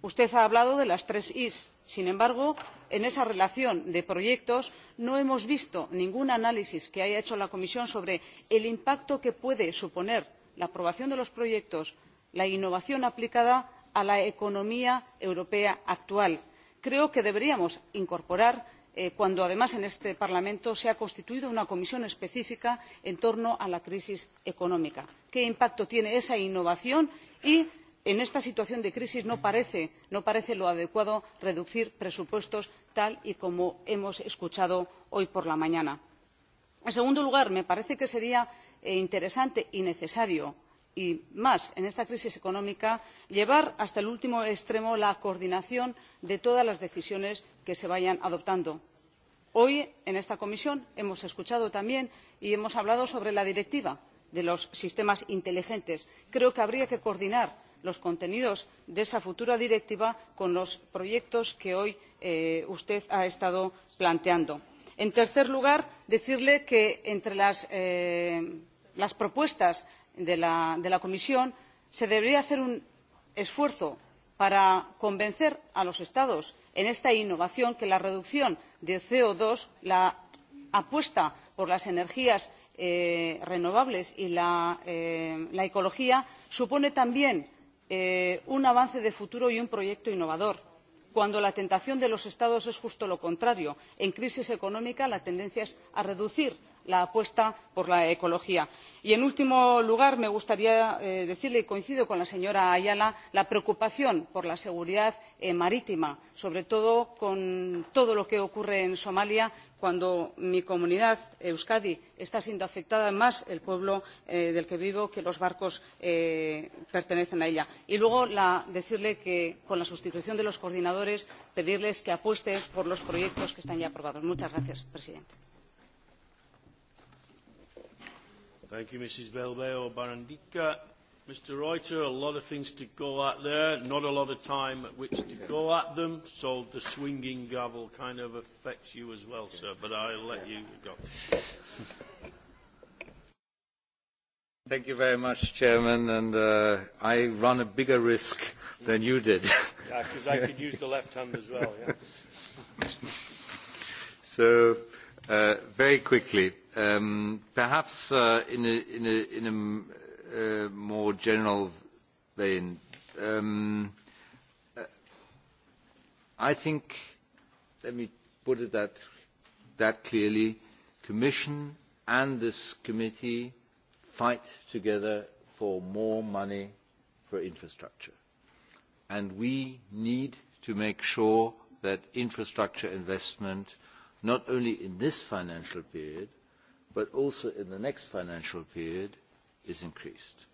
Usted ha hablado de las tres Is. Sin embargo, en esa relación de proyectos no hemos visto ningún análisis que haya hecho la Comisión sobre el impacto que puede suponer la aprobación de los proyectos la innovación aplicada a la economía europea actual. creo que deberíamos incorporar eh, cuando además en este parlamento se ha constituido una comisión específica en torno a la crisis económica qué impacto tiene esa innovación y en esta situación de crisis no parece lo adecuado reducir presupuestos tal y como hemos escuchado hoy por la mañana. en segundo lugar me parece que sería e interesante y necesario y más en esta crisis económica llevar hasta el último extremo la coordinación de todas las decisiones que se vayan adoptando. Hoy en esta comisión hemos escuchado también y hemos hablado sobre la directiva de los sistemas inteligentes. Creo que habría que coordinar los contenidos de esa futura directiva con los proyectos que hoy eh, usted ha estado planteando. En tercer lugar, decirle que entre las eh, las propuestas de la, de la Comisión, se debería hacer un esfuerzo para convencer a los Estados en esta innovación que la reducción de co dos, la apuesta por las energías eh, renovables y la, eh, la, ecología supone también eh, un avance de futuro y un proyecto innovador cuando la tentación de los estados es justo lo contrario. En crisis económica la tendencia es a reducir la apuesta por la ecología. Y, en último lugar, me gustaría eh, decirle, y coincido con la señora Ayala, la preocupación por la seguridad eh, marítima, sobre todo con todo lo que ocurre en Somalia, cuando mi comunidad, Euskadi, está siendo afectada más el pueblo eh, del que vivo que los barcos que pertenecen a ella. Y luego la, decirle que, con la sustitución de los coordinadores, pedirles que apueste por los proyectos que están ya aprobados. Muchas gracias, presidente. Thank you, Mrs. Belbeo Barandika. Mr. Reuter, a lot of things to go at there, not a lot of time at which to go at them, so the swinging gavel kind of affects you as well, sir, but I'll let you go. Thank you very much, Chairman, and uh, I run a bigger risk than you did. yeah, because I could use the left hand as well, yeah. so, Uh, very quickly, um, perhaps uh, in a, in a, in a uh, more general vein, um, uh, I think, let me put it that, that clearly, Commission and this committee fight together for more money for infrastructure. And we need to make sure that infrastructure investment – not only in this financial period, but also in the next financial period, is increased.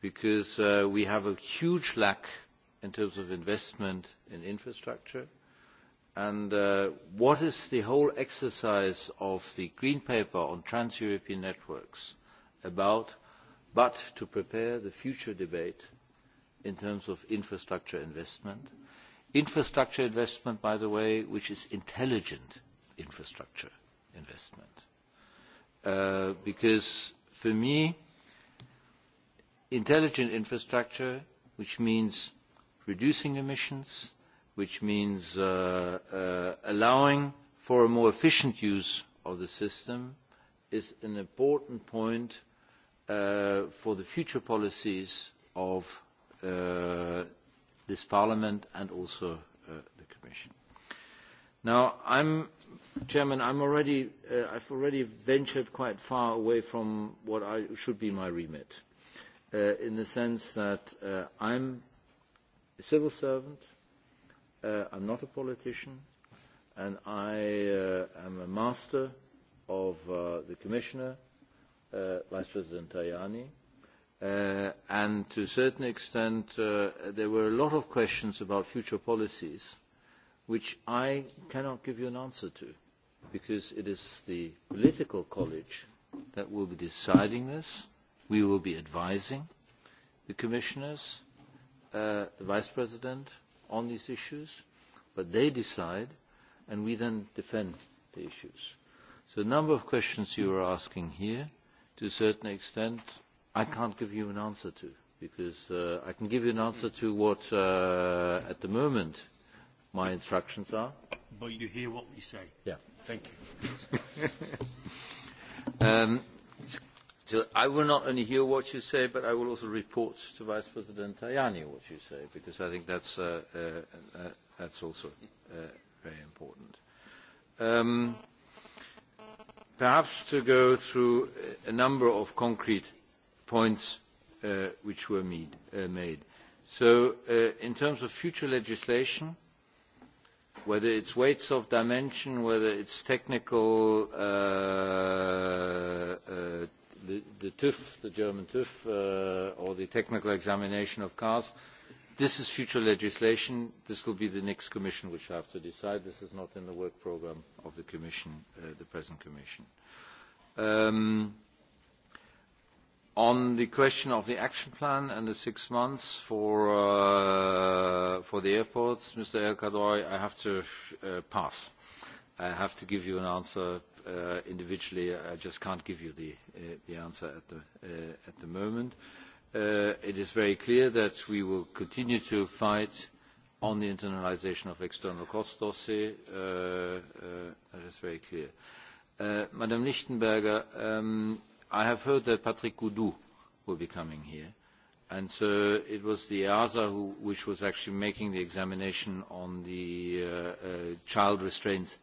Because uh, we have a huge lack in terms of investment in infrastructure. And uh, what is the whole exercise of the Green Paper on Trans-European Networks about, but to prepare the future debate in terms of infrastructure investment – Infrastructure investment, by the way, which is intelligent infrastructure investment. Uh, because for me, intelligent infrastructure, which means reducing emissions, which means uh, uh, allowing for a more efficient use of the system, is an important point uh, for the future policies of uh, this Parliament and also uh, the Commission. Now, I'm, Chairman, I'm already, uh, I've already ventured quite far away from what I, should be my remit, uh, in the sense that uh, I'm a civil servant, uh, I'm not a politician, and I uh, am a master of uh, the Commissioner, uh, Vice President Tajani, Uh, and to a certain extent, uh, there were a lot of questions about future policies, which I cannot give you an answer to, because it is the political college that will be deciding this. We will be advising the commissioners, uh, the vice president on these issues, but they decide, and we then defend the issues. So a number of questions you are asking here, to a certain extent, I can't give you an answer to, because uh, I can give you an answer to what, uh, at the moment, my instructions are. But you hear what we say. Yeah. Thank you. um, so I will not only hear what you say, but I will also report to Vice President Tajani what you say, because I think that's, uh, uh, uh, that's also uh, very important. Um, perhaps to go through a number of concrete points uh, which were made, uh, made. So uh, in terms of future legislation, whether it's weights of dimension, whether it's technical, uh, uh, the, the TÜV, the German TÜV, uh, or the technical examination of cars, this is future legislation. This will be the next commission which will have to decide. This is not in the work program of the commission, uh, the present commission. Um, On the question of the action plan and the six months for, uh, the airports, Mr. El Khadraoui, I have to uh, pass. I have to give you an answer uh, individually. I just can't give you the, uh, the answer at the, uh, at the moment. Uh, it is very clear that we will continue to fight on the internalization of external cost dossier. Uh, that is very clear. Uh, Madam Lichtenberger, um, I have heard that Patrick Goudou will be coming here. And so it was the EASA who, which was actually making the examination on the uh, uh, child restraint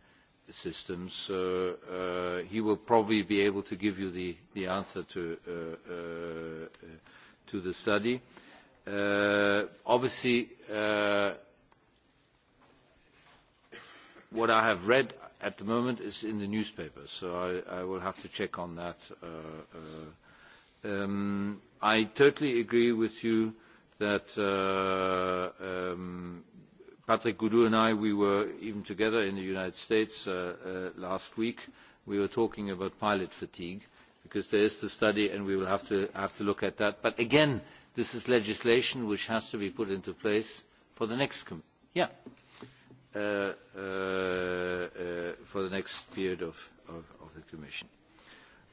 systems. So uh, he will probably be able to give you the, the answer to, uh, uh, to the study. Uh, obviously, uh, what I have read, at the moment it's in the newspaper, so I, I will have to check on that. Uh, uh, um, I totally agree with you that uh, um, Patrick Goudou and I, we were even together in the United States uh, uh, last week. We were talking about pilot fatigue because there is the study and we will have to, have to look at that. But again, this is legislation which has to be put into place for the next... Com yeah. Uh, uh, uh, for the next period of, of, of the Commission.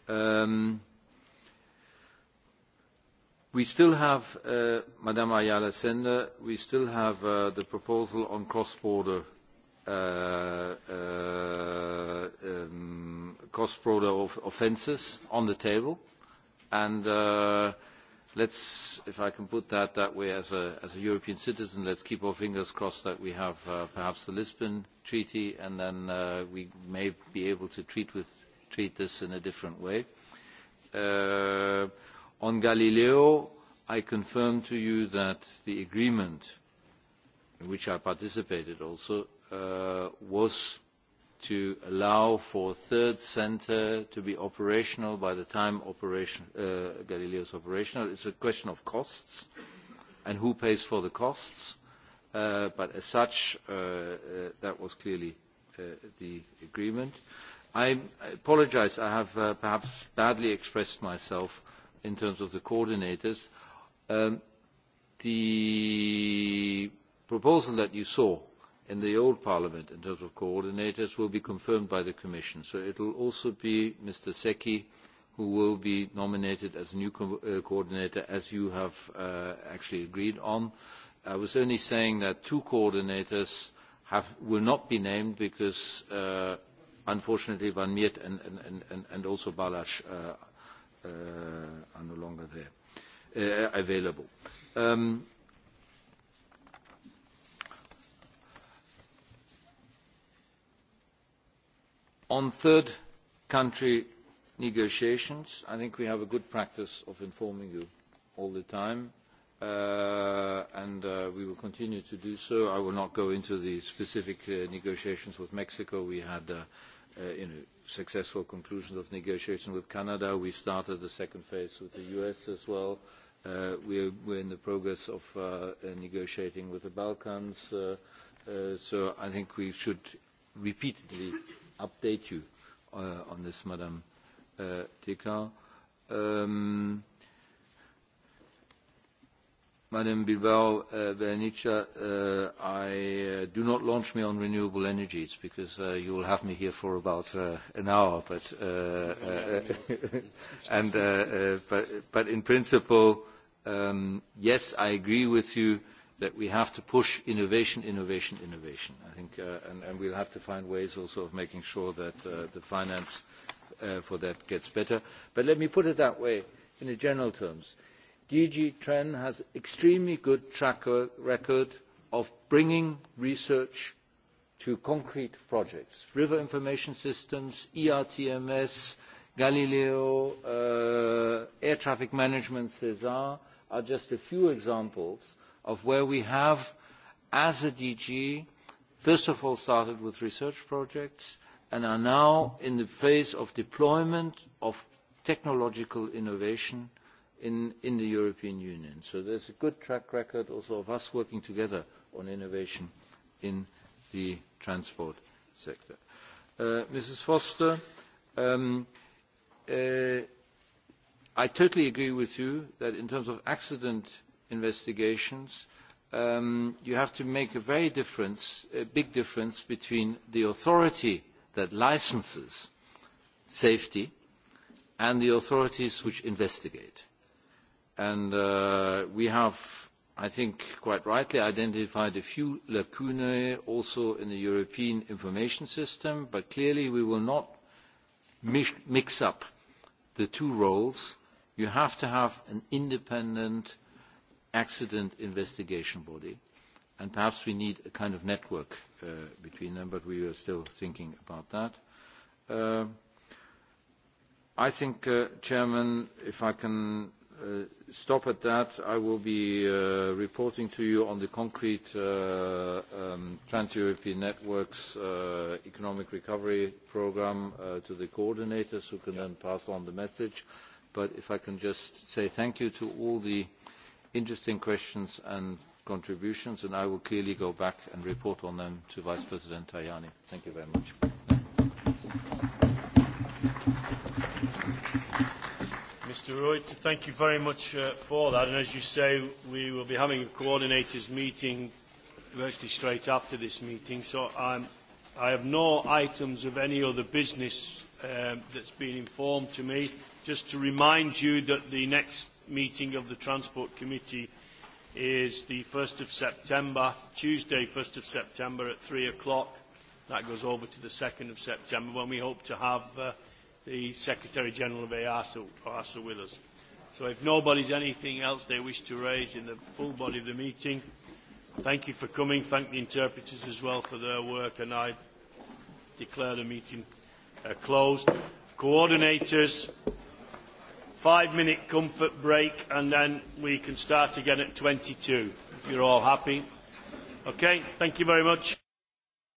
Um, we still have, uh, Madame Ayala Sender, we still have uh, the proposal on cross-border uh, uh, um, cross-border of offences on the table, and uh, let's, if I can put that that way as a, as a European citizen, let's keep our fingers crossed that we have uh, perhaps the Lisbon Treaty and then uh, we may be able to treat, with, treat this in a different way. Uh, on Galileo, I confirm to you that the agreement in which I participated also uh, was to allow for third center to be operational by the time operation, uh, Galileo is operational. It's a question of costs and who pays for the costs. Uh, but as such, uh, uh, that was clearly uh, the agreement. I apologize, I have uh, perhaps badly expressed myself in terms of the coordinators. Um, the proposal that you saw in the old Parliament in terms of coordinators will be confirmed by the Commission. So it will also be Mr. Secchi who will be nominated as new co uh, coordinator as you have uh, actually agreed on. I was only saying that two coordinators have, will not be named because uh, unfortunately Van Miert and, and, and, and also Balash uh, uh, are no longer there, uh, available. Um, On third country negotiations, I think we have a good practice of informing you all the time, uh, and uh, we will continue to do so. I will not go into the specific uh, negotiations with Mexico. We had uh, uh, you know, successful conclusion of negotiations with Canada. We started the second phase with the US as well. Uh, are we're in the progress of uh, uh, negotiating with the Balkans. Uh, uh, so I think we should repeatedly update you uh, on this, Madam uh, Tika. Um, Madam Bilbao uh, Bernicia, uh, I uh, do not launch me on renewable energies because uh, you will have me here for about uh, an hour. But, uh, uh, and, uh, uh, but, but in principle, um, yes, I agree with you that we have to push innovation, innovation, innovation. I think, uh, and, and we'll have to find ways also of making sure that uh, the finance uh, for that gets better. But let me put it that way in general terms. DG TREN has extremely good track record of bringing research to concrete projects. River information systems, ERTMS, Galileo, uh, air traffic management, CESAR are just a few examples of where we have, as a DG, first of all started with research projects and are now in the phase of deployment of technological innovation in, in the European Union. So there's a good track record also of us working together on innovation in the transport sector. Uh, Mrs. Foster, um, uh, I totally agree with you that in terms of accident investigations, um, you have to make a very difference, a big difference between the authority that licenses safety and the authorities which investigate. And uh, we have, I think, quite rightly identified a few lacunae also in the European information system, but clearly we will not mix up the two roles. You have to have an independent accident investigation body, and perhaps we need a kind of network uh, between them, but we are still thinking about that. Uh, I think, uh, Chairman, if I can uh, stop at that, I will be uh, reporting to you on the concrete uh, um, Trans-European Networks uh, Economic Recovery Programme uh, to the coordinators who can yeah. then pass on the message. But if I can just say thank you to all the interesting questions and contributions, and I will clearly go back and report on them to Vice President Tajani. Thank you very much. Mr. Roy, thank you very much uh, for that. And as you say, we will be having a coordinators meeting virtually straight after this meeting. So I'm, um, I have no items of any other business that um, that's been informed to me. Just to remind you that the next meeting of the Transport Committee is the 1st of September, Tuesday 1st of September at 3 o'clock. That goes over to the 2nd of September when we hope to have uh, the Secretary-General of EASA, with us. So if nobody's anything else they wish to raise in the full body of the meeting, thank you for coming. Thank the interpreters as well for their work and I declare the meeting uh, closed. Coordinators, five minute comfort break and then we can start again at 22 if you're all happy. Okay, thank you very much.